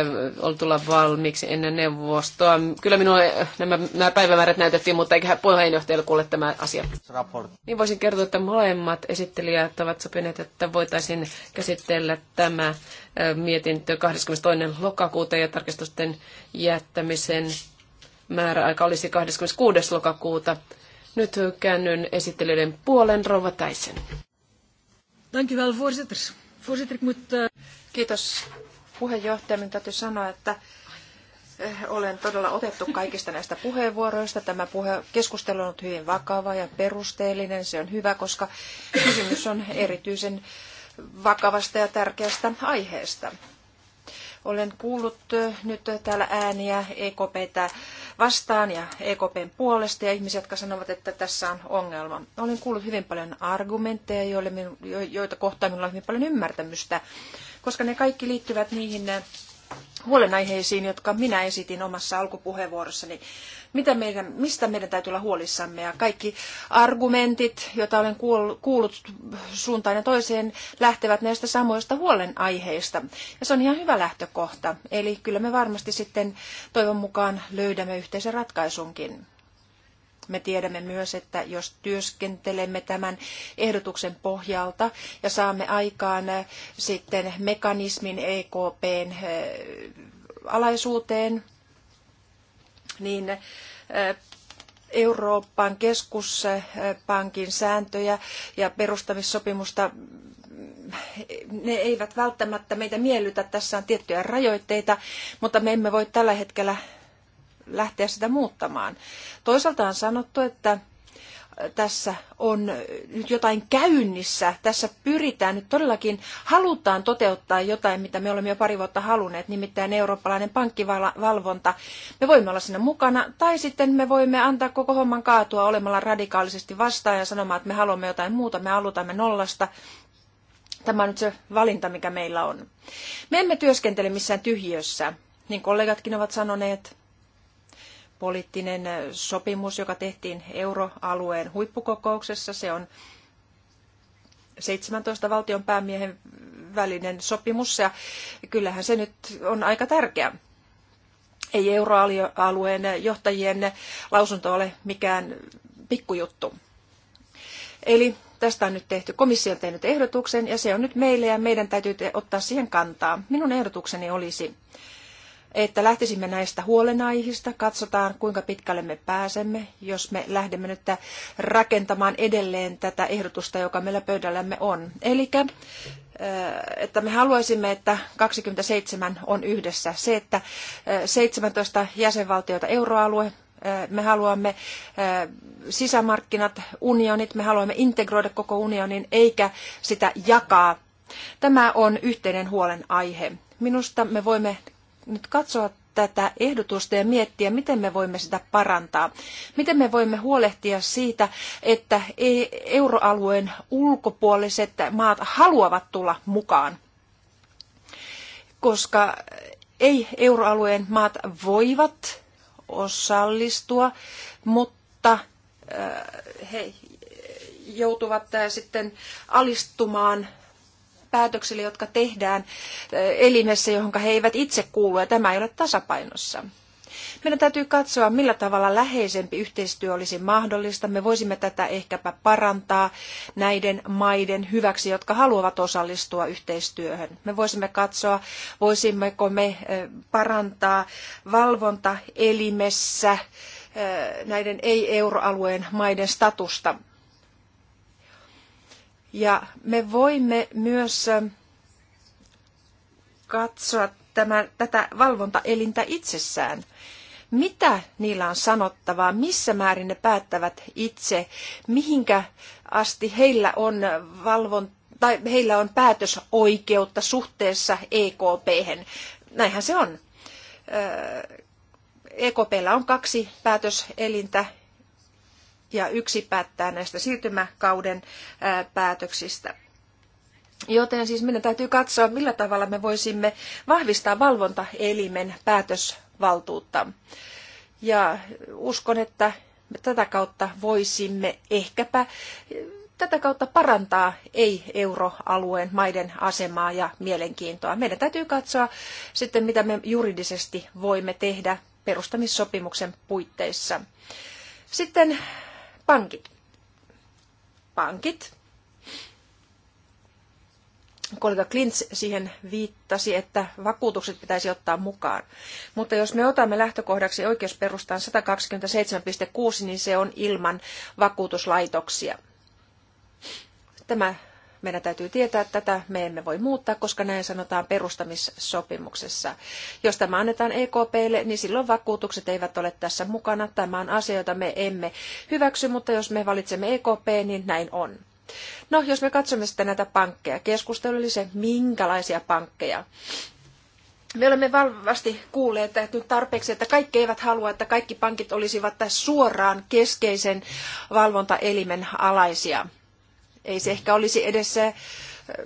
tulla valmiiksi ennen neuvostoa. Kyllä minua nämä, nämä päivämäärät näytettiin, mutta eiköhän puheenjohtajalle kuule tämä asia. Raport. Niin voisin kertoa, että molemmat esittelijät ovat sopineet, että voitaisiin käsitellä tämä mietintö 22. lokakuuta ja tarkistusten jättämisen määräaika olisi 26. lokakuuta. Nyt käännyn esittelijöiden puolen, Rova Täisen. Dank voorzitter. Eh, Kiitos puheenjohtaja. Minun täytyy sanoa, että eh, olen todella otettu kaikista näistä puheenvuoroista. Tämä puhe, keskustelu on ollut hyvin vakava ja perusteellinen. Se on hyvä, koska kysymys on erityisen vakavasta ja tärkeästä aiheesta. Olen kuullut eh, nyt täällä ääniä EKPtä vastaan ja EKPn puolesta ja ihmisiä, jotka sanovat, että tässä on ongelma. Olen kuullut hyvin paljon argumentteja, joille minu, joita kohtaan minulla on hyvin paljon ymmärtämystä, koska ne kaikki liittyvät niihin huolenaiheisiin, jotka minä esitin omassa alkupuheenvuorossani. Mitä meidän, mistä meidän täytyy olla huolissamme? Ja kaikki argumentit, joita olen kuullut suuntaan ja toiseen, lähtevät näistä samoista huolenaiheista. Ja se on ihan hyvä lähtökohta. Eli kyllä me varmasti sitten toivon mukaan löydämme yhteisen ratkaisunkin. Me tiedämme myös, että jos työskentelemme tämän ehdotuksen pohjalta ja saamme aikaan äh, sitten mekanismin EKPn äh, alaisuuteen, niin äh, Euroopan keskuspankin sääntöjä ja perustamissopimusta mm, ne eivät välttämättä meitä miellytä. Tässä on tiettyjä rajoitteita, mutta me emme voi tällä hetkellä lähteä sitä muuttamaan. Toisaalta on sanottu, että tässä on nyt jotain käynnissä. Tässä pyritään nyt todellakin, halutaan toteuttaa jotain, mitä me olemme jo pari vuotta halunneet, nimittäin eurooppalainen pankkivalvonta. Me voimme olla siinä mukana, tai sitten me voimme antaa koko homman kaatua olemalla radikaalisesti vastaan ja sanomaan, että me haluamme jotain muuta, me aloitamme nollasta. Tämä on nyt se valinta, mikä meillä on. Me emme työskentele missään tyhjössä, niin kollegatkin ovat sanoneet poliittinen sopimus, joka tehtiin euroalueen huippukokouksessa. Se on 17 valtion päämiehen välinen sopimus ja kyllähän se nyt on aika tärkeä. Ei euroalueen johtajien lausunto ole mikään pikkujuttu. Eli tästä on nyt tehty, komissio on tehnyt ehdotuksen ja se on nyt meille ja meidän täytyy ottaa siihen kantaa. Minun ehdotukseni olisi, että lähtisimme näistä huolenaiheista, katsotaan kuinka pitkälle me pääsemme, jos me lähdemme nyt rakentamaan edelleen tätä ehdotusta, joka meillä pöydällämme on. Eli että me haluaisimme, että 27 on yhdessä. Se, että 17 jäsenvaltiota euroalue, me haluamme sisämarkkinat, unionit, me haluamme integroida koko unionin eikä sitä jakaa. Tämä on yhteinen huolenaihe. Minusta me voimme nyt katsoa tätä ehdotusta ja miettiä, miten me voimme sitä parantaa. Miten me voimme huolehtia siitä, että e- euroalueen ulkopuoliset maat haluavat tulla mukaan. Koska ei euroalueen maat voivat osallistua, mutta äh, he joutuvat äh, sitten alistumaan päätöksille, jotka tehdään eh, elimessä, johon he eivät itse kuulu, ja tämä ei ole tasapainossa. Meidän täytyy katsoa, millä tavalla läheisempi yhteistyö olisi mahdollista. Me voisimme tätä ehkäpä parantaa näiden maiden hyväksi, jotka haluavat osallistua yhteistyöhön. Me voisimme katsoa, voisimmeko me eh, parantaa valvontaelimessä eh, näiden ei-euroalueen maiden statusta ja me voimme myös katsoa tämän, tätä valvontaelintä itsessään. Mitä niillä on sanottavaa, missä määrin ne päättävät itse, mihinkä asti heillä on valvonta tai heillä on päätösoikeutta suhteessa EKP. hen, Näinhän se on. E llä on kaksi päätöselintä ja yksi päättää näistä siirtymäkauden päätöksistä. Joten siis meidän täytyy katsoa, millä tavalla me voisimme vahvistaa valvontaelimen päätösvaltuutta. Ja uskon, että tätä kautta voisimme ehkäpä tätä kautta parantaa ei-euroalueen maiden asemaa ja mielenkiintoa. Meidän täytyy katsoa sitten, mitä me juridisesti voimme tehdä perustamissopimuksen puitteissa. Sitten pankit. Pankit. Kollega Klints siihen viittasi, että vakuutukset pitäisi ottaa mukaan. Mutta jos me otamme lähtökohdaksi oikeusperustaan 127.6, niin se on ilman vakuutuslaitoksia. Tämä meidän täytyy tietää että tätä, me emme voi muuttaa, koska näin sanotaan perustamissopimuksessa. Jos tämä annetaan EKPlle, niin silloin vakuutukset eivät ole tässä mukana. Tämä on asia, jota me emme hyväksy, mutta jos me valitsemme EKP, niin näin on. No, jos me katsomme sitten näitä pankkeja, keskustelu oli se, minkälaisia pankkeja. Me olemme valvasti kuulleet että nyt tarpeeksi, että kaikki eivät halua, että kaikki pankit olisivat tässä suoraan keskeisen valvontaelimen alaisia. Ei se ehkä olisi edes eh,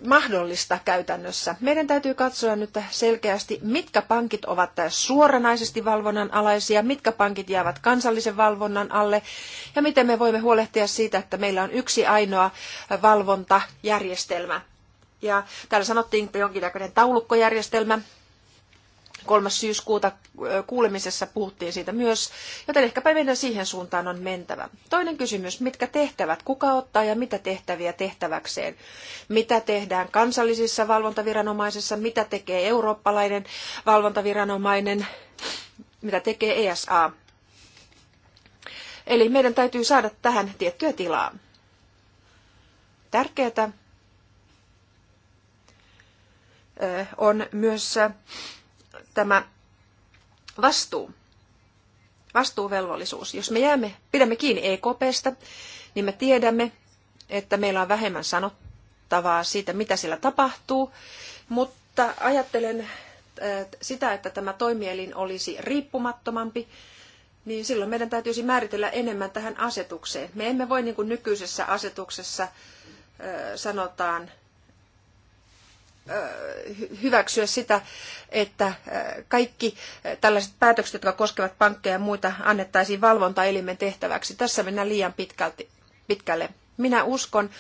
mahdollista käytännössä. Meidän täytyy katsoa nyt selkeästi, mitkä pankit ovat suoranaisesti valvonnan alaisia, mitkä pankit jäävät kansallisen valvonnan alle ja miten me voimme huolehtia siitä, että meillä on yksi ainoa eh, valvontajärjestelmä. Ja täällä sanottiin, että jonkinnäköinen taulukkojärjestelmä, 3. syyskuuta kuulemisessa puhuttiin siitä myös, joten ehkäpä meidän siihen suuntaan on mentävä. Toinen kysymys, mitkä tehtävät, kuka ottaa ja mitä tehtäviä tehtäväkseen? Mitä tehdään kansallisissa valvontaviranomaisissa, mitä tekee eurooppalainen valvontaviranomainen, mitä tekee ESA? Eli meidän täytyy saada tähän tiettyä tilaa. Tärkeää on myös tämä vastuu, vastuuvelvollisuus. Jos me jäämme, pidämme kiinni EKPstä, niin me tiedämme, että meillä on vähemmän sanottavaa siitä, mitä siellä tapahtuu, mutta ajattelen äh, sitä, että tämä toimielin olisi riippumattomampi, niin silloin meidän täytyisi määritellä enemmän tähän asetukseen. Me emme voi niin kuin nykyisessä asetuksessa äh, sanotaan, hyväksyä sitä, että kaikki tällaiset päätökset, jotka koskevat pankkeja ja muita, annettaisiin valvontaelimen tehtäväksi. Tässä mennään liian pitkälti, pitkälle. Minä uskon,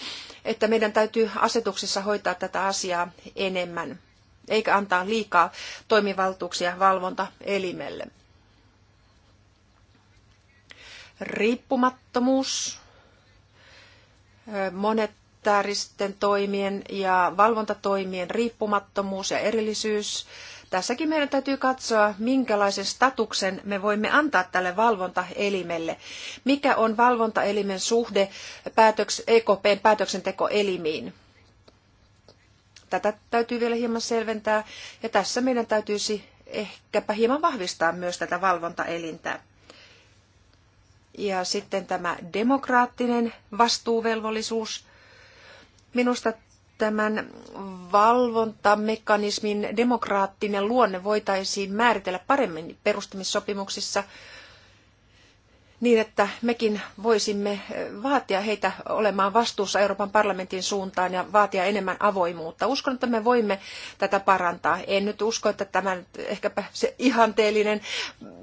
että meidän täytyy asetuksessa hoitaa tätä asiaa enemmän, eikä antaa liikaa toimivaltuuksia valvontaelimelle. Riippumattomuus. Monet humanitaaristen toimien ja valvontatoimien riippumattomuus ja erillisyys. Tässäkin meidän täytyy katsoa, minkälaisen statuksen me voimme antaa tälle valvontaelimelle. Mikä on valvontaelimen suhde päätöks- EKPn päätöksentekoelimiin? Tätä täytyy vielä hieman selventää ja tässä meidän täytyisi ehkäpä hieman vahvistaa myös tätä valvontaelintä. Ja sitten tämä demokraattinen vastuuvelvollisuus. Minusta tämän valvontamekanismin demokraattinen luonne voitaisiin määritellä paremmin perustamissopimuksissa niin, että mekin voisimme vaatia heitä olemaan vastuussa Euroopan parlamentin suuntaan ja vaatia enemmän avoimuutta. Uskon, että me voimme tätä parantaa. En nyt usko, että tämä nyt ehkäpä se ihanteellinen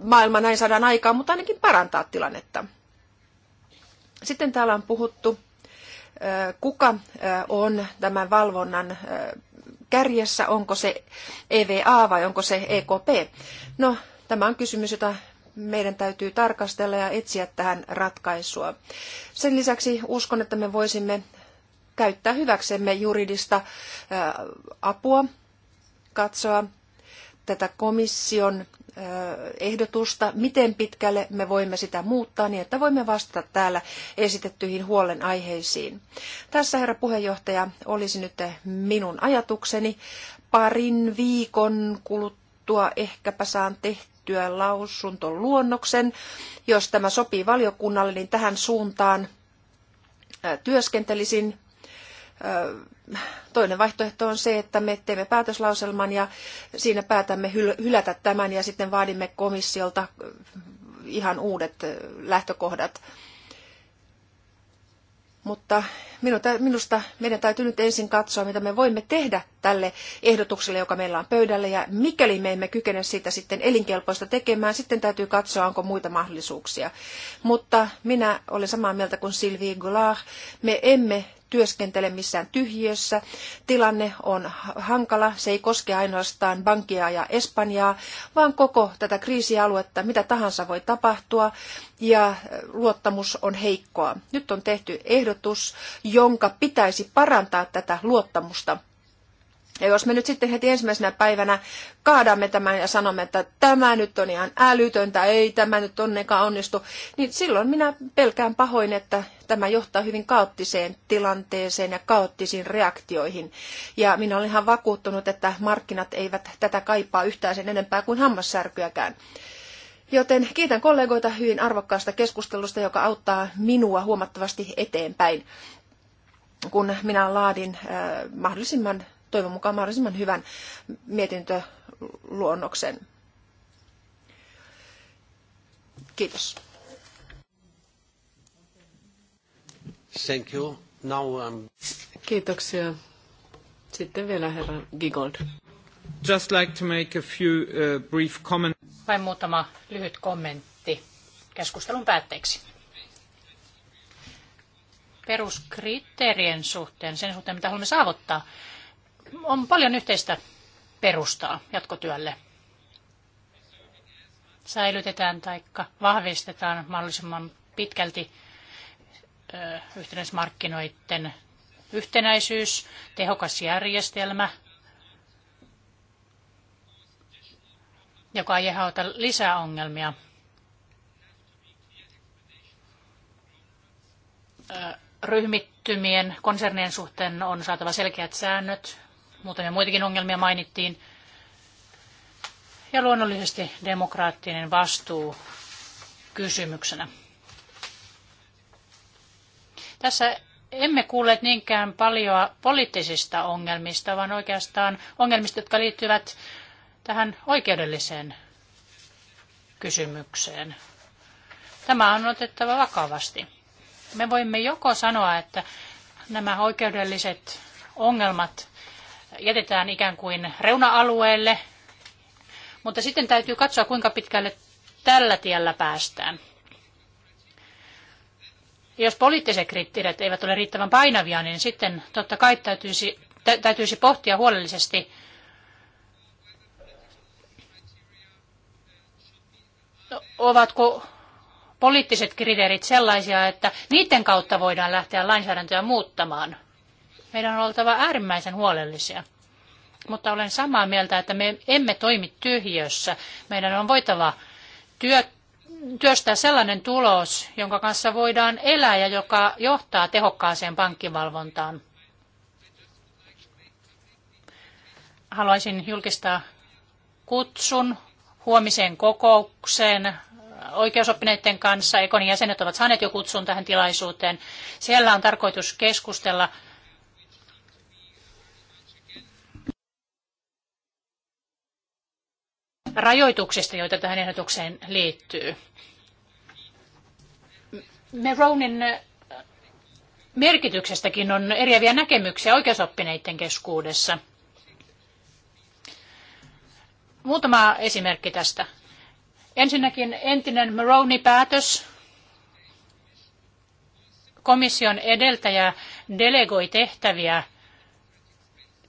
maailma näin saadaan aikaan, mutta ainakin parantaa tilannetta. Sitten täällä on puhuttu kuka on tämän valvonnan kärjessä, onko se EVA vai onko se EKP. No, tämä on kysymys, jota meidän täytyy tarkastella ja etsiä tähän ratkaisua. Sen lisäksi uskon, että me voisimme käyttää hyväksemme juridista apua, katsoa tätä komission ehdotusta, miten pitkälle me voimme sitä muuttaa niin, että voimme vastata täällä esitettyihin huolenaiheisiin. Tässä, herra puheenjohtaja, olisi nyt minun ajatukseni. Parin viikon kuluttua ehkäpä saan tehtyä lausuntoluonnoksen. Jos tämä sopii valiokunnalle, niin tähän suuntaan työskentelisin toinen vaihtoehto on se, että me teemme päätöslauselman ja siinä päätämme hylätä tämän ja sitten vaadimme komissiolta äh, ihan uudet äh, lähtökohdat. Mutta minusta meidän täytyy nyt ensin katsoa, mitä me voimme tehdä tälle ehdotukselle, joka meillä on pöydällä. Ja mikäli me emme kykene siitä sitten elinkelpoista tekemään, sitten täytyy katsoa, onko muita mahdollisuuksia. Mutta minä olen samaa mieltä kuin Sylvie Goulart. Me emme työskentele missään tyhjiössä. Tilanne on hankala. Se ei koske ainoastaan Bankia ja Espanjaa, vaan koko tätä kriisialuetta. Mitä tahansa voi tapahtua ja äh, luottamus on heikkoa. Nyt on tehty ehdotus, jonka pitäisi parantaa tätä luottamusta ja jos me nyt sitten heti ensimmäisenä päivänä kaadamme tämän ja sanomme, että tämä nyt on ihan älytöntä, ei tämä nyt onnekaan onnistu, niin silloin minä pelkään pahoin, että tämä johtaa hyvin kaoottiseen tilanteeseen ja kaoottisiin reaktioihin. Ja minä olen ihan vakuuttunut, että markkinat eivät tätä kaipaa yhtään sen enempää kuin hammassärkyäkään. Joten kiitän kollegoita hyvin arvokkaasta keskustelusta, joka auttaa minua huomattavasti eteenpäin kun minä laadin äh, mahdollisimman toivon mukaan mahdollisimman hyvän mietintöluonnoksen. Kiitos. Thank you. Now um, Kiitoksia. Sitten vielä herra Gigold. Just like to make a few uh, brief comments. Vain muutama lyhyt kommentti keskustelun päätteeksi. Peruskriteerien suhteen, sen suhteen mitä haluamme saavuttaa, on paljon yhteistä perustaa jatkotyölle. Säilytetään tai vahvistetaan mahdollisimman pitkälti yhtenäismarkkinoiden yhtenäisyys, tehokas järjestelmä, joka ei hauta lisää ongelmia. Ryhmittymien konsernien suhteen on saatava selkeät säännöt, Muutamia muitakin ongelmia mainittiin. Ja luonnollisesti demokraattinen vastuu kysymyksenä. Tässä emme kuulleet niinkään paljon poliittisista ongelmista, vaan oikeastaan ongelmista, jotka liittyvät tähän oikeudelliseen kysymykseen. Tämä on otettava vakavasti. Me voimme joko sanoa, että nämä oikeudelliset ongelmat jätetään ikään kuin reuna-alueelle, mutta sitten täytyy katsoa, kuinka pitkälle tällä tiellä päästään. Jos poliittiset kriteerit eivät ole riittävän painavia, niin sitten totta kai täytyisi, täytyisi pohtia huolellisesti, ovatko poliittiset kriteerit sellaisia, että niiden kautta voidaan lähteä lainsäädäntöä muuttamaan – meidän on oltava äärimmäisen huolellisia. Mutta olen samaa mieltä, että me emme toimi tyhjössä. Meidän on voitava työ, työstää sellainen tulos, jonka kanssa voidaan elää ja joka johtaa tehokkaaseen pankkivalvontaan. Haluaisin julkistaa kutsun huomiseen kokoukseen oikeusoppineiden kanssa. Ekonin jäsenet ovat saaneet jo kutsun tähän tilaisuuteen. Siellä on tarkoitus keskustella rajoituksista, joita tähän ehdotukseen liittyy. Meronin äh, merkityksestäkin on eriäviä näkemyksiä oikeusoppineiden keskuudessa. Muutama esimerkki tästä. Ensinnäkin entinen maroney päätös Komission edeltäjä delegoi tehtäviä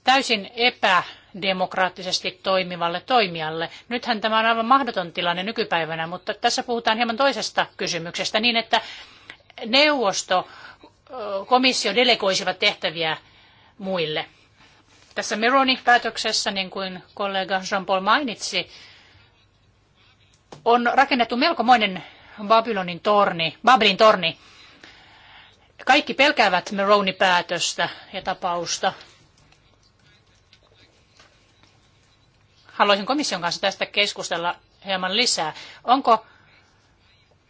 täysin epä demokraattisesti toimivalle toimijalle. Nythän tämä on aivan mahdoton tilanne nykypäivänä, mutta tässä puhutaan hieman toisesta kysymyksestä niin, että neuvosto, komissio delegoisivat tehtäviä muille. Tässä Meroni-päätöksessä, niin kuin kollega Jean-Paul mainitsi, on rakennettu melkomoinen Babylonin torni, Babylin torni. Kaikki pelkäävät Meroni-päätöstä ja tapausta. haluaisin komission kanssa tästä keskustella hieman lisää. Onko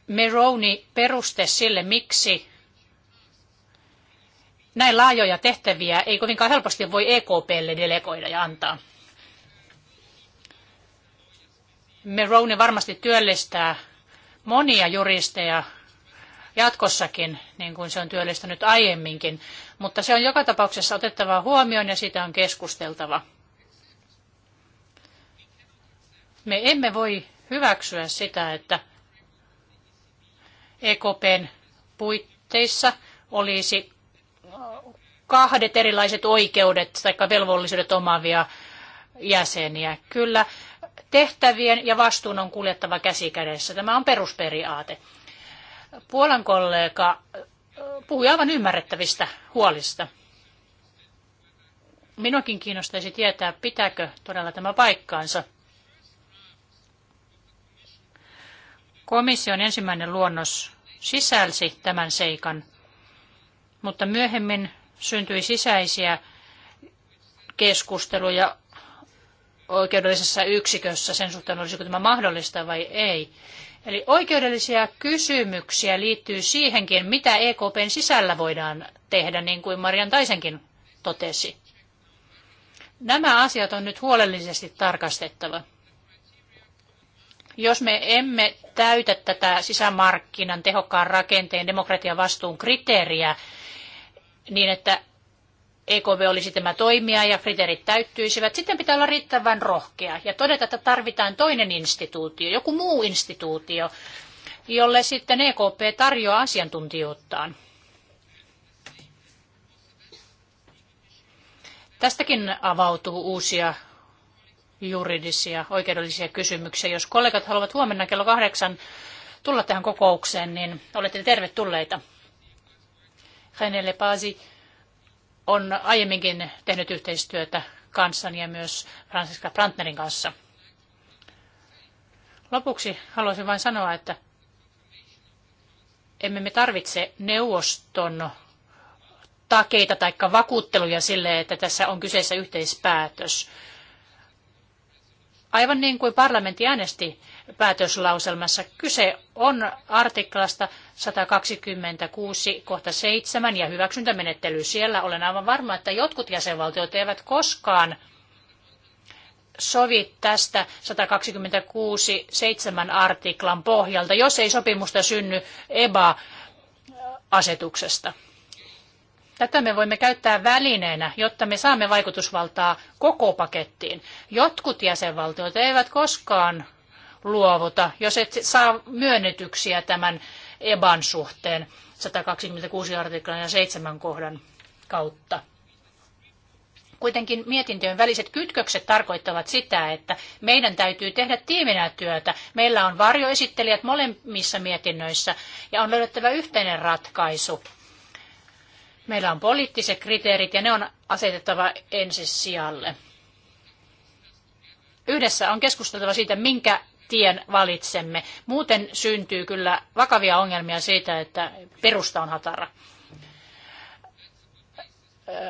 Meroni peruste sille, miksi näin laajoja tehtäviä ei kovinkaan helposti voi EKPlle delegoida ja antaa? Meroni varmasti työllistää monia juristeja jatkossakin, niin kuin se on työllistänyt aiemminkin, mutta se on joka tapauksessa otettava huomioon ja siitä on keskusteltava. Me emme voi hyväksyä sitä, että EKPn puitteissa olisi kahdet erilaiset oikeudet tai velvollisuudet omaavia jäseniä. Kyllä tehtävien ja vastuun on kuljettava käsi kädessä. Tämä on perusperiaate. Puolan kollega puhui aivan ymmärrettävistä huolista. Minuakin kiinnostaisi tietää, pitääkö todella tämä paikkaansa. Komission ensimmäinen luonnos sisälsi tämän seikan, mutta myöhemmin syntyi sisäisiä keskusteluja oikeudellisessa yksikössä sen suhteen, olisiko tämä mahdollista vai ei. Eli oikeudellisia kysymyksiä liittyy siihenkin, mitä EKPn sisällä voidaan tehdä, niin kuin Marian Taisenkin totesi. Nämä asiat on nyt huolellisesti tarkastettava. Jos me emme täytä tätä sisämarkkinan tehokkaan rakenteen demokratian vastuun kriteeriä, niin että EKV olisi tämä toimija ja kriteerit täyttyisivät. Sitten pitää olla riittävän rohkea ja todeta, että tarvitaan toinen instituutio, joku muu instituutio, jolle sitten EKP tarjoaa asiantuntijuuttaan. Tästäkin avautuu uusia juridisia, oikeudellisia kysymyksiä. Jos kollegat haluavat huomenna kello kahdeksan tulla tähän kokoukseen, niin olette tervetulleita. René Lepasi on aiemminkin tehnyt yhteistyötä kanssani ja myös Franziska Brandnerin kanssa. Lopuksi haluaisin vain sanoa, että emme me tarvitse neuvoston takeita tai vakuutteluja sille, että tässä on kyseessä yhteispäätös. Aivan niin kuin parlamentti äänesti päätöslauselmassa, kyse on artiklasta 126 kohta 7 ja hyväksyntämenettely siellä. Olen aivan varma, että jotkut jäsenvaltiot eivät koskaan sovi tästä 126 7 artiklan pohjalta, jos ei sopimusta synny EBA-asetuksesta. Tätä me voimme käyttää välineenä, jotta me saamme vaikutusvaltaa koko pakettiin. Jotkut jäsenvaltiot eivät koskaan luovuta, jos et saa myönnytyksiä tämän EBAN suhteen 126 artiklan ja 7 kohdan kautta. Kuitenkin mietintöjen väliset kytkökset tarkoittavat sitä, että meidän täytyy tehdä tiiminä työtä. Meillä on varjoesittelijät molemmissa mietinnöissä ja on löydettävä yhteinen ratkaisu Meillä on poliittiset kriteerit ja ne on asetettava ensisijalle. Yhdessä on keskusteltava siitä, minkä tien valitsemme. Muuten syntyy kyllä vakavia ongelmia siitä, että perusta on hatara.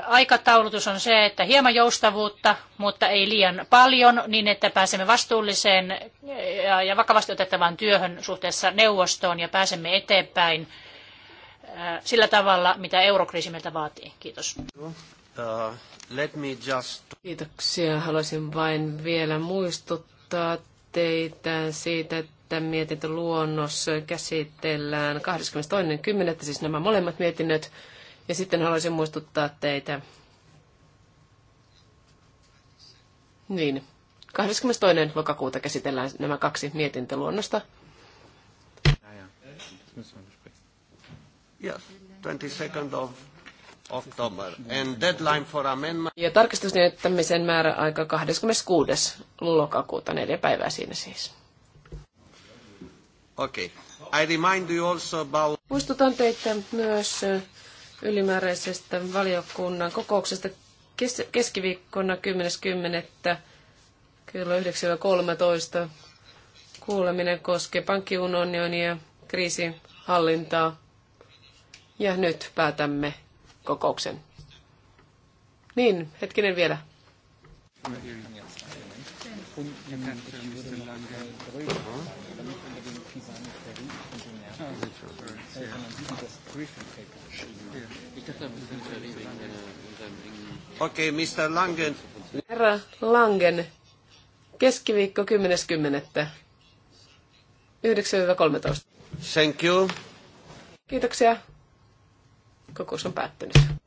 Aikataulutus on se, että hieman joustavuutta, mutta ei liian paljon, niin että pääsemme vastuulliseen ja vakavasti otettavaan työhön suhteessa neuvostoon ja pääsemme eteenpäin Äh, sillä tavalla, mitä eurokriisi meiltä vaatii. Kiitos. Uh, let me just... Kiitoksia. Haluaisin vain vielä muistuttaa teitä siitä, että mietintöluonnos käsitellään 22.10. siis nämä molemmat mietinnöt. Ja sitten haluaisin muistuttaa teitä. Niin. 22. lokakuuta käsitellään nämä kaksi mietintöluonnosta. Ja, ja. Yes, 22nd of October. And deadline for amendment... Ja tarkistusten jättämisen määräaika 26. lokakuuta, neljä päivää siinä siis. Okei. Okay. I remind you also about... Muistutan teitä myös ylimääräisestä valiokunnan kokouksesta kes- keskiviikkona 10.10. kello 9.13. Kuuleminen koskee pankkiunionia, kriisihallintaa. Ja nyt päätämme kokouksen. Niin, hetkinen vielä. Okei, okay, Mr. Langen. Herra Langen, keskiviikko 10.10. 9-13. Thank you. Kiitoksia. Kokous on päättynyt.